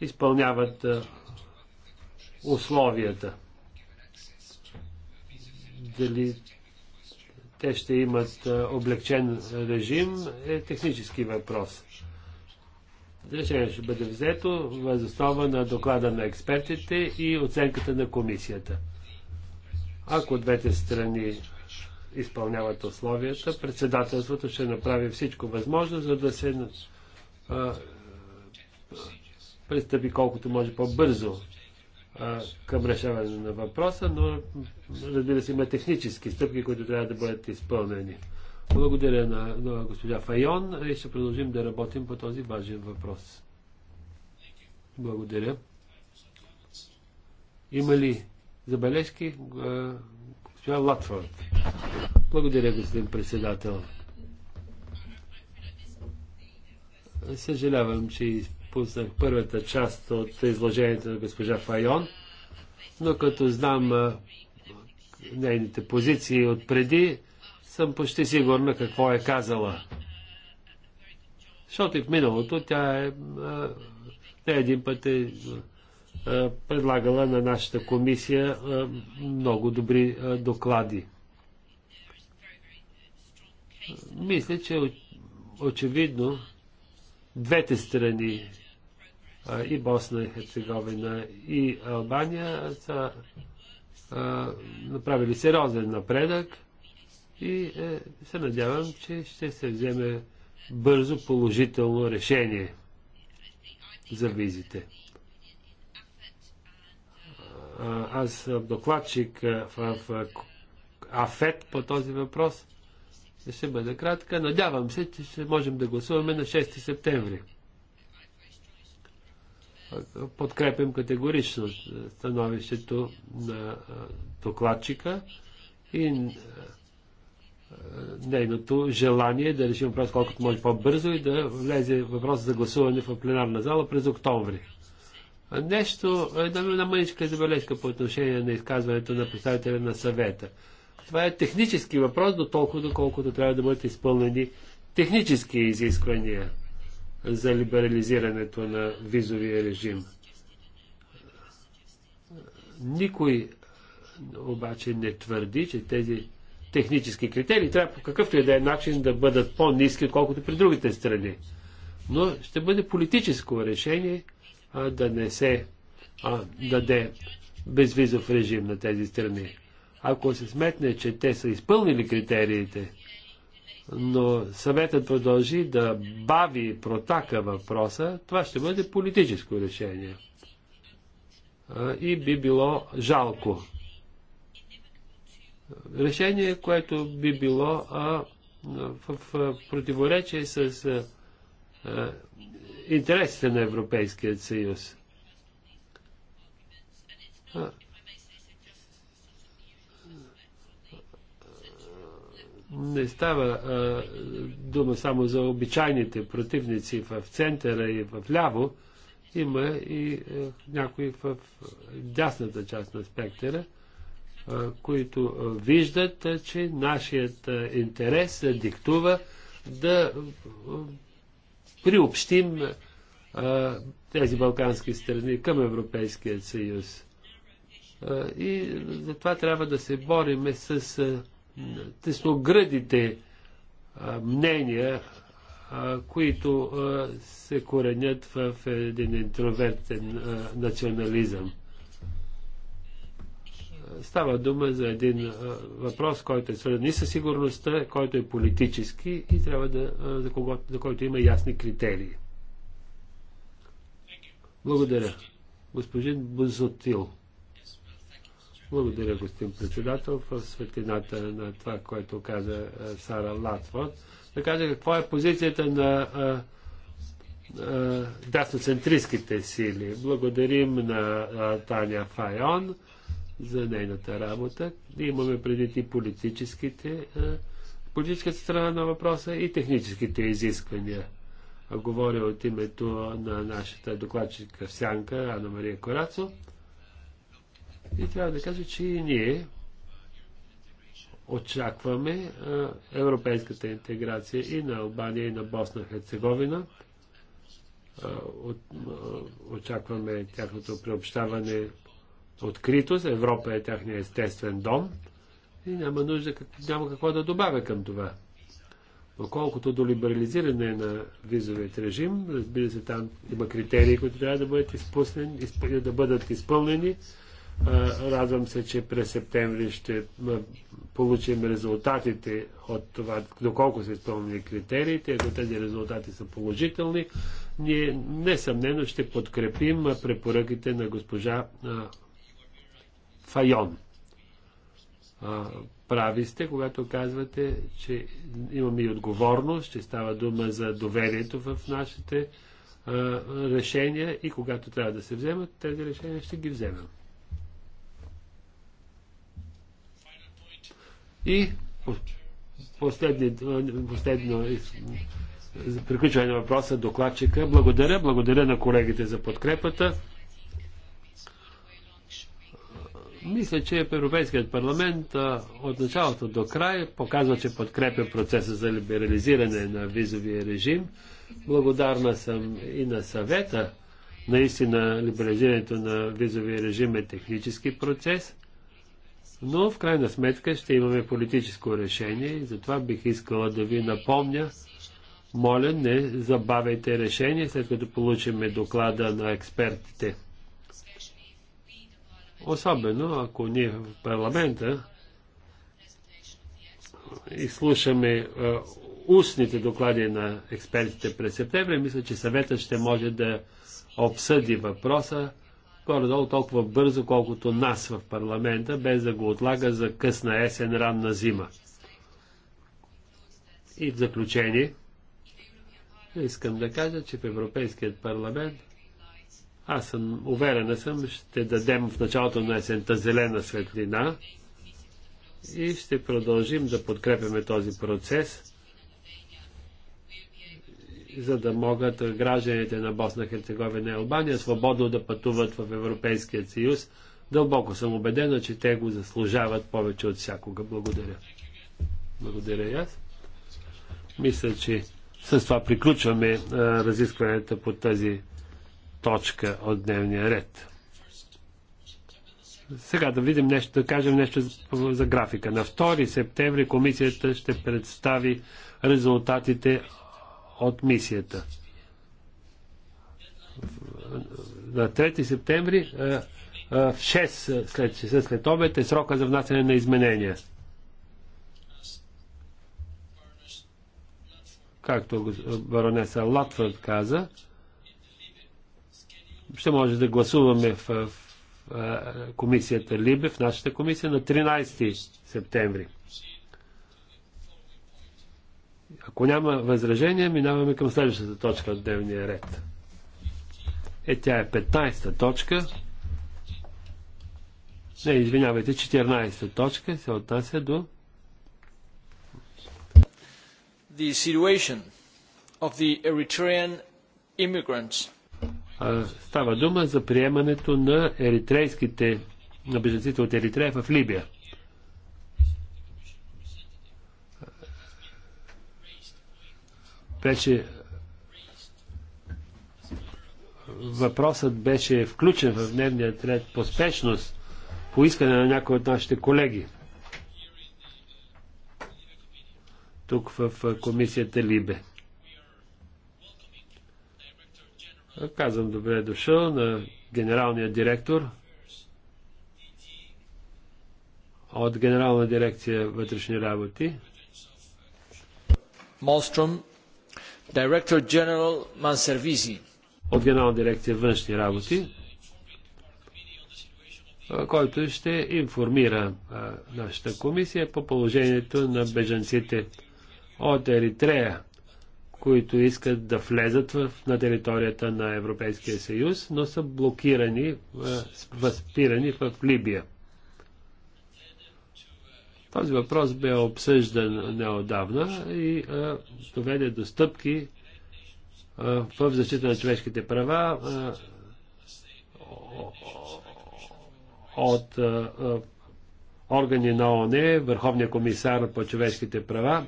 изпълняват е, условията. Дали те ще имат е, облегчен режим е технически въпрос. Решение ще бъде взето въз основа на доклада на експертите и оценката на комисията. Ако двете страни изпълняват условията, председателството ще направи всичко възможно, за да се а, пристъпи колкото може по-бързо към решаване на въпроса, но разбира се има технически стъпки, които трябва да бъдат изпълнени. Благодаря на, на госпожа Файон и ще продължим да работим по този важен въпрос. Благодаря. Има ли забележки? Е, госпожа Латфорд. Благодаря, господин председател. Съжалявам, че изпуснах първата част от изложението на госпожа Файон, но като знам е, нейните позиции от преди, съм почти сигурна какво е казала. Защото и в миналото тя е не един път е предлагала на нашата комисия много добри доклади. Мисля, че очевидно двете страни и Босна и Херцеговина и Албания са направили сериозен напредък и е, се надявам, че ще се вземе бързо положително решение за визите. Аз съм докладчик е, в АФЕТ по този въпрос. Ще бъда кратка. Надявам се, че ще можем да гласуваме на 6 септември. Подкрепям категорично становището на е, докладчика и е, е, нейното желание да решим въпрос колкото може по-бързо и да влезе въпрос за гласуване в пленарна зала през октомври. Нещо, е, една, една мъничка забележка по отношение на изказването на представителя на съвета. Това е технически въпрос, до толкова, доколкото трябва да бъдат изпълнени технически изисквания за либерализирането на визовия режим. Никой обаче не твърди, че тези технически критерии, трябва по какъвто и да е начин да бъдат по-низки, отколкото при другите страни. Но ще бъде политическо решение а, да не се а, даде безвизов режим на тези страни. Ако се сметне, че те са изпълнили критериите, но съветът продължи да бави протака въпроса, това ще бъде политическо решение. А, и би било жалко решение, което би било а, в, в противоречие с а, интересите на Европейския съюз. А, не става а, дума само за обичайните противници в центъра и в ляво, има и а, някои в дясната част на спектъра които виждат, че нашият интерес диктува да приобщим тези балкански страни към Европейския съюз. И затова трябва да се бориме с тесногръдите мнения, които се коренят в един интровертен национализъм. Става дума за един въпрос, който е свързан и със сигурността, който е политически и трябва да, за, кого, за който има ясни критерии. Благодаря. Господин Бузотил. Благодаря, господин председател, в светлината на това, което каза Сара Латфорд. Да кажа какво е позицията на дасноцентристските сили. Благодарим на Таня Файон за нейната работа. Имаме преди и политическите, политическата страна на въпроса и техническите изисквания. Говоря от името на нашата докладчика в Сянка, Анна Мария Корацо. И трябва да кажа, че и ние очакваме европейската интеграция и на Албания, и на Босна Херцеговина. Очакваме тяхното приобщаване откритост. Европа е тяхния естествен дом и няма нужда, няма какво да добавя към това. Но колкото до либерализиране на визовият режим, разбира се, там има критерии, които трябва да бъдат, изпуснени, изп... да бъдат изпълнени. Радвам се, че през септември ще получим резултатите от това, доколко са изпълнени критериите. Ако тези резултати са положителни, ние несъмнено ще подкрепим препоръките на госпожа Файон. А, прави сте, когато казвате, че имаме и отговорност, че става дума за доверието в нашите а, решения и когато трябва да се вземат, тези решения ще ги вземем. И последно приключване на въпроса докладчика. Благодаря, благодаря на колегите за подкрепата. Мисля, че Европейският парламент от началото до край показва, че подкрепя процеса за либерализиране на визовия режим. Благодарна съм и на съвета. Наистина, либерализирането на визовия режим е технически процес, но в крайна сметка ще имаме политическо решение и затова бих искала да ви напомня, моля, не забавяйте решение, след като получиме доклада на експертите. Особено ако ние в парламента и слушаме устните доклади на експертите през септември, мисля, че съветът ще може да обсъди въпроса горе-долу толкова бързо, колкото нас в парламента, без да го отлага за късна есен, ранна зима. И в заключение, искам да кажа, че в Европейският парламент аз съм уверена съм, ще дадем в началото на есента зелена светлина и ще продължим да подкрепяме този процес, за да могат гражданите на Босна, Херцеговина и Албания свободно да пътуват в Европейския съюз. Дълбоко съм убедена, че те го заслужават повече от всякога. Благодаря. Благодаря и аз. Мисля, че с това приключваме а, разискването по тази точка от дневния ред. Сега да видим нещо, да кажем нещо за графика. На 2 септември комисията ще представи резултатите от мисията. На 3 септември в 6 след, след обед е срока за внасяне на изменения. Както баронеса Латвард каза, ще може да гласуваме в, в, в комисията Либе, в нашата комисия на 13 септември. Ако няма възражение, минаваме към следващата точка от дневния ред. Е, тя е 15-та точка. Не, извинявайте, 14-та точка се отнася до The situation of the Eritrean immigrants Става дума за приемането на еритрейските, на беженците от Еритрея в Либия. Беше въпросът беше включен в дневния ред по спешност по искане на някои от нашите колеги. Тук в комисията Либе. Казвам добре е дошъл на генералния директор от Генерална дирекция вътрешни работи. Молстром, директор генерал Мансервизи. От Генерална дирекция външни работи, който ще информира нашата комисия по положението на бежанците от Еритрея които искат да влезат в, на територията на Европейския съюз, но са блокирани, е, възпирани в Либия. Този въпрос бе обсъждан неодавна и а, е, доведе до стъпки а, е, в защита на човешките права а, от а, органи на ОНЕ, Върховния комисар по човешките права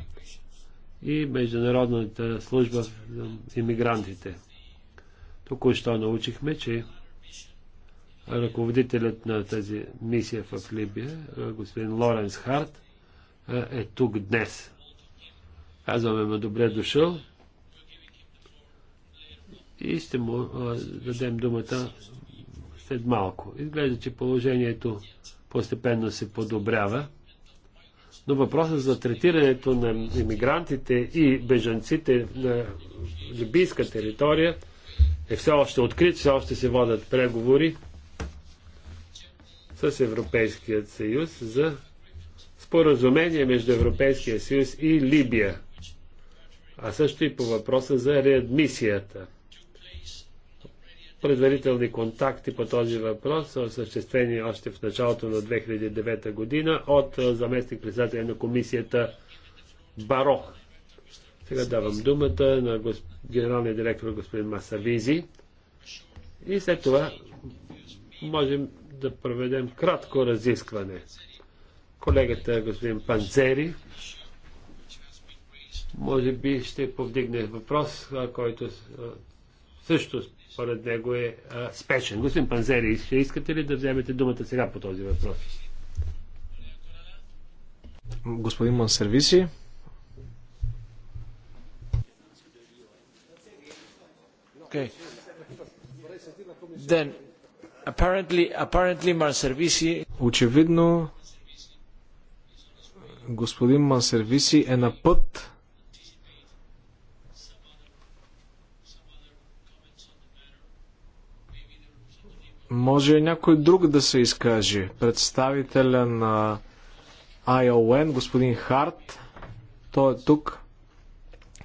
и Международната служба за иммигрантите. Току-що научихме, че ръководителят на тази мисия в Либия, господин Лоренс Харт, е тук днес. Казваме му добре дошъл и ще му дадем думата след малко. Изглежда, че положението постепенно се подобрява но въпросът за третирането на иммигрантите и бежанците на либийска територия е все още открит, все още се водят преговори с Европейският съюз за споразумение между Европейския съюз и Либия, а също и по въпроса за реадмисията – Предварителни контакти по този въпрос са осъществени още в началото на 2009 година от заместник председателя на комисията Баро. Сега давам думата на госп... генералния директор господин Масавизи и след това можем да проведем кратко разискване. Колегата господин Панцери може би ще повдигне въпрос, който също според него е а, спешен. Господин Панзери, ще искате ли да вземете думата сега по този въпрос? Господин Мансервиси. Okay. Then, apparently, apparently Manservisi... Очевидно, господин Мансервиси е на път Може някой друг да се изкаже. Представителя на ION, господин Харт, той е тук.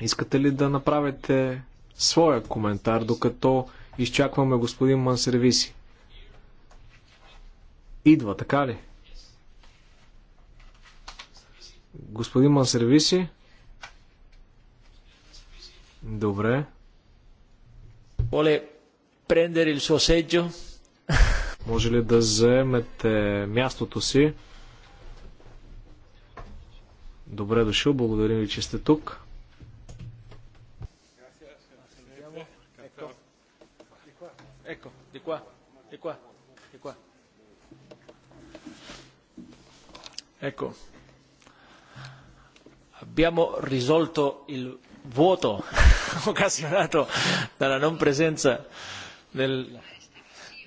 Искате ли да направите своя коментар, докато изчакваме господин Мансервиси? Идва, така ли? Господин Мансервиси? Добре. Оле, prendere il suo seggio? Може ли да заемете мястото си? Добре дошъл, благодарим ви, че сте тук. Еко, abbiamo risolto il vuoto occasionato dalla non presenza nel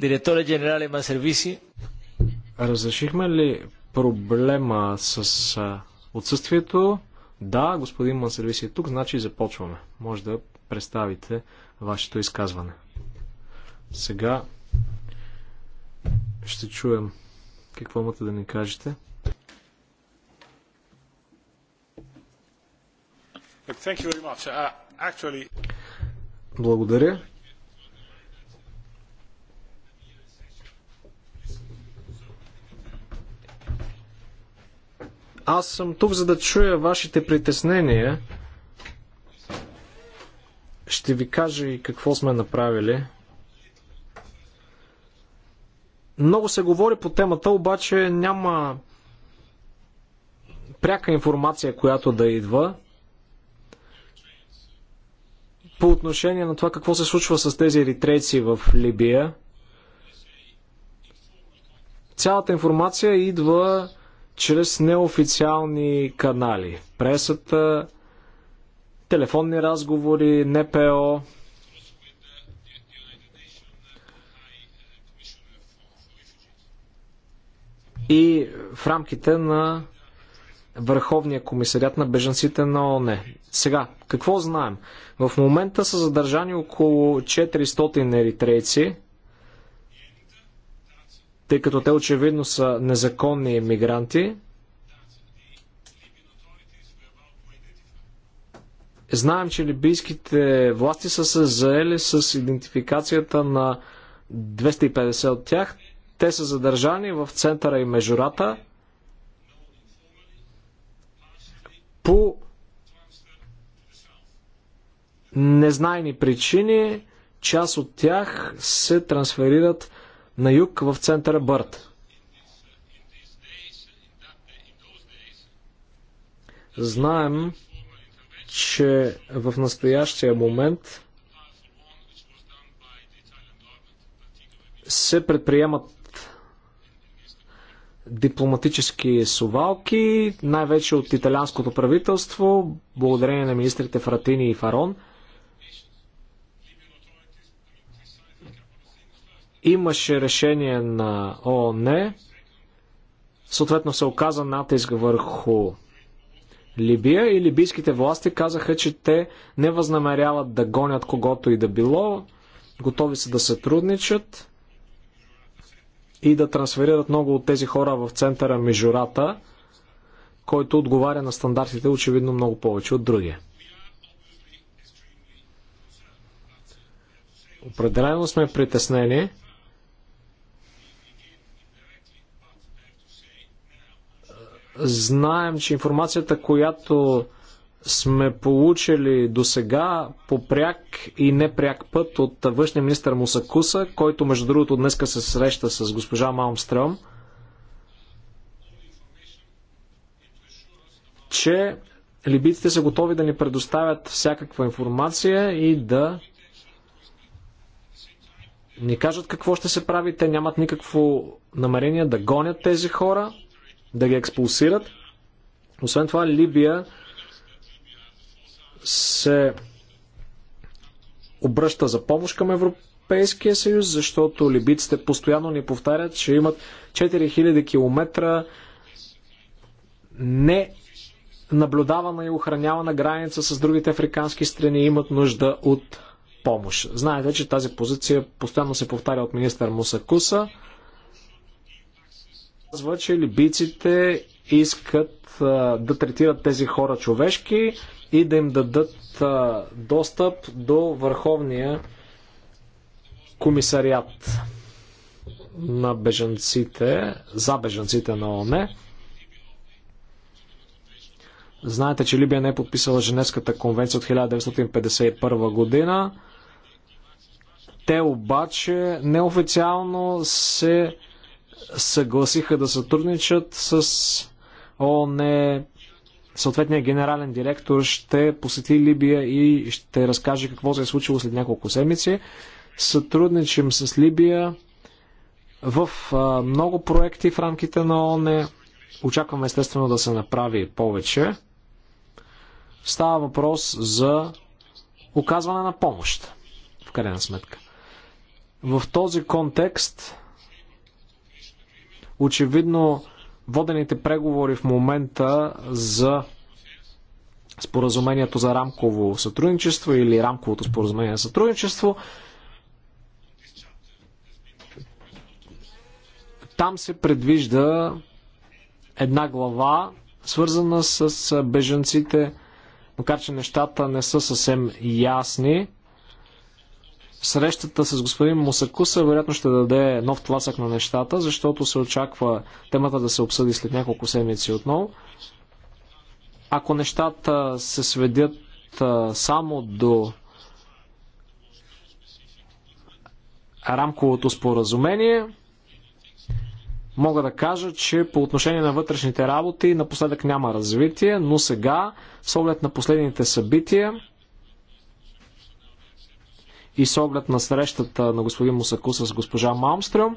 Директора генерал има сервиси. Разрешихме ли проблема с отсъствието? Да, господин Мансервиси е тук, значи започваме. Може да представите вашето изказване. Сега ще чуем какво имате да ни кажете. Uh, Благодаря. Аз съм тук, за да чуя вашите притеснения. Ще ви кажа и какво сме направили. Много се говори по темата, обаче няма пряка информация, която да идва по отношение на това какво се случва с тези еритрейци в Либия. Цялата информация идва чрез неофициални канали. Пресата, телефонни разговори, НПО. И в рамките на Върховния комисарят на беженците на ООН. Сега, какво знаем? В момента са задържани около 400 еритрейци, тъй като те очевидно са незаконни мигранти. Знаем, че либийските власти са се заели с идентификацията на 250 от тях. Те са задържани в центъра и межурата по незнайни причини част от тях се трансферират на юг в центъра Бърт. Знаем, че в настоящия момент се предприемат дипломатически совалки, най-вече от италианското правителство, благодарение на министрите Фратини и Фарон – Имаше решение на ООН, съответно се оказа натиск върху Либия и либийските власти казаха, че те не възнамеряват да гонят когото и да било, готови са да се трудничат и да трансферират много от тези хора в центъра Межурата, който отговаря на стандартите очевидно много повече от другия. Определено сме притеснени. знаем, че информацията, която сме получили до сега по пряк и непряк път от външния министр Мусакуса, който между другото днеска се среща с госпожа Малмстрем, че либиците са готови да ни предоставят всякаква информация и да ни кажат какво ще се прави. Те нямат никакво намерение да гонят тези хора – да ги експулсират. Освен това, Либия се обръща за помощ към Европейския съюз, защото либийците постоянно ни повтарят, че имат 4000 км не наблюдавана и охранявана граница с другите африкански страни имат нужда от помощ. Знаете, че тази позиция постоянно се повтаря от министър Мусакуса казва, че либийците искат а, да третират тези хора човешки и да им дадат а, достъп до Върховния комисариат на бежанците, за бежанците на ОНЕ. Знаете, че Либия не е подписала Женевската конвенция от 1951 година. Те обаче неофициално се съгласиха да сътрудничат с ООН. Съответният генерален директор ще посети Либия и ще разкаже какво се е случило след няколко седмици. Сътрудничим с Либия в много проекти в рамките на ООН. Очакваме естествено да се направи повече. Става въпрос за оказване на помощ, в крайна сметка. В този контекст Очевидно, водените преговори в момента за споразумението за рамково сътрудничество или рамковото споразумение за сътрудничество. Там се предвижда една глава, свързана с беженците, макар че нещата не са съвсем ясни. Срещата с господин Мусакуса вероятно ще даде нов тласък на нещата, защото се очаква темата да се обсъди след няколко седмици отново. Ако нещата се сведят само до рамковото споразумение, мога да кажа, че по отношение на вътрешните работи напоследък няма развитие, но сега, с оглед на последните събития, и с оглед на срещата на господин Мусаку с госпожа Малмстрем,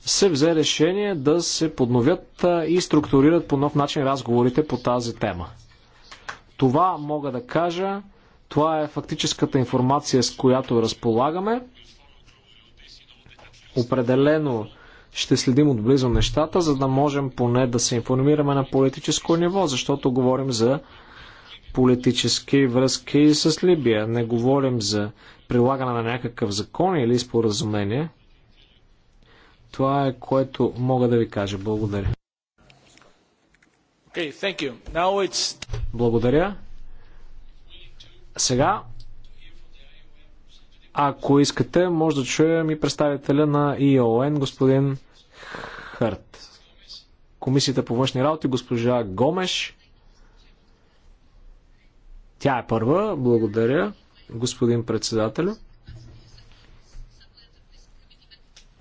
се взе решение да се подновят и структурират по нов начин разговорите по тази тема. Това мога да кажа. Това е фактическата информация, с която разполагаме. Определено ще следим отблизо нещата, за да можем поне да се информираме на политическо ниво, защото говорим за политически връзки с Либия. Не говорим за прилагане на някакъв закон или споразумение. Това е което мога да ви кажа. Благодаря. Okay, thank you. Now it's... Благодаря. Сега, ако искате, може да чуем и представителя на ИОН, e господин Хърт. Комисията по външни работи, госпожа Гомеш. Тя е първа. Благодаря господин председателя.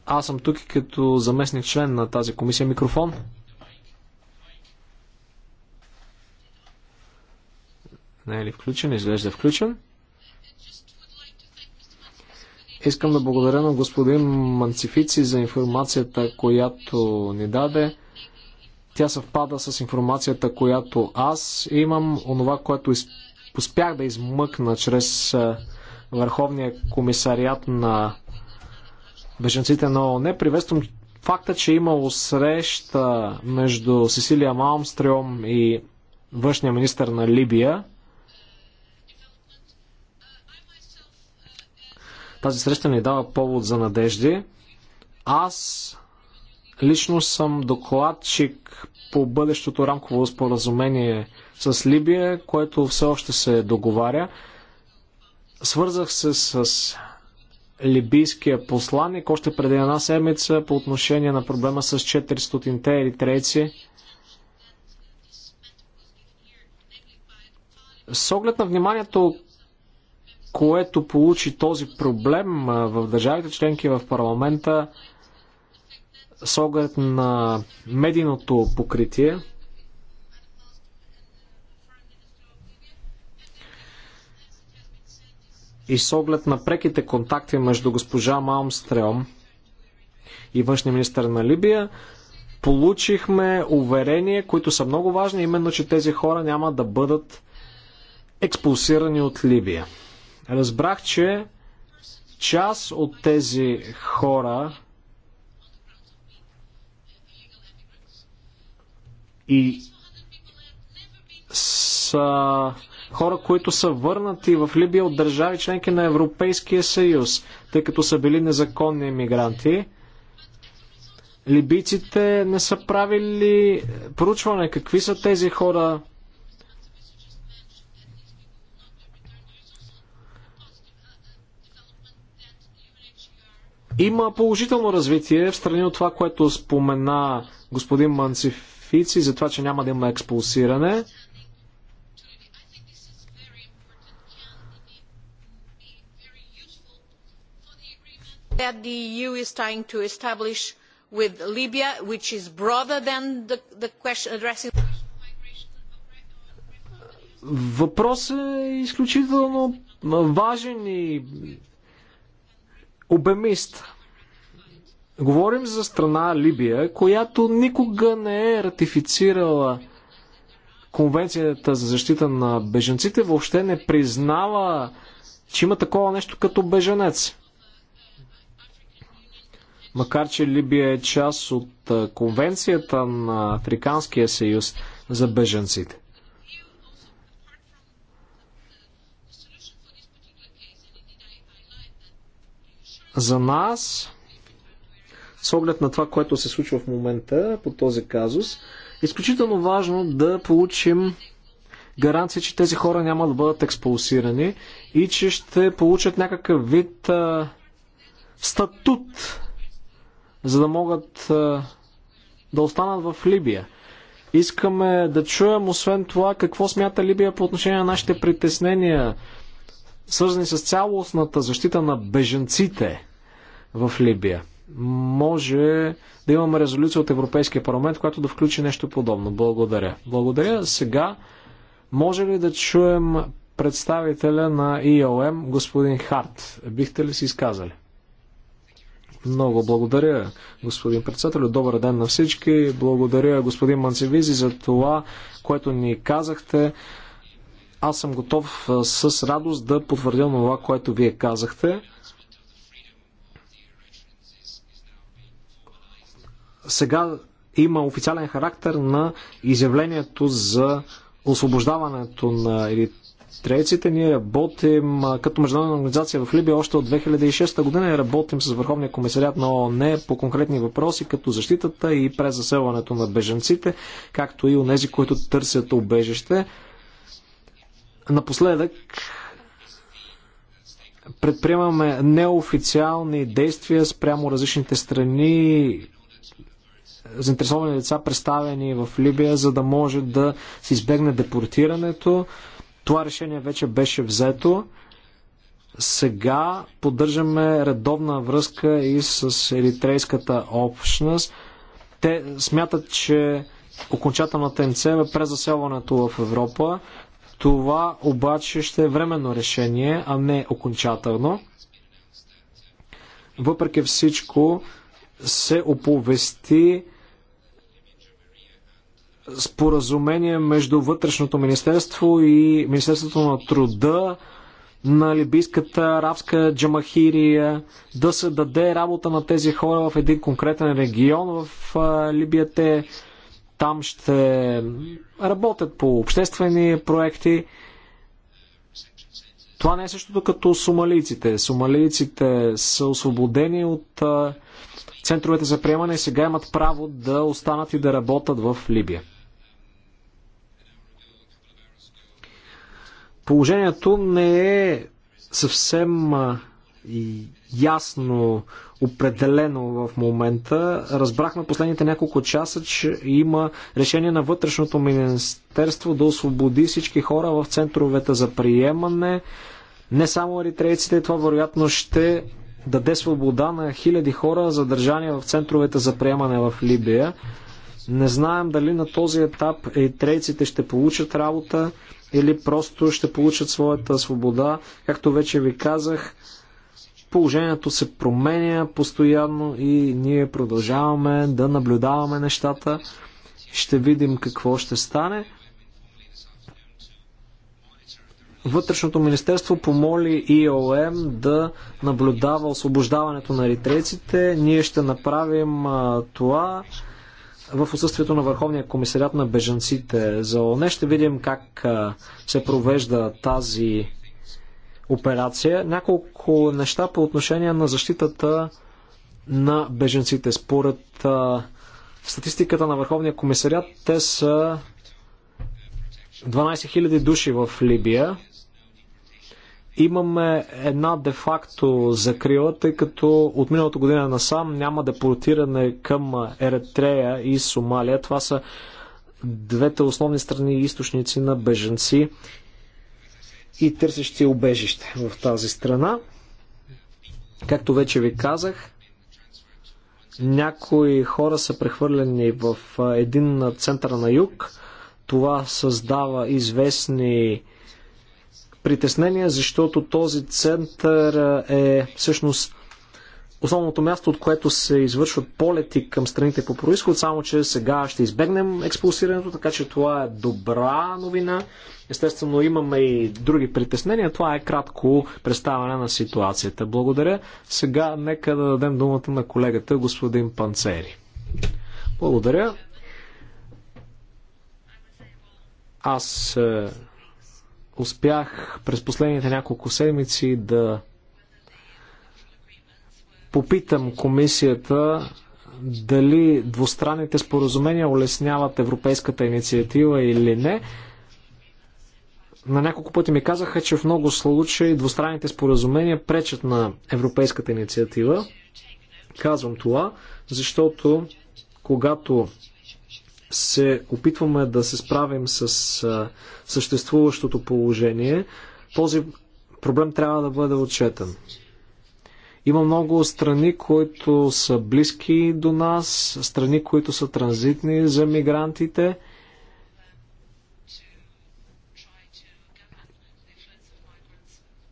Аз съм тук като заместник член на тази комисия. Микрофон. Не е ли включен? Изглежда е включен. Искам да благодаря на господин Манцифици за информацията, която ни даде. Тя съвпада с информацията, която аз имам, онова, което изпълнявам успях да измъкна чрез Върховния комисариат на беженците на ООН. Приветствам факта, че е имало среща между Сесилия Малмстрем и външния министр на Либия. Тази среща ни дава повод за надежди. Аз лично съм докладчик по бъдещото рамково споразумение с Либия, което все още се договаря. Свързах се с либийския посланник още преди една седмица по отношение на проблема с 400-те еритрейци. С оглед на вниманието, което получи този проблем в държавите членки в парламента, с оглед на медийното покритие, и с оглед на преките контакти между госпожа Малмстрем и външния министр на Либия, получихме уверение, които са много важни, именно, че тези хора няма да бъдат експулсирани от Либия. Разбрах, че част от тези хора и са хора, които са върнати в Либия от държави членки на Европейския съюз, тъй като са били незаконни емигранти. Либийците не са правили проучване какви са тези хора. Има положително развитие в страни от това, което спомена господин Манцифици, за това, че няма да има експулсиране. that the EU is trying to establish with Libya, which is broader than the, the question addressing. Въпрос е изключително важен и обемист. Говорим за страна Либия, която никога не е ратифицирала Конвенцията за защита на беженците, въобще не признава, че има такова нещо като беженец. Макар, че Либия е част от конвенцията на Африканския съюз за беженците. За нас, с оглед на това, което се случва в момента по този казус, е изключително важно да получим гаранция, че тези хора няма да бъдат експулсирани и че ще получат някакъв вид а, статут за да могат е, да останат в Либия. Искаме да чуем, освен това, какво смята Либия по отношение на нашите притеснения, свързани с цялостната защита на беженците в Либия. Може да имаме резолюция от Европейския парламент, която да включи нещо подобно. Благодаря. Благодаря. Сега може ли да чуем представителя на ИОМ, e господин Харт? Бихте ли си изказали? Много благодаря, господин председател. Добър ден на всички. Благодаря, господин Манцевизи, за това, което ни казахте. Аз съм готов с радост да потвърдя това, което вие казахте. Сега има официален характер на изявлението за освобождаването на или Трейците ние работим като международна организация в Либия още от 2006 година и работим с Върховния комисарят на ООН по конкретни въпроси, като защитата и презаселването на беженците, както и у нези, които търсят убежище. Напоследък предприемаме неофициални действия спрямо различните страни, заинтересовани лица, представени в Либия, за да може да се избегне депортирането. Това решение вече беше взето. Сега поддържаме редовна връзка и с еритрейската общност. Те смятат, че окончателната им цел е презаселването в Европа. Това обаче ще е временно решение, а не окончателно. Въпреки всичко се оповести споразумение между Вътрешното министерство и Министерството на труда на либийската арабска джамахирия, да се даде работа на тези хора в един конкретен регион в Либия. Те там ще работят по обществени проекти. Това не е същото като сумалийците. Сомалийците са освободени от центровете за приемане сега имат право да останат и да работят в Либия. Положението не е съвсем ясно определено в момента. Разбрахме последните няколко часа, че има решение на вътрешното министерство да освободи всички хора в центровете за приемане. Не само аритрейците, това вероятно ще даде свобода на хиляди хора, задържани в центровете за приемане в Либия. Не знаем дали на този етап ейтрейците ще получат работа или просто ще получат своята свобода. Както вече ви казах, положението се променя постоянно и ние продължаваме да наблюдаваме нещата. Ще видим какво ще стане. Вътрешното министерство помоли ИОМ да наблюдава освобождаването на еритрейците. Ние ще направим това в отсъствието на Върховния комисарят на бежанците за ОНЕ. Ще видим как се провежда тази операция. Няколко неща по отношение на защитата на беженците. Според а, статистиката на Върховния комисарят, те са 12 000 души в Либия имаме една де-факто закрила, тъй като от миналата година насам няма депортиране към Еретрея и Сомалия. Това са двете основни страни и източници на беженци и търсещи убежище в тази страна. Както вече ви казах, някои хора са прехвърлени в един център на юг. Това създава известни притеснение, защото този център е всъщност основното място, от което се извършват полети към страните по происход, само че сега ще избегнем експулсирането, така че това е добра новина. Естествено, имаме и други притеснения. Това е кратко представяне на ситуацията. Благодаря. Сега нека да дадем думата на колегата господин Панцери. Благодаря. Аз е, успях през последните няколко седмици да попитам комисията дали двустранните споразумения улесняват европейската инициатива или не. На няколко пъти ми казаха, че в много случаи двустранните споразумения пречат на европейската инициатива. Казвам това, защото когато се опитваме да се справим с съществуващото положение, този проблем трябва да бъде отчетен. Има много страни, които са близки до нас, страни, които са транзитни за мигрантите.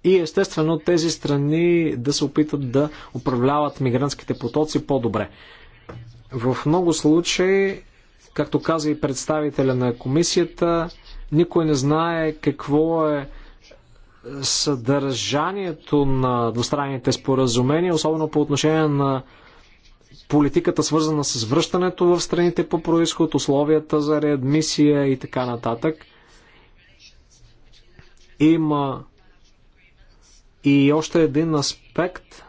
И естествено тези страни да се опитат да управляват мигрантските потоци по-добре. В много случаи Както каза и представителя на комисията, никой не знае какво е съдържанието на двустранните споразумения, особено по отношение на политиката свързана с връщането в страните по происход, условията за реадмисия и така нататък. Има и още един аспект –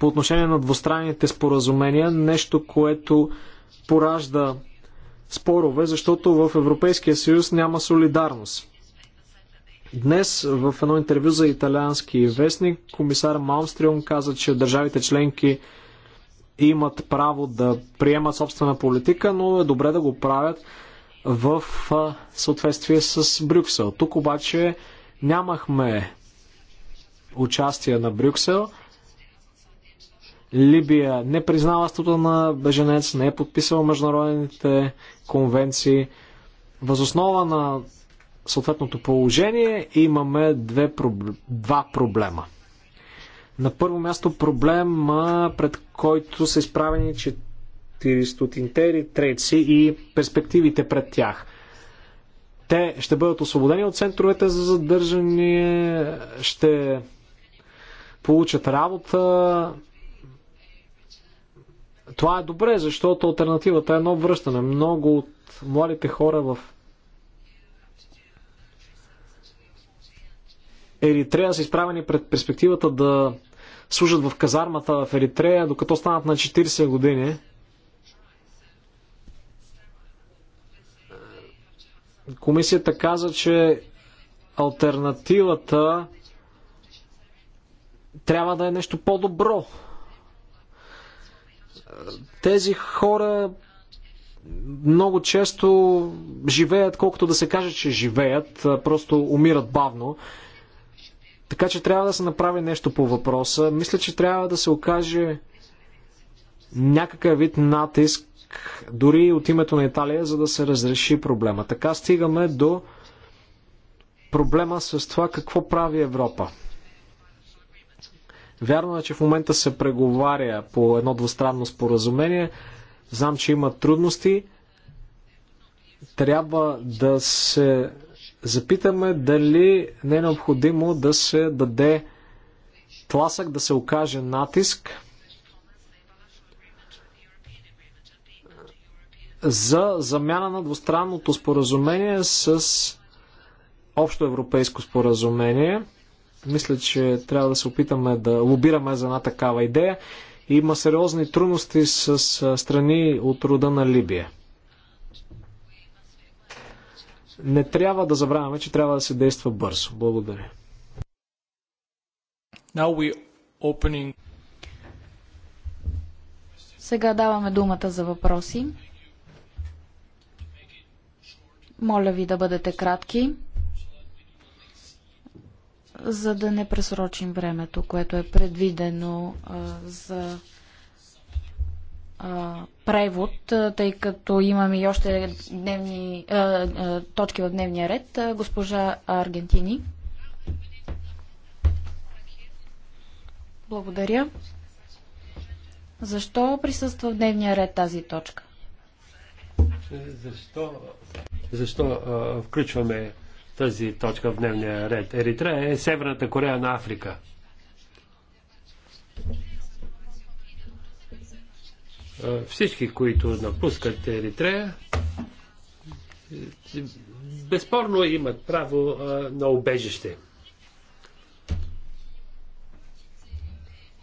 по отношение на двустранните споразумения, нещо, което поражда спорове, защото в Европейския съюз няма солидарност. Днес в едно интервю за италиански вестник комисар Малмстрион каза, че държавите членки имат право да приемат собствена политика, но е добре да го правят в съответствие с Брюксел. Тук обаче нямахме участие на Брюксел – Либия не признава статута на беженец, не е подписала международните конвенции. Възоснова на съответното положение имаме две, два проблема. На първо място проблема, пред който са изправени 400-те трейци и перспективите пред тях. Те ще бъдат освободени от центровете за задържане, ще получат работа, това е добре, защото альтернативата е едно връщане. Много от младите хора в Еритрея са изправени пред перспективата да служат в казармата в Еритрея, докато станат на 40 години. Комисията каза, че альтернативата трябва да е нещо по-добро тези хора много често живеят, колкото да се каже, че живеят, просто умират бавно. Така че трябва да се направи нещо по въпроса. Мисля, че трябва да се окаже някакъв вид натиск, дори от името на Италия, за да се разреши проблема. Така стигаме до проблема с това какво прави Европа. Вярно е, че в момента се преговаря по едно двустранно споразумение. Знам, че има трудности. Трябва да се запитаме дали не е необходимо да се даде тласък, да се окаже натиск за замяна на двустранното споразумение с общо европейско споразумение – мисля, че трябва да се опитаме да лобираме за една такава идея. Има сериозни трудности с страни от рода на Либия. Не трябва да забравяме, че трябва да се действа бързо. Благодаря. Opening... Сега даваме думата за въпроси. Моля ви да бъдете кратки за да не пресрочим времето, което е предвидено а, за а, превод, тъй като имаме и още дневни, а, а, точки в дневния ред. Госпожа Аргентини. Благодаря. Защо присъства в дневния ред тази точка? Защо, защо а, включваме тази точка в дневния ред. Еритрея е Северната Корея на Африка. Всички, които напускат Еритрея, безспорно имат право на убежище.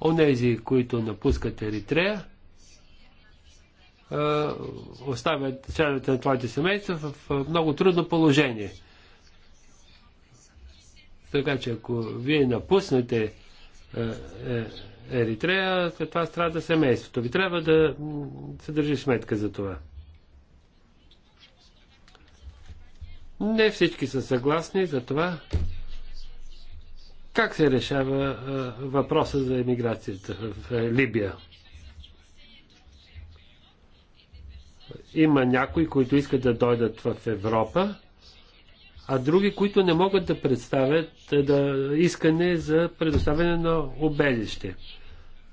Онези, които напускат Еритрея, оставят членовете на твоите семейства в много трудно положение – така че ако вие напуснете е, е, Еритрея, след това страда семейството. Ви трябва да се държи сметка за това. Не всички са съгласни за това как се решава а, е, въпроса за емиграцията в е, Либия. Има някои, които искат да дойдат в Европа, а други, които не могат да представят е, да, искане за предоставяне на обежище.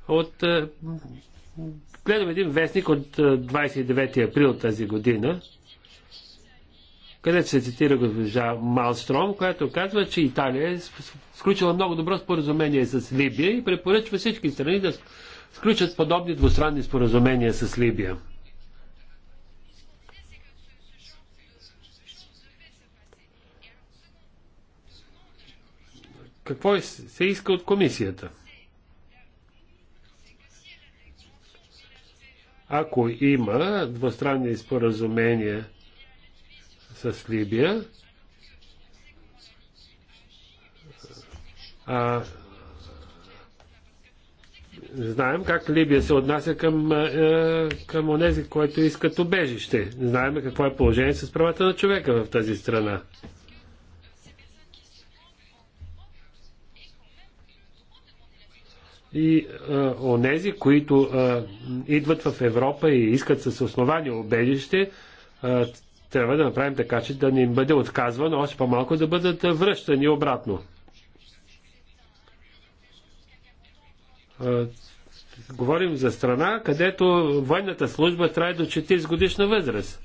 От, е, гледам един вестник от 29 е, април тази година, където се цитира госпожа Малстром, която казва, че Италия е сключила много добро споразумение с Либия и препоръчва всички страни да сключат подобни двустранни споразумения с Либия. какво е- се иска от комисията? Ако има двустранни споразумения с Либия, а, знаем как Либия се отнася към, е, към онези, които искат убежище. Знаем какво е положение с правата на човека в тази страна. и а, онези, които а, идват в Европа и искат с основание убежище, а, трябва да направим така, че да не им бъде отказвано, още по-малко да бъдат връщани обратно. А, говорим за страна, където военната служба трае до 40 годишна възраст.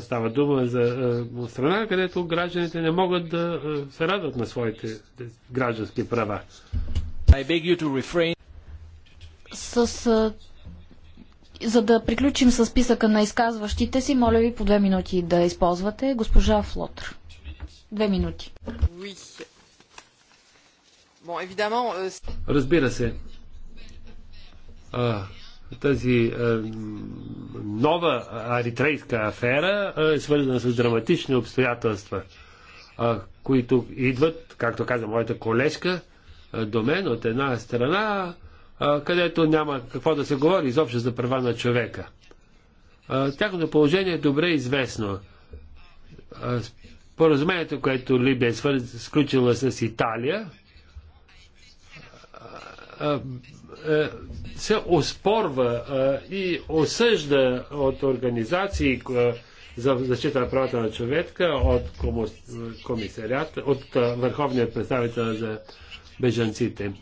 Става дума за страна, където гражданите не могат да се радват на своите граждански права. С, за да приключим с списъка на изказващите си, моля ви по две минути да използвате госпожа Флотр. Две минути. Euh, Разбира се. А, тази е, нова аритрейска афера е свързана с драматични обстоятелства, е, които идват, както каза моята колежка, е, до мен от една страна, е, където няма какво да се говори изобщо за права на човека. Е, тяхното положение е добре известно. Е, Поразумението, което Либия е сключила с Италия, е, е е, се оспорва е, и осъжда от организации е, за защита на правата на човека, от комисарят, от върховният представител за бежанците.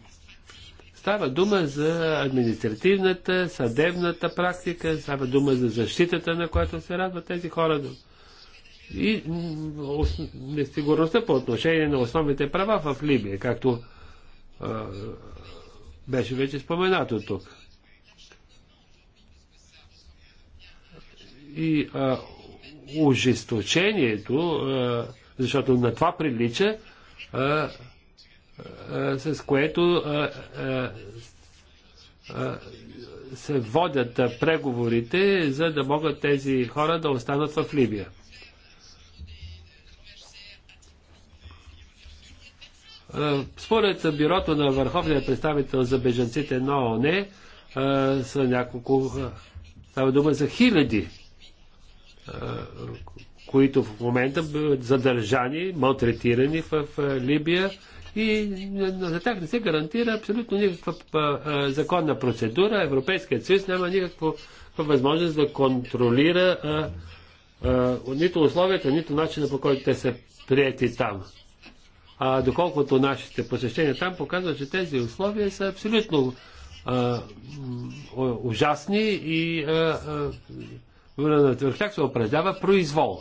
Става дума за административната, съдебната практика, става дума за защитата, на която се радват тези хора. И несигурността по отношение на основните права в Либия, както беше вече споменато тук. И а, ожесточението, а, защото на това прилича, а, а, с което а, а, а, се водят преговорите, за да могат тези хора да останат в Либия. Е, според бюрото на Върховния представител за беженците на ООН е, са няколко, е, става дума за хиляди, които в момента бъдат задържани, малтретирани в Либия и за тях не се гарантира абсолютно никаква законна процедура. Европейският съюз няма никаква възможност да контролира нито условията, нито начина по който те са прияти там а, доколкото нашите посещения там показват, че тези условия са абсолютно а, ужасни и а, върху тях се упражнява произвол.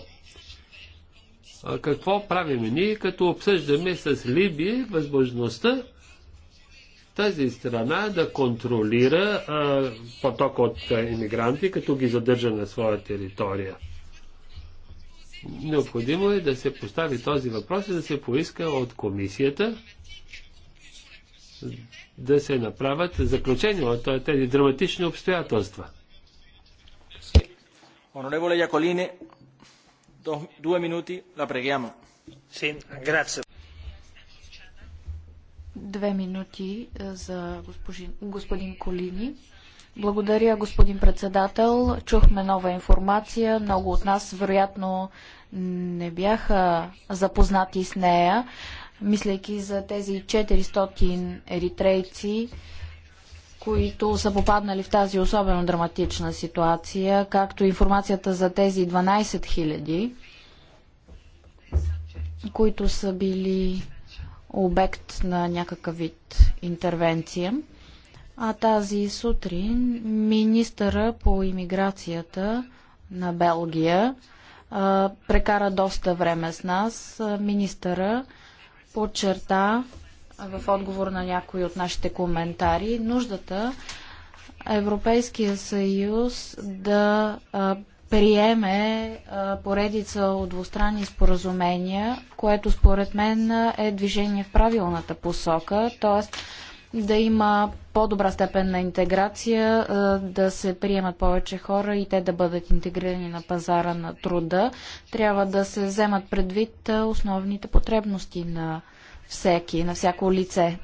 А, какво правим ние, като обсъждаме с Либия възможността тази страна да контролира а, поток от иммигранти, като ги задържа на своя територия? Необходимо е да се постави този въпрос и да се поиска от комисията да се направят заключения от тези драматични обстоятелства. Onorevole Iacolini, due minuti, la preghiamo. Две минути е, за господин, господин Колини. Благодаря, господин председател. Чухме нова информация. Много от нас, вероятно, не бяха запознати с нея, мислейки за тези 400 еритрейци, които са попаднали в тази особено драматична ситуация, както информацията за тези 12 000, които са били обект на някакъв вид интервенция. А тази сутрин министъра по иммиграцията на Белгия а, прекара доста време с нас. Министъра подчерта в отговор на някои от нашите коментари нуждата Европейския съюз да а, приеме а, поредица от двустранни споразумения, което според мен е движение в правилната посока, т.е да има по-добра степен на интеграция, да се приемат повече хора и те да бъдат интегрирани на пазара на труда. Трябва да се вземат предвид основните потребности на всеки, на всяко лице.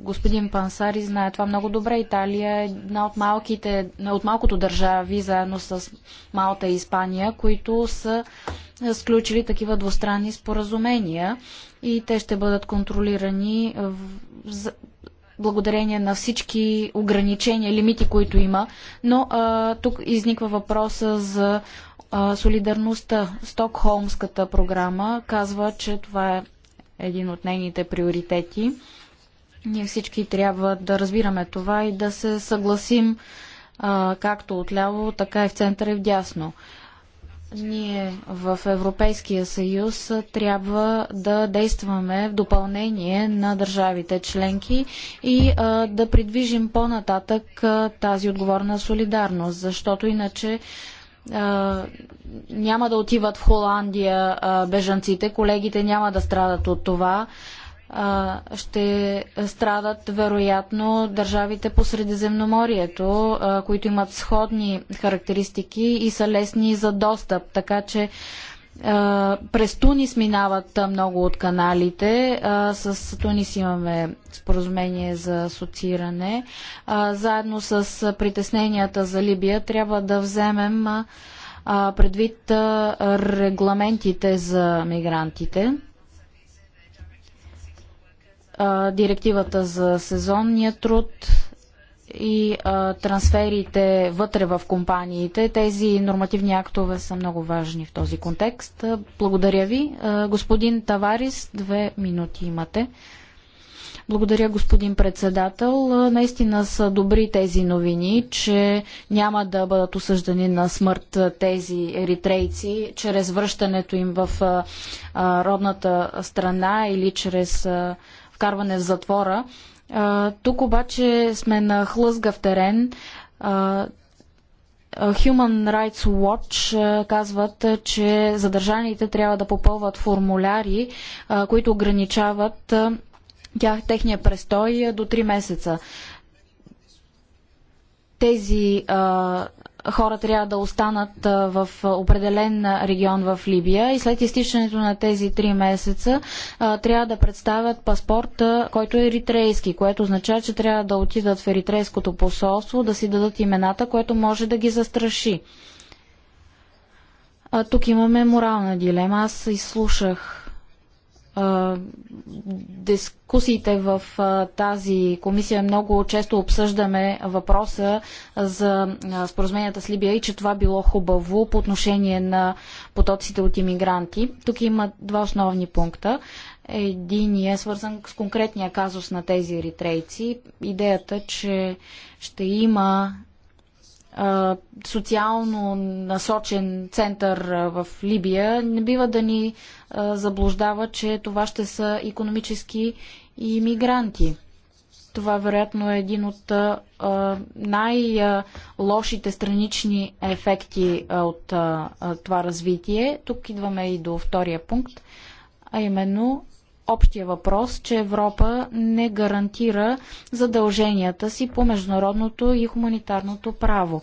Господин Пансари знае това много добре. Италия е една от, малките, от малкото държави, заедно с Малта и Испания, които са сключили такива двустранни споразумения и те ще бъдат контролирани в, благодарение на всички ограничения, лимити, които има. Но а, тук изниква въпроса за а, солидарността. Стокхолмската програма казва, че това е един от нейните приоритети. Ние всички трябва да разбираме това и да се съгласим а, както отляво, така и в центъра и в дясно. Ние в Европейския съюз трябва да действаме в допълнение на държавите членки и а, да придвижим по-нататък а, тази отговорна солидарност, защото иначе а, няма да отиват в Холандия бежанците, колегите няма да страдат от това, ще страдат вероятно държавите по Средиземноморието, които имат сходни характеристики и са лесни за достъп. Така че през Тунис минават много от каналите. С Тунис имаме споразумение за асоцииране. Заедно с притесненията за Либия трябва да вземем предвид регламентите за мигрантите директивата за сезонния труд и а, трансферите вътре в компаниите. Тези нормативни актове са много важни в този контекст. Благодаря ви. А, господин Таварис, две минути имате. Благодаря, господин председател. Наистина са добри тези новини, че няма да бъдат осъждани на смърт тези еритрейци чрез връщането им в родната страна или чрез вкарване в затвора. Тук обаче сме на хлъзгав терен. Human Rights Watch казват, че задържаните трябва да попълват формуляри, които ограничават тях, техния престой до 3 месеца. Тези а, хора трябва да останат в определен регион в Либия и след изтичането на тези три месеца трябва да представят паспорт, който е еритрейски, което означава, че трябва да отидат в еритрейското посолство, да си дадат имената, което може да ги застраши. А, тук имаме морална дилема. Аз изслушах дискусиите в тази комисия много често обсъждаме въпроса за споразуменията с Либия и че това било хубаво по отношение на потоците от иммигранти. Тук има два основни пункта. Един е свързан с конкретния казус на тези еритрейци. Идеята, че ще има социално насочен център в Либия, не бива да ни заблуждава, че това ще са економически иммигранти. Това вероятно е един от най-лошите странични ефекти от това развитие. Тук идваме и до втория пункт, а именно общия въпрос, че Европа не гарантира задълженията си по международното и хуманитарното право.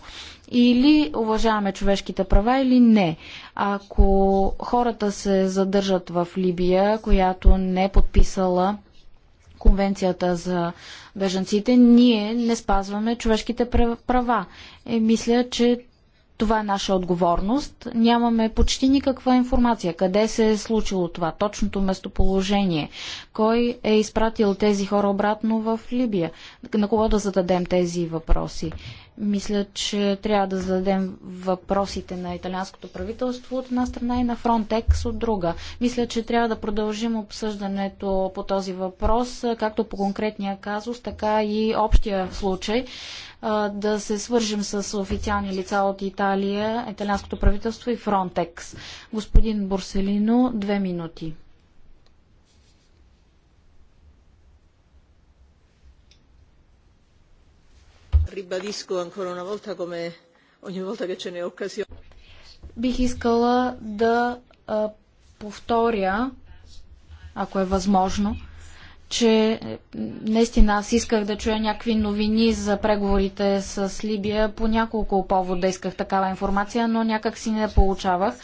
Или уважаваме човешките права, или не. Ако хората се задържат в Либия, която не е подписала конвенцията за беженците, ние не спазваме човешките права. Е, мисля, че това е наша отговорност. Нямаме почти никаква информация къде се е случило това, точното местоположение, кой е изпратил тези хора обратно в Либия, на кого да зададем тези въпроси. Мисля, че трябва да зададем въпросите на италианското правителство от една страна и на Frontex от друга. Мисля, че трябва да продължим обсъждането по този въпрос, както по конкретния казус, така и общия случай да се свържем с официални лица от Италия, италианското правителство и Фронтекс. Господин Борселино, две минути. Ribadisco ancora una volta come ogni volta che ce n'è occasione. Бих искала да повторя, ако е възможно, че наистина аз исках да чуя някакви новини за преговорите с Либия. По няколко повода исках такава информация, но някак си не получавах.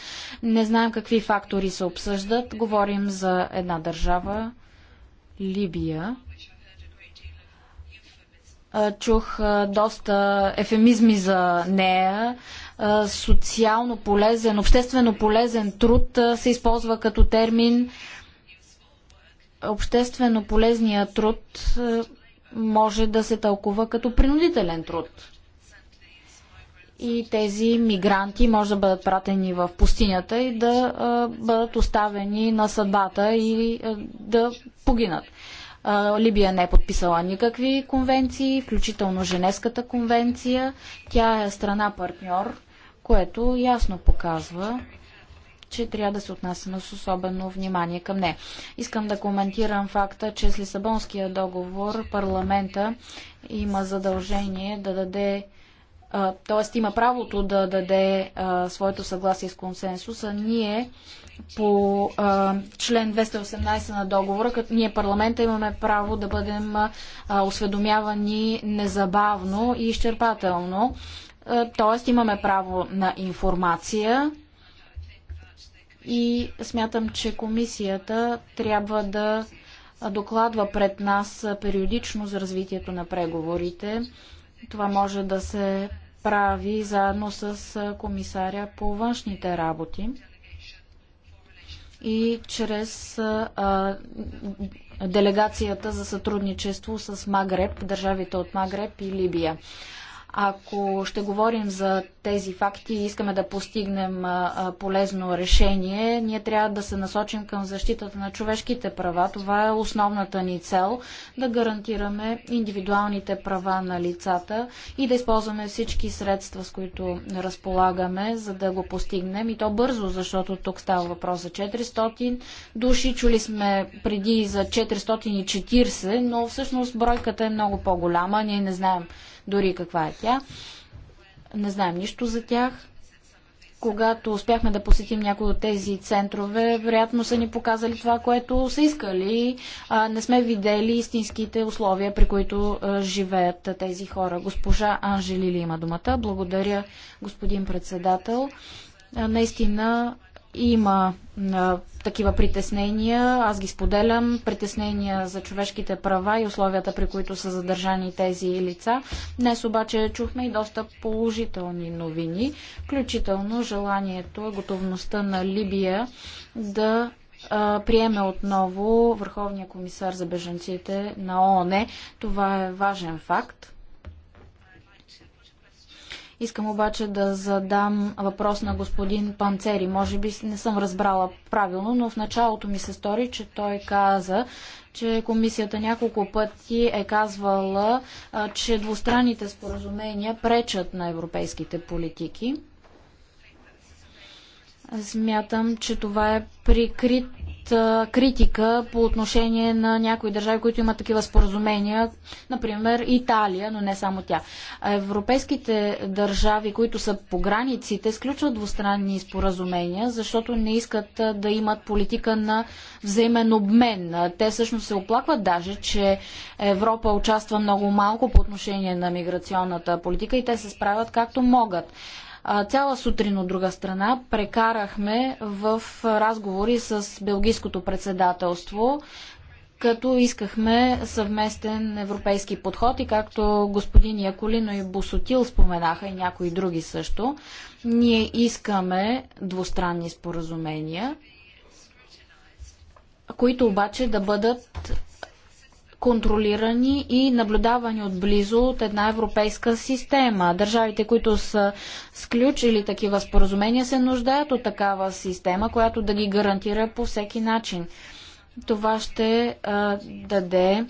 Не знаем какви фактори се обсъждат. Говорим за една държава, Либия. Чух доста ефемизми за нея социално полезен, обществено полезен труд се използва като термин обществено полезният труд е, може да се тълкува като принудителен труд. И тези мигранти може да бъдат пратени в пустинята и да е, бъдат оставени на съдбата и е, да погинат. Либия не е подписала никакви конвенции, включително Женевската конвенция. Тя е страна партньор, което ясно показва, че трябва да се отнасяме с особено внимание към нея. Искам да коментирам факта, че с Лисабонския договор парламента има задължение да даде т.е. има правото да даде а, своето съгласие с консенсуса. Ние по а, член 218 на договора, като ние парламента имаме право да бъдем а, осведомявани незабавно и изчерпателно. т.е. имаме право на информация и смятам, че комисията трябва да докладва пред нас периодично за развитието на преговорите. Това може да се прави заедно с комисаря по външните работи и чрез а, делегацията за сътрудничество с Магреб, държавите от Магреб и Либия. Ако ще говорим за тези факти и искаме да постигнем полезно решение, ние трябва да се насочим към защитата на човешките права. Това е основната ни цел да гарантираме индивидуалните права на лицата и да използваме всички средства, с които разполагаме, за да го постигнем и то бързо, защото тук става въпрос за 400 души. Чули сме преди за 440, но всъщност бройката е много по-голяма. Ние не знаем дори каква е тя. Не знаем нищо за тях. Когато успяхме да посетим някои от тези центрове, вероятно са ни показали това, което са искали. А, не сме видели истинските условия, при които живеят тези хора. Госпожа Анжели Ли има думата. Благодаря, господин председател наистина има а, такива притеснения, аз ги споделям, притеснения за човешките права и условията, при които са задържани тези лица. Днес обаче чухме и доста положителни новини, включително желанието, готовността на Либия да приеме отново Върховния комисар за беженците на ООН. Това е важен факт. Искам обаче да задам въпрос на господин Панцери. Може би не съм разбрала правилно, но в началото ми се стори, че той каза, че комисията няколко пъти е казвала, че двустранните споразумения пречат на европейските политики. Смятам, че това е прикрит критика по отношение на някои държави, които имат такива споразумения, например Италия, но не само тя. Европейските държави, които са по границите, сключват двустранни споразумения, защото не искат да имат политика на взаимен обмен. Те всъщност се оплакват даже, че Европа участва много малко по отношение на миграционната политика и те се справят както могат. Цяла сутрин от друга страна прекарахме в разговори с Белгийското председателство, като искахме съвместен европейски подход и както господин Яколино и Босотил споменаха и някои други също, ние искаме двустранни споразумения, които обаче да бъдат контролирани и наблюдавани отблизо от една европейска система. Държавите, които са сключили такива споразумения, се нуждаят от такава система, която да ги гарантира по всеки начин. Това ще а, даде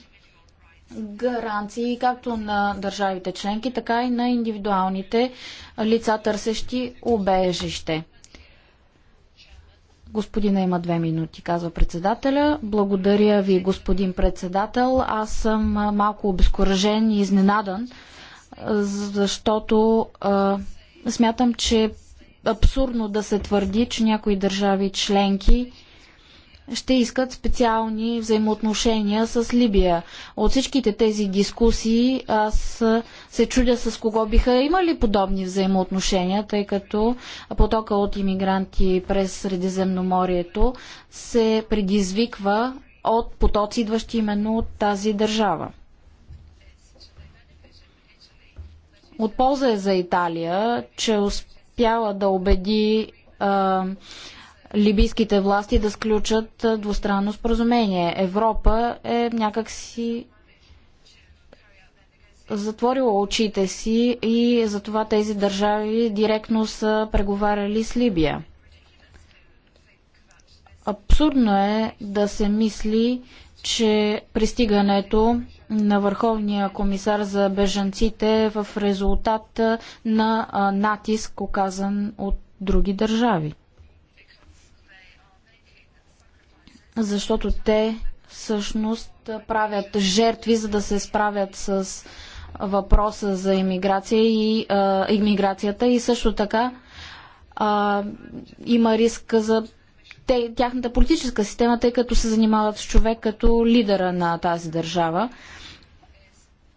гаранции както на държавите членки, така и на индивидуалните лица, търсещи убежище. Господина има две минути, казва председателя. Благодаря ви, господин председател. Аз съм малко обезкуражен и изненадан, защото а, смятам, че е абсурдно да се твърди, че някои държави членки ще искат специални взаимоотношения с Либия. От всичките тези дискусии аз се чудя с кого биха имали подобни взаимоотношения, тъй като потока от иммигранти през Средиземноморието се предизвиква от потоци, идващи именно от тази държава. От полза е за Италия, че успяла да убеди а, либийските власти да сключат двустранно споразумение. Европа е някакси затворила очите си и затова тези държави директно са преговаряли с Либия. Абсурдно е да се мисли, че пристигането на Върховния комисар за бежанците е в резултат на натиск, оказан от други държави. защото те всъщност правят жертви, за да се справят с въпроса за иммиграция и а, иммиграцията и също така а, има риск за те, тяхната политическа система, тъй като се занимават с човек като лидера на тази държава.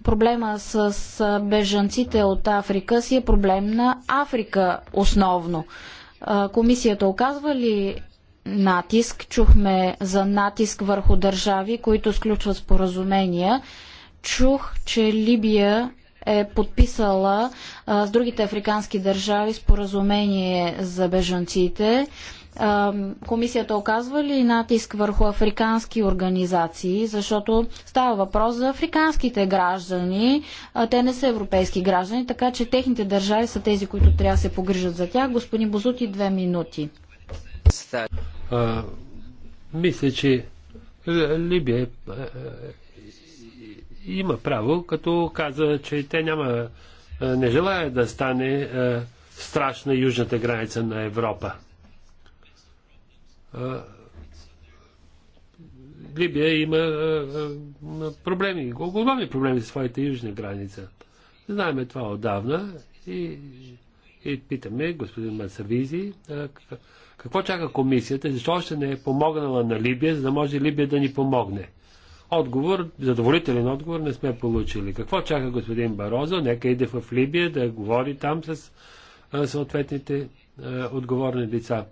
Проблема с бежанците от Африка си е проблем на Африка основно. Комисията оказва ли натиск. Чухме за натиск върху държави, които сключват споразумения. Чух, че Либия е подписала а, с другите африкански държави споразумение за бежанците. А, комисията оказва ли натиск върху африкански организации, защото става въпрос за африканските граждани, а те не са европейски граждани, така че техните държави са тези, които трябва да се погрижат за тях. Господин Бозути, две минути. А, мисля, че Либия има право, като каза, че те няма, не желая да стане страшна южната граница на Европа. Либия има проблеми, огромни проблеми с своята южна граница. Знаеме това отдавна и, и питаме господин Масавизи какво чака комисията? Защо още не е помогнала на Либия, за да може Либия да ни помогне? Отговор, задоволителен отговор не сме получили. Какво чака господин Барозо? Нека иде в Либия да говори там с съответните отговорни лица.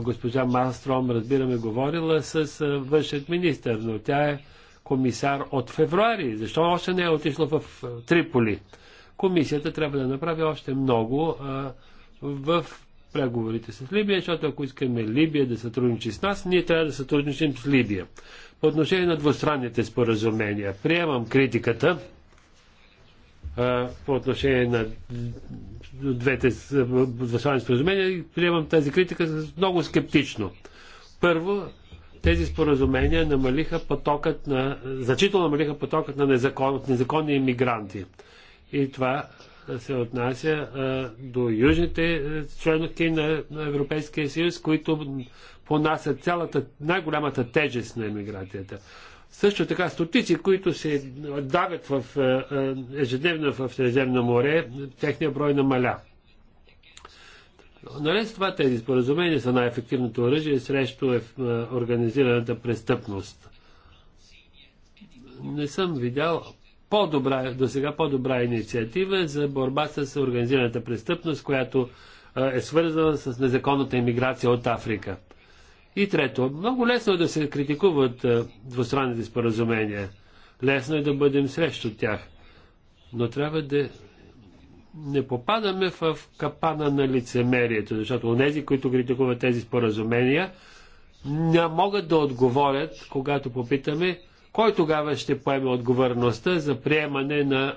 Госпожа Мастром, разбираме, говорила с външият министр, но тя е комисар от февруари. Защо още не е отишла в Триполи? Комисията трябва да направи още много в преговорите с Либия, защото ако искаме Либия да сътрудничи с нас, ние трябва да сътрудничим с Либия. По отношение на двустранните споразумения, приемам критиката а, по отношение на двете двустранни споразумения и приемам тази критика много скептично. Първо, тези споразумения намалиха потокът на, значително намалиха потокът на незакон, незаконни иммигранти. И това се отнася а, до южните членки на, на Европейския съюз, които понасят цялата, най-голямата тежест на емиграцията. Също така стотици, които се давят в, а, ежедневно в Средиземно море, техния брой намаля. Наред нали с това тези споразумения са най-ефективното оръжие срещу е, а, организираната престъпност. Не съм видял по-добра, до сега по-добра инициатива за борба с организираната престъпност, която е свързана с незаконната иммиграция от Африка. И трето, много лесно е да се критикуват двустранните споразумения. Лесно е да бъдем срещу тях. Но трябва да не попадаме в капана на лицемерието, защото онези, които критикуват тези споразумения, не могат да отговорят, когато попитаме кой тогава ще поеме отговорността за приемане на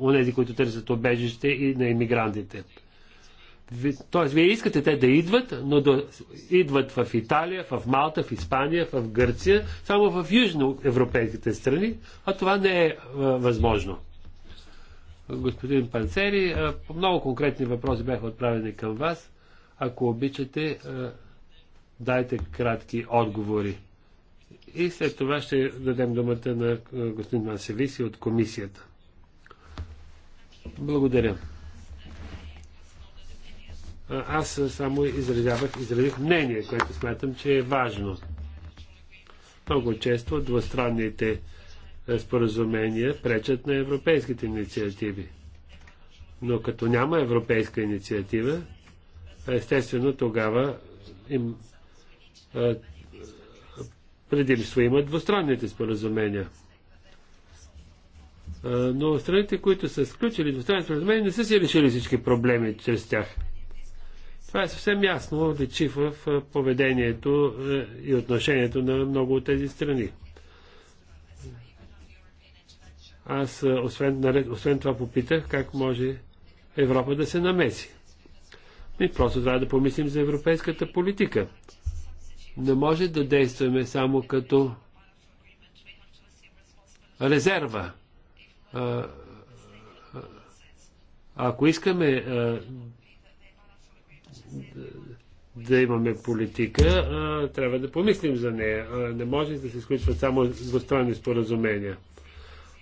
онези, които търсят обежище и на иммигрантите? Тоест, вие искате те да идват, но да идват в Италия, в Малта, в Испания, в Гърция, само в южноевропейските страни, а това не е а, възможно. Господин Панцери, а, много конкретни въпроси бяха отправени към вас. Ако обичате, а, дайте кратки отговори. И след това ще дадем думата на господин Мансевиси от комисията. Благодаря. Аз само изразявах, изразих мнение, което смятам, че е важно. Много често двустранните споразумения пречат на европейските инициативи. Но като няма европейска инициатива, естествено тогава им, предимство имат двустранните споразумения. Но страните, които са сключили двустранни споразумения, не са си решили всички проблеми чрез тях. Това е съвсем ясно личи в поведението и отношението на много от тези страни. Аз, освен, наред, освен това, попитах как може Европа да се намеси. Ми просто трябва да помислим за европейската политика – не може да действаме само като резерва. А, ако искаме а, да имаме политика, а, трябва да помислим за нея. А, не може да се изключват само двустранни споразумения.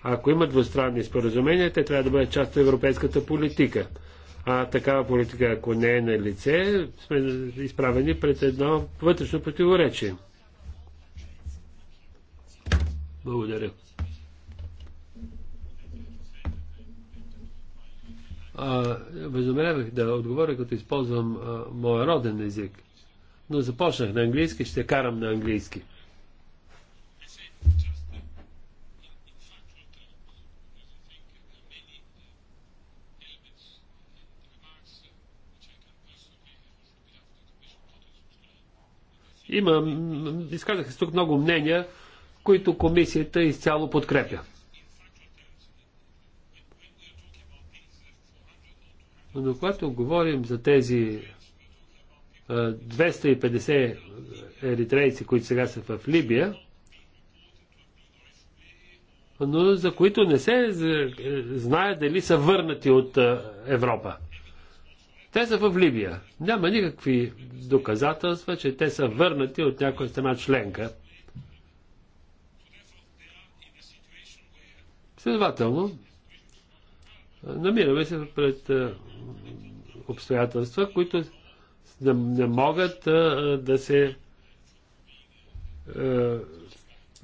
Ако има двустранни споразумения, те трябва да бъдат част от европейската политика а, такава политика, ако не е на лице, сме изправени пред едно вътрешно противоречие. Благодаря. Възнамерявах да отговоря, като използвам а, моя роден език. Но започнах на английски, ще карам на английски. Има, изказаха се тук много мнения, които комисията изцяло подкрепя. Но когато говорим за тези 250 еритрейци, които сега са в Либия, но за които не се е, знае дали са върнати от Европа. Те са в Либия. Няма никакви доказателства, че те са върнати от някоя страна членка. Следователно, намираме се пред е, обстоятелства, които не могат е, да се е,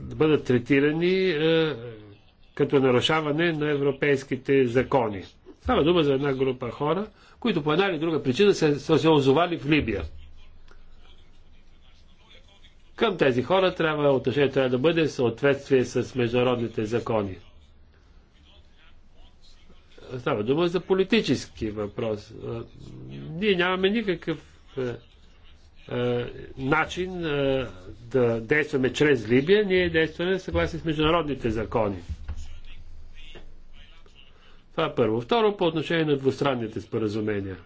да бъдат третирани като нарушаване на европейските закони. Става дума за една група хора, които по една или друга причина са, са се озовали в Либия. Към тези хора трябва отношение трябва да бъде в съответствие с международните закони. Става дума за политически въпрос. Ние нямаме никакъв е, е, начин е, да действаме чрез Либия, ние действаме съгласно с международните закони. Това е първо. Второ, по отношение на двустранните споразумения.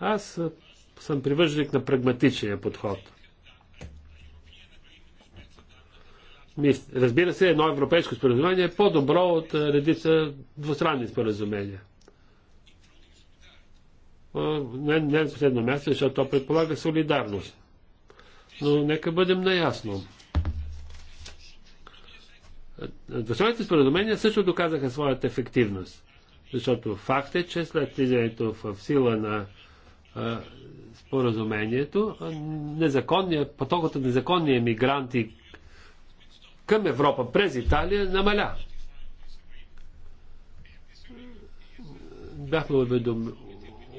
Аз съм привърженик на прагматичния подход. Разбира се, едно европейско споразумение е по-добро от редица двустранни споразумения. Не, не на последно място, защото то предполага солидарност. Но нека бъдем наясно. Двустранните споразумения също доказаха своята ефективност. Защото факт е, че след влизането в сила на а, споразумението, потокът от незаконни емигранти към Европа през Италия намаля. Бяхме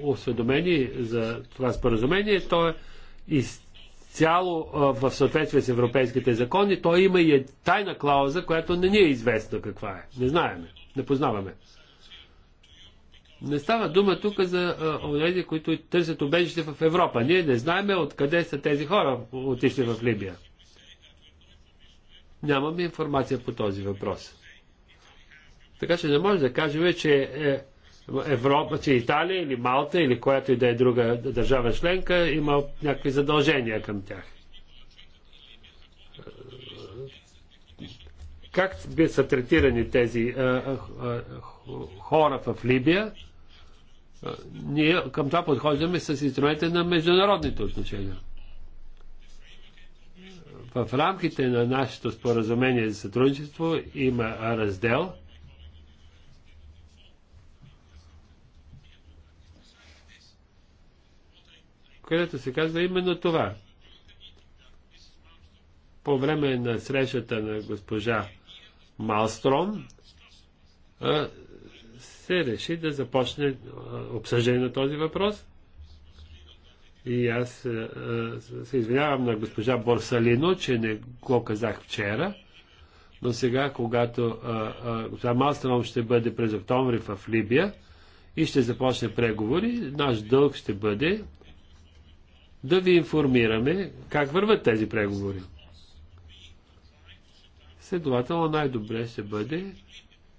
осведомени за това споразумение. То е изцяло в съответствие с европейските закони. То има и е тайна клауза, която не ни е известна каква е. Не знаеме, не познаваме. Не става дума тук за онези, които търсят убежище в Европа. Ние не знаеме откъде са тези хора отишли в Либия. Нямаме информация по този въпрос. Така че не може да кажем, че е, Европа, че Италия или Малта или която и да е друга държава членка има някакви задължения към тях. Как са третирани тези а, а, хора в Либия? ние към това подхождаме с инструмента на международните отношения. В рамките на нашето споразумение за сътрудничество има раздел, където се казва именно това. По време на срещата на госпожа Малстром се реши да започне обсъждане на този въпрос. И аз се извинявам на госпожа Борсалино, че не го казах вчера, но сега, когато госпожа Малстром ще бъде през октомври в Либия и ще започне преговори, наш дълг ще бъде да ви информираме как върват тези преговори. Следователно най-добре ще бъде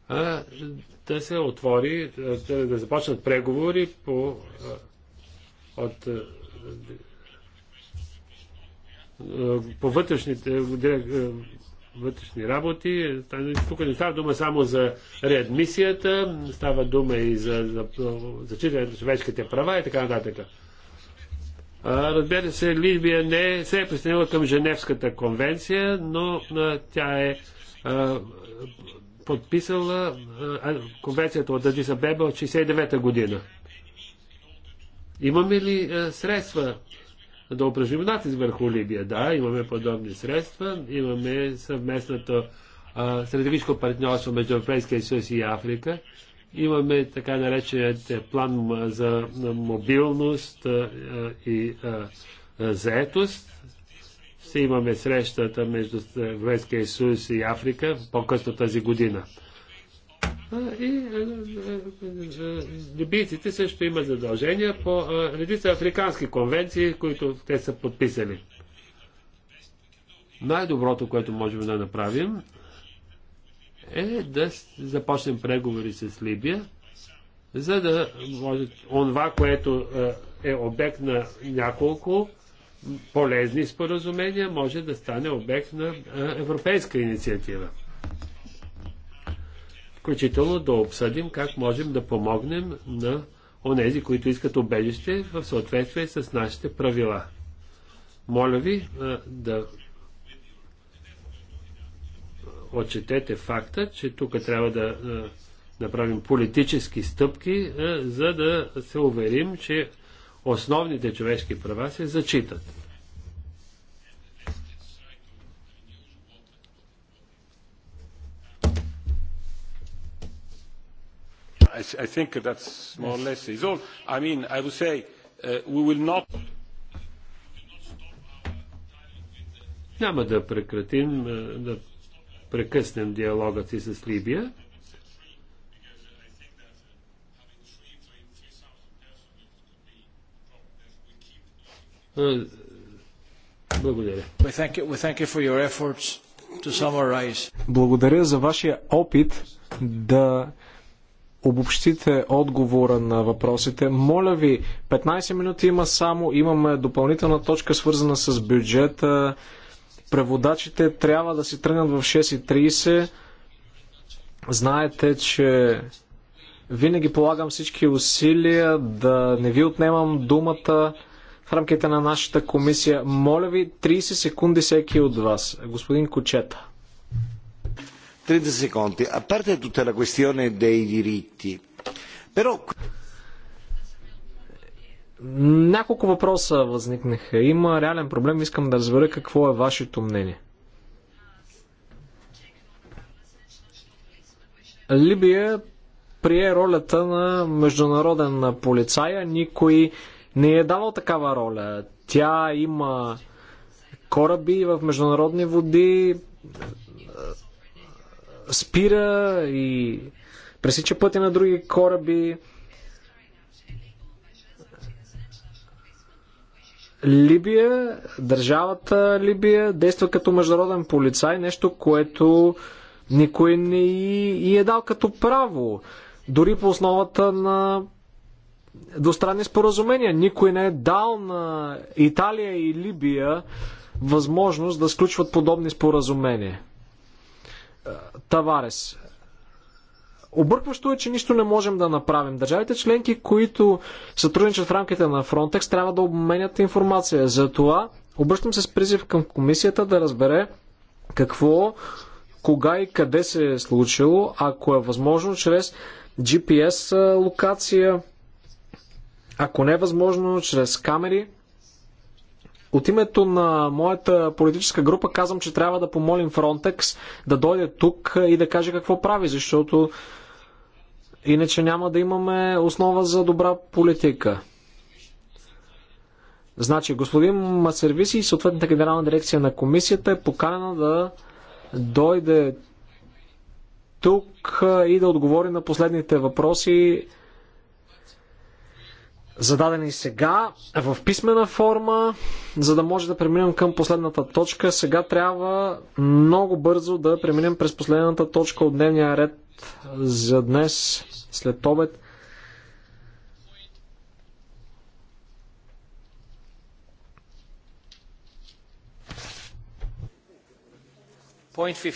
а, да се отвори, да, започнат преговори по, от, по вътрешните, вътрешни работи. Тук не става дума само за реадмисията, става дума и за, зачитане за зачитането на човешките права и така нататък. Разбира се, Либия не се е присъединила към Женевската конвенция, но тя е подписала конвенцията от Дъджи Абеба от 69-та година. Имаме ли средства да упражним натиск върху Либия? Да, имаме подобни средства. Имаме съвместното стратегическо партньорство между Европейския съюз и Африка. Имаме така нареченият е, план за мобилност и заетост ще имаме срещата между Европейския съюз и Африка по-късно тази година. И либийците също имат задължения по редица африкански конвенции, които те са подписали. Най-доброто, което можем да направим, е да започнем преговори с Либия, за да може онва, което е обект на няколко полезни споразумения може да стане обект на европейска инициатива. Включително да обсъдим как можем да помогнем на онези, които искат обежище в съответствие с нашите правила. Моля ви да отчетете факта, че тук трябва да направим политически стъпки, за да се уверим, че основните човешки права се зачитат. I, think that's more or less is all. I mean, I would say uh, we will not. Няма да прекратим, uh, да прекъснем диалогът си с Либия. Благодаря. Благодаря за вашия опит да обобщите отговора на въпросите. Моля ви, 15 минути има само, имаме допълнителна точка свързана с бюджета. Преводачите трябва да си тръгнат в 6.30. Знаете, че винаги полагам всички усилия да не ви отнемам думата в рамките на нашата комисия. Моля ви, 30 секунди всеки от вас. Господин Кочета. 30 секунди. А parte на la questione dei diritti, però... Няколко въпроса възникнаха. Има реален проблем. Искам да разбера какво е вашето мнение. Либия прие ролята на международен полицая. Никой не е давал такава роля. Тя има кораби в международни води, спира и пресича пътя на други кораби. Либия, държавата Либия действа като международен полицай, нещо, което никой не и е дал като право, дори по основата на двустранни споразумения. Никой не е дал на Италия и Либия възможност да сключват подобни споразумения. Е, Таварес. Объркващо е, че нищо не можем да направим. Държавите членки, които сътрудничат в рамките на Frontex, трябва да обменят информация. За това обръщам се с призив към комисията да разбере какво, кога и къде се е случило, ако е възможно, чрез GPS е, локация, ако не е възможно, чрез камери. От името на моята политическа група казвам, че трябва да помолим Фронтекс да дойде тук и да каже какво прави, защото иначе няма да имаме основа за добра политика. Значи, господин Масервиси и съответната генерална дирекция на комисията е поканена да дойде тук и да отговори на последните въпроси зададени сега в писмена форма, за да може да преминем към последната точка. Сега трябва много бързо да преминем през последната точка от дневния ред за днес, след обед. Точка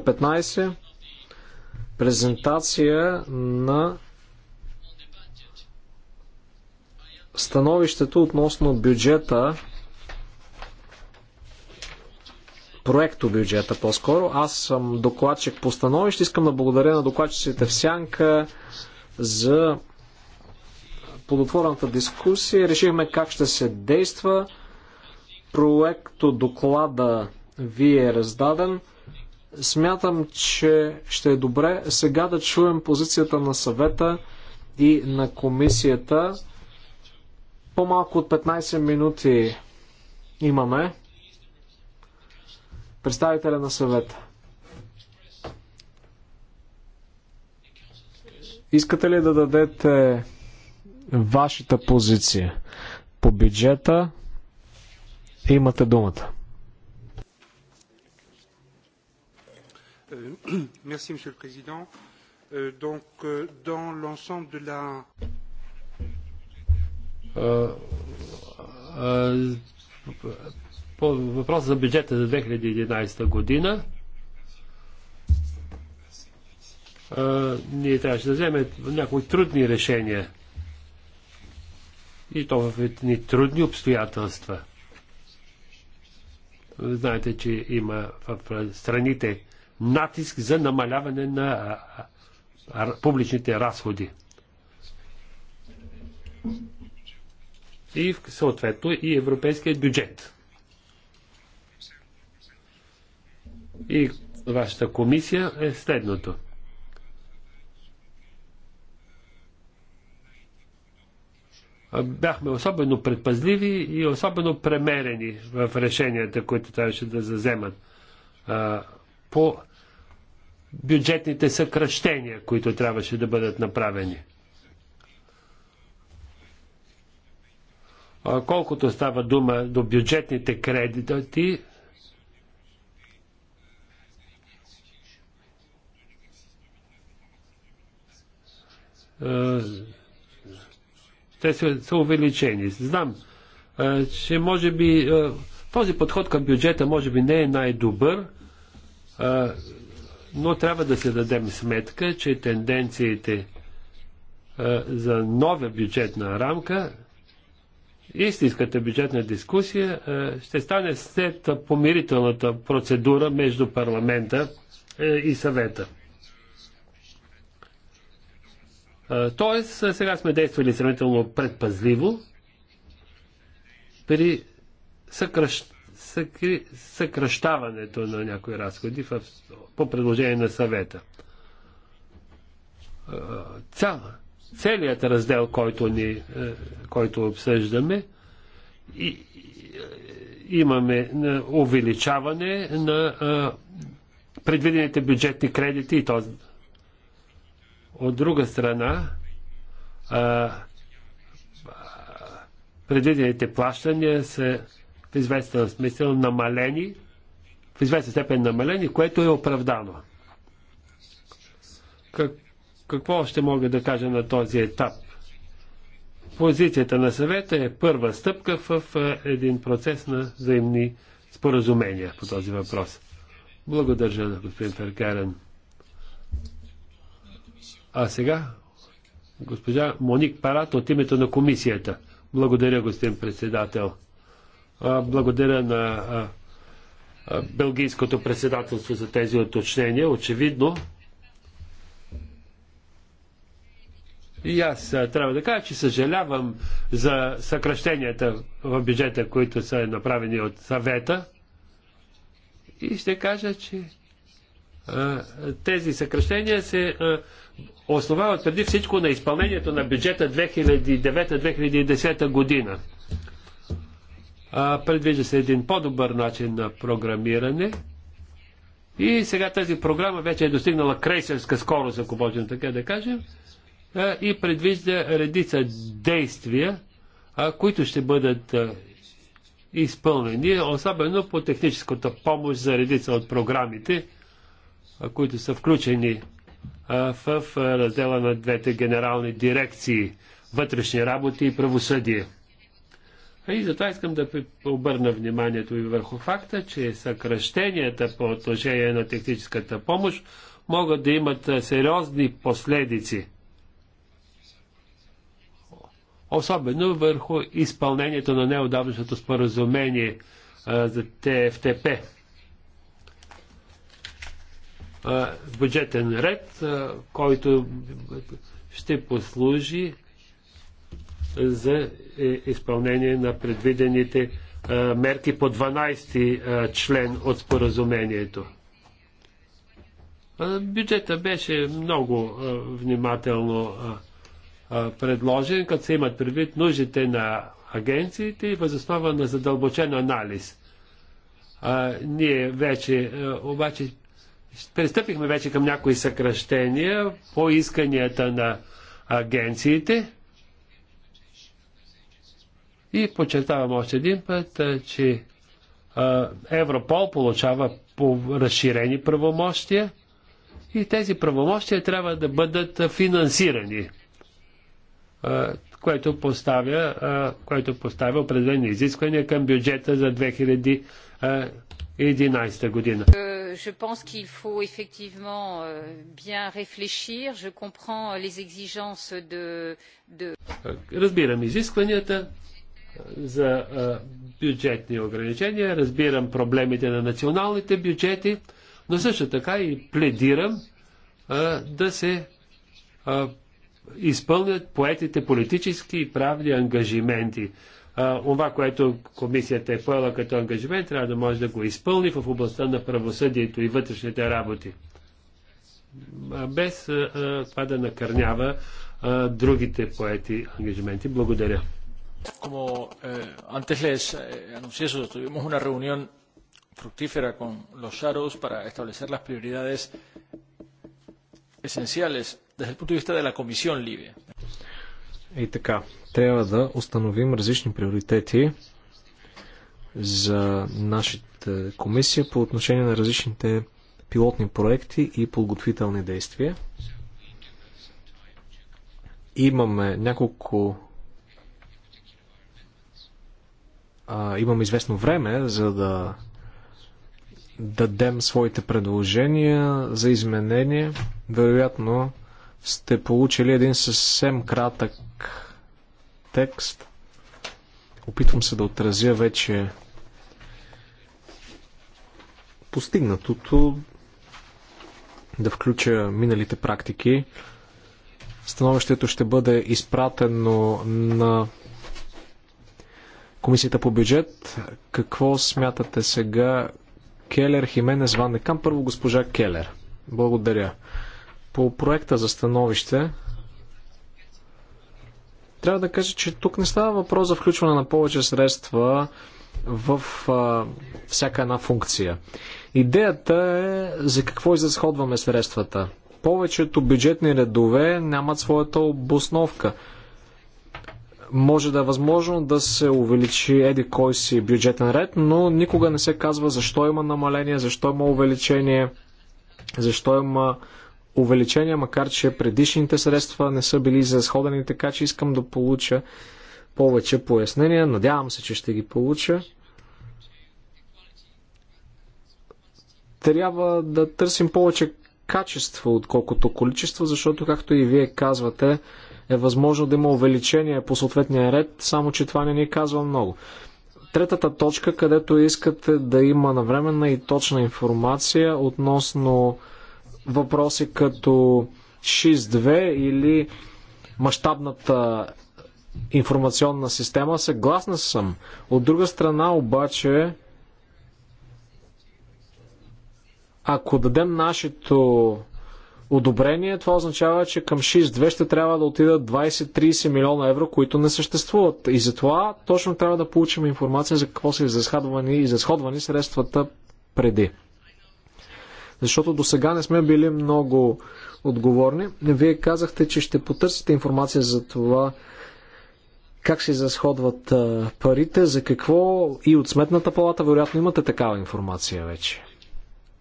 15 презентация на становището относно бюджета проекто бюджета по-скоро. Аз съм докладчик по становище. Искам да благодаря на докладчиците в Сянка за плодотворната дискусия. Решихме как ще се действа. Проекто доклада ви е раздаден. Смятам, че ще е добре сега да чуем позицията на съвета и на комисията. По-малко от 15 минути имаме. Представителя на съвета. Искате ли да дадете вашата позиция по бюджета? Имате думата. Euh, (clears throat) merci, Monsieur le Président. Euh, donc, euh, dans l'ensemble de la. По въпроса за бюджета за 2011 година, ние трябваше да вземем някои трудни решения. И то в едни трудни обстоятелства. Знаете, че има в страните натиск за намаляване на публичните разходи. И съответно и европейският бюджет. И вашата комисия е следното. бяхме особено предпазливи и особено премерени в решенията, които трябваше да заземат по бюджетните съкръщения, които трябваше да бъдат направени. Колкото става дума до бюджетните кредити, те са, са увеличени. Знам, че може би този подход към бюджета може би не е най-добър, но трябва да се дадем сметка, че тенденциите за нова бюджетна рамка, истинската бюджетна дискусия ще стане след помирителната процедура между парламента и съвета. Тоест, сега сме действали сравнително предпазливо при съкръщ съкри... съкръщаването на някои разходи в... по предложение на съвета. Цял... Целият раздел, който, ни... Е, който обсъждаме, и... имаме е, увеличаване на е, предвидените бюджетни кредити и то от друга страна предвидените плащания се в известен смисъл намалени, в известен степен намалени, което е оправдано. Как, какво още мога да кажа на този етап? Позицията на съвета е първа стъпка в е, един процес на взаимни споразумения по този въпрос. Благодаря, господин Феркарен. А сега госпожа Моник Парат от името на комисията. Благодаря, господин председател. Благодаря на Белгийското председателство за тези уточнения. Очевидно. И аз трябва да кажа, че съжалявам за съкръщенията в бюджета, които са направени от съвета. И ще кажа, че а, тези съкръщения се а, основават преди всичко на изпълнението на бюджета 2009-2010 година. Предвижда се един по-добър начин на програмиране. И сега тази програма вече е достигнала крейсерска скорост, ако можем така да кажем, и предвижда редица действия, които ще бъдат изпълнени, особено по техническата помощ за редица от програмите, които са включени в раздела на двете генерални дирекции вътрешни работи и правосъдие. И затова искам да обърна вниманието и върху факта, че съкръщенията по отношение на техническата помощ могат да имат сериозни последици. Особено върху изпълнението на неодавнашното споразумение за ТФТП. бюджетен ред, който ще послужи за е, изпълнение на предвидените е, мерки по 12 е, член от споразумението. Бюджета беше много внимателно предложен, като се имат предвид нуждите на агенциите и възоснова на задълбочен анализ. ние вече, обаче, пристъпихме вече към някои съкръщения по исканията на агенциите. И подчертавам още един път, че Европол получава по разширени правомощия и тези правомощия трябва да бъдат финансирани, което поставя, което поставя определени изисквания към бюджета за 2011 година. Е, je pense qu'il faut effectivement е, bien réfléchir. Je comprends les exigences de... Разбирам изискванията, за бюджетни ограничения, разбирам проблемите на националните бюджети, но също така и пледирам да се изпълнят поетите политически и правни ангажименти. Това, което комисията е поела като ангажимент, трябва да може да го изпълни в областта на правосъдието и вътрешните работи. Без това да накърнява другите поети ангажименти. Благодаря. Como eh, antes les eh, anuncié, tuvimos una reunión fructífera con los SHAROS para establecer las prioridades есенциалес desde el punto de vista de la Comisión Libe. И така, трябва да установим различни приоритети за нашата комисия по отношение на различните пилотни проекти и подготвителни действия. Имаме няколко а, имам известно време, за да дадем своите предложения за изменение. Вероятно сте получили един съвсем кратък текст. Опитвам се да отразя вече постигнатото, да включа миналите практики. Становището ще бъде изпратено на Комисията по бюджет. Какво смятате сега? Келер, Хименес, Ванекам? Първо госпожа Келер. Благодаря. По проекта за становище трябва да кажа, че тук не става въпрос за включване на повече средства в а, всяка една функция. Идеята е за какво изразходваме средствата. Повечето бюджетни редове нямат своята обосновка може да е възможно да се увеличи еди кой си бюджетен ред, но никога не се казва защо има намаление, защо има увеличение, защо има увеличение, макар че предишните средства не са били изразходени, така че искам да получа повече пояснения. Надявам се, че ще ги получа. Трябва да търсим повече качество, отколкото количество, защото, както и вие казвате, е възможно да има увеличение по съответния ред, само че това не ни казва много. Третата точка, където искате да има навременна и точна информация относно въпроси като ШИС-2 или мащабната информационна система, съгласна съм. От друга страна обаче, ако дадем нашето одобрение, това означава, че към 6-2 ще трябва да отидат 20-30 милиона евро, които не съществуват. И затова точно трябва да получим информация за какво са изразходвани, изразходвани средствата преди. Защото до сега не сме били много отговорни. Вие казахте, че ще потърсите информация за това как се изразходват парите, за какво и от сметната палата вероятно имате такава информация вече.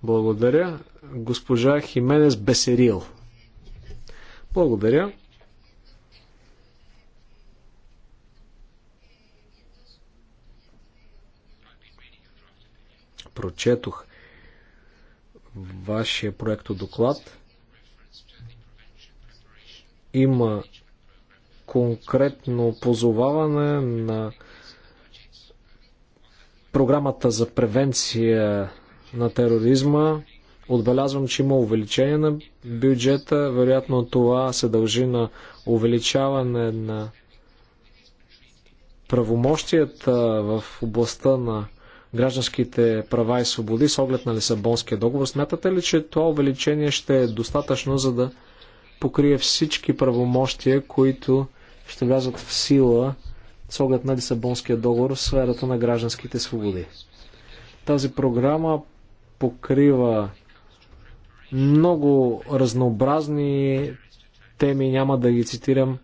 Благодаря. Госпожа Хименес Бесерил. Благодаря. Прочетох вашия проекто доклад. Има конкретно позоваване на програмата за превенция на тероризма. Отбелязвам, че има увеличение на бюджета. Вероятно това се дължи на увеличаване на правомощията в областта на гражданските права и свободи с оглед на Лисабонския договор. Смятате ли, че това увеличение ще е достатъчно, за да покрие всички правомощия, които ще влязат в сила с оглед на Лисабонския договор в сферата на гражданските свободи? Тази програма покрива много разнообразни теми, няма да ги цитирам.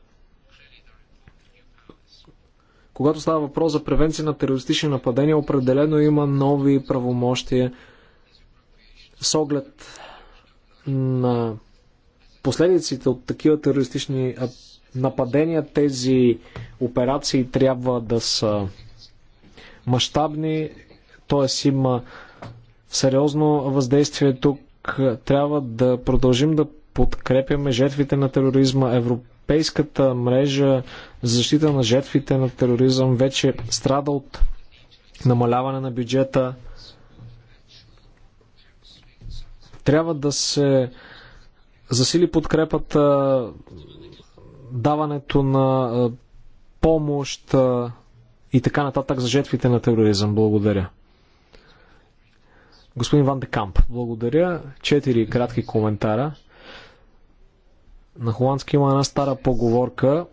Когато става въпрос за превенция на терористични нападения, определено има нови правомощия с оглед на последиците от такива терористични нападения. Тези операции трябва да са мащабни, т.е. има сериозно въздействие тук. Трябва да продължим да подкрепяме жертвите на тероризма. Европейската мрежа за защита на жертвите на тероризъм вече страда от намаляване на бюджета. Трябва да се засили подкрепата, даването на помощ и така нататък за жертвите на тероризъм. Благодаря. Господин Ван де Камп, благодаря. Четири кратки коментара. На холандски има една стара поговорка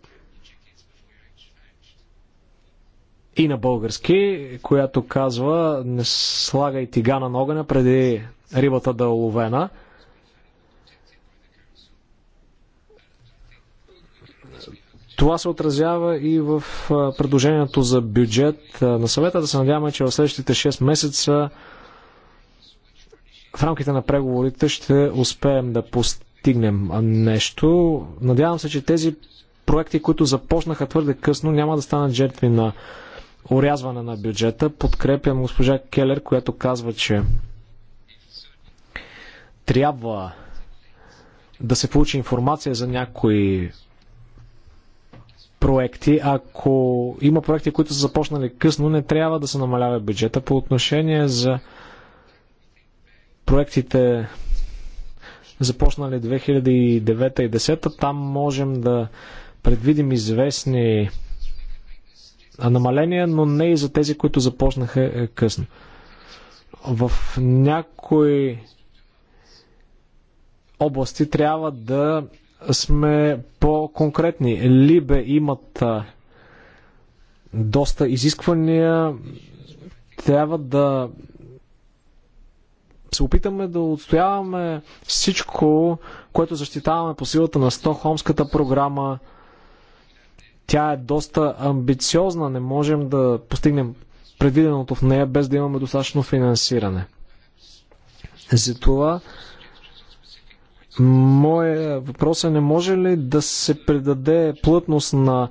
и на български, която казва не слагай тигана на огъня преди рибата да е уловена. Това се отразява и в предложението за бюджет на съвета. Да се надяваме, че в следващите 6 месеца в рамките на преговорите ще успеем да постигнем нещо. Надявам се, че тези проекти, които започнаха твърде късно, няма да станат жертви на урязване на бюджета. Подкрепям госпожа Келер, която казва, че трябва да се получи информация за някои проекти. Ако има проекти, които са започнали късно, не трябва да се намалява бюджета. По отношение за проектите започнали 2009 и 2010, там можем да предвидим известни намаления, но не и за тези, които започнаха е, късно. В някои области трябва да сме по-конкретни. Либе имат доста изисквания, трябва да се опитаме да отстояваме всичко, което защитаваме по силата на Стохомската програма. Тя е доста амбициозна, не можем да постигнем предвиденото в нея без да имаме достатъчно финансиране. Затова моят въпрос е не може ли да се предаде плътност на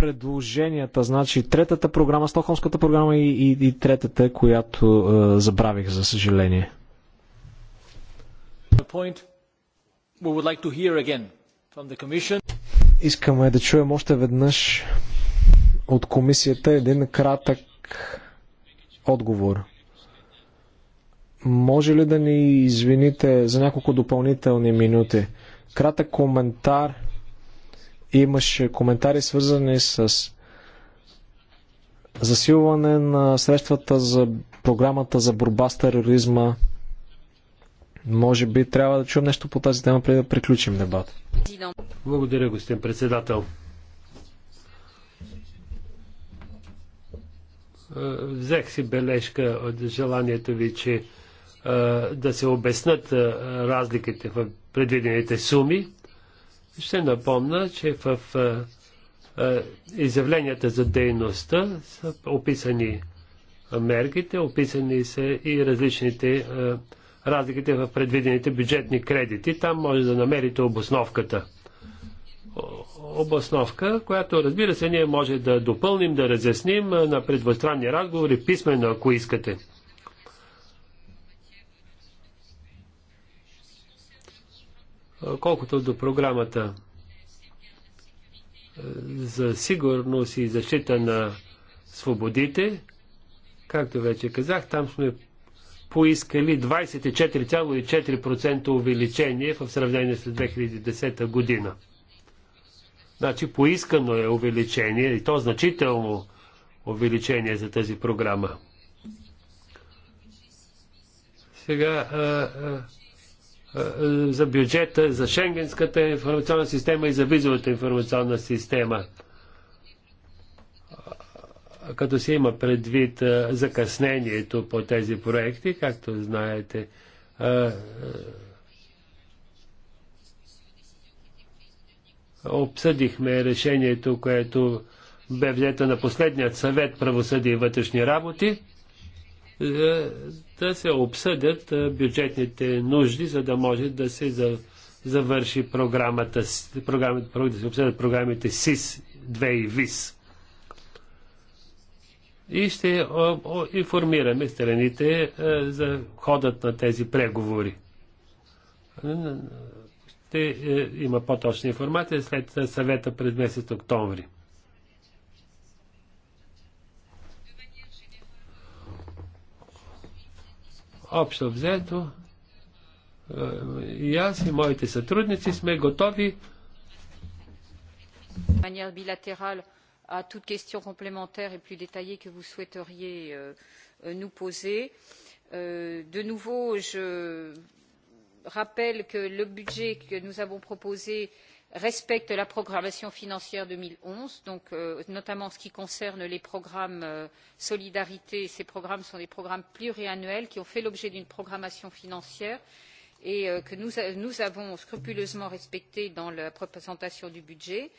предложенията. Значи третата програма, Стокхолмската програма и, и, и третата, която е, забравих, за съжаление. Искаме да чуем още веднъж от комисията един кратък отговор. Може ли да ни извините за няколко допълнителни минути? Кратък коментар – Имаше коментари свързани с засилване на средствата за програмата за борба с тероризма. Може би трябва да чуем нещо по тази тема, преди да приключим дебата. Благодаря, господин председател. Е, взех си бележка от желанието ви, че е, да се обяснат е, разликите в предвидените суми. Ще напомна, че в изявленията за дейността са описани мерките, описани са и различните разликите в предвидените бюджетни кредити. Там може да намерите обосновката. Обосновка, която разбира се ние може да допълним, да разясним на предвостранни разговори, писмено, ако искате. Колкото до програмата за сигурност и защита на свободите, както вече казах, там сме поискали 24,4% увеличение в сравнение с 2010 година. Значи поискано е увеличение и то значително увеличение за тази програма. Сега а, а, е, за бюджета, за Шенгенската информационна система и за визовата информационна система. Като се има предвид е, закъснението по тези проекти, както знаете, е, обсъдихме решението, което бе взето на последният съвет правосъдие и вътрешни работи. За да се обсъдят бюджетните нужди, за да може да се завърши програмата, програмата да се обсъдят програмите СИС 2 и ВИС. И ще информираме страните за ходът на тези преговори. Ще е, има по-точна информация след съвета през месец октомври. Общо взето, и аз и моите сътрудници сме готови manière bilatérale à toute question complémentaire et plus détaillée que vous souhaiteriez nous poser. de nouveau je rappelle que le budget que nous avons proposé respecte la programmation financière deux mille onze notamment en ce qui concerne les programmes solidarité ces programmes sont des programmes pluriannuels qui ont fait l'objet d'une programmation financière et que nous avons scrupuleusement respectée dans la présentation du budget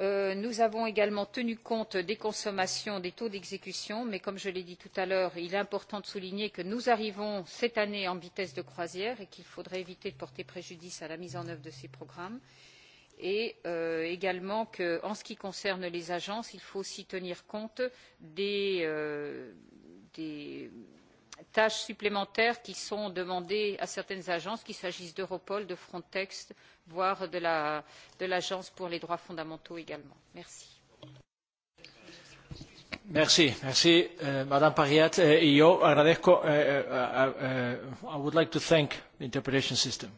nous avons également tenu compte des consommations des taux d'exécution mais comme je l'ai dit tout à l'heure il est important de souligner que nous arrivons cette année en vitesse de croisière et qu'il faudrait éviter de porter préjudice à la mise en œuvre de ces programmes et également qu'en ce qui concerne les agences il faut aussi tenir compte des tâches supplémentaires qui sont demandées à certaines agences, qu'il s'agisse d'Europol, de Frontex, voire de l'Agence pour les droits fondamentaux également. Merci. Madam Pariat, yo agradezco, I would like to thank the interpretation system.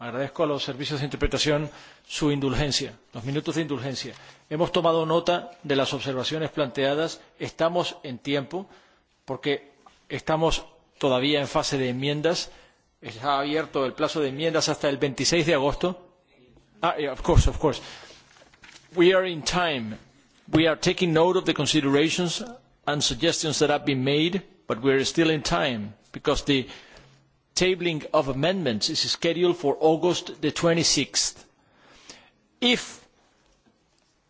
Agradezco a los servicios de interpretación su indulgencia, los minutos de indulgencia. Hemos tomado nota de las observaciones planteadas, estamos en tiempo, porque Estamos todavía en fase de enmiendas. Está abierto el plazo de enmiendas hasta el veintiséis de agosto. Ah, of course, of course. We are in time. We are taking note of the considerations and suggestions that have been made, but we are still in time because the tabling of amendments is scheduled for August twenty 26 If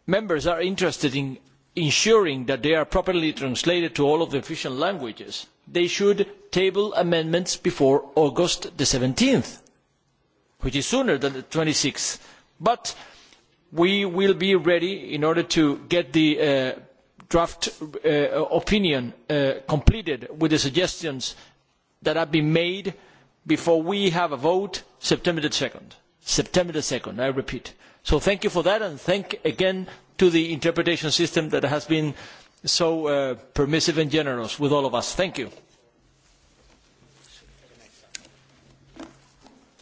members are interested in ensuring that they are properly translated to all of the official languages, they should table amendments before August which is sooner than the twenty th But we will be ready in order to get the draft opinion completed with the suggestions that have been made before we have a vote September two September the I repeat. So thank you for that and thank again to the interpretation system that has been so permissive and generous with all of us. Thank you.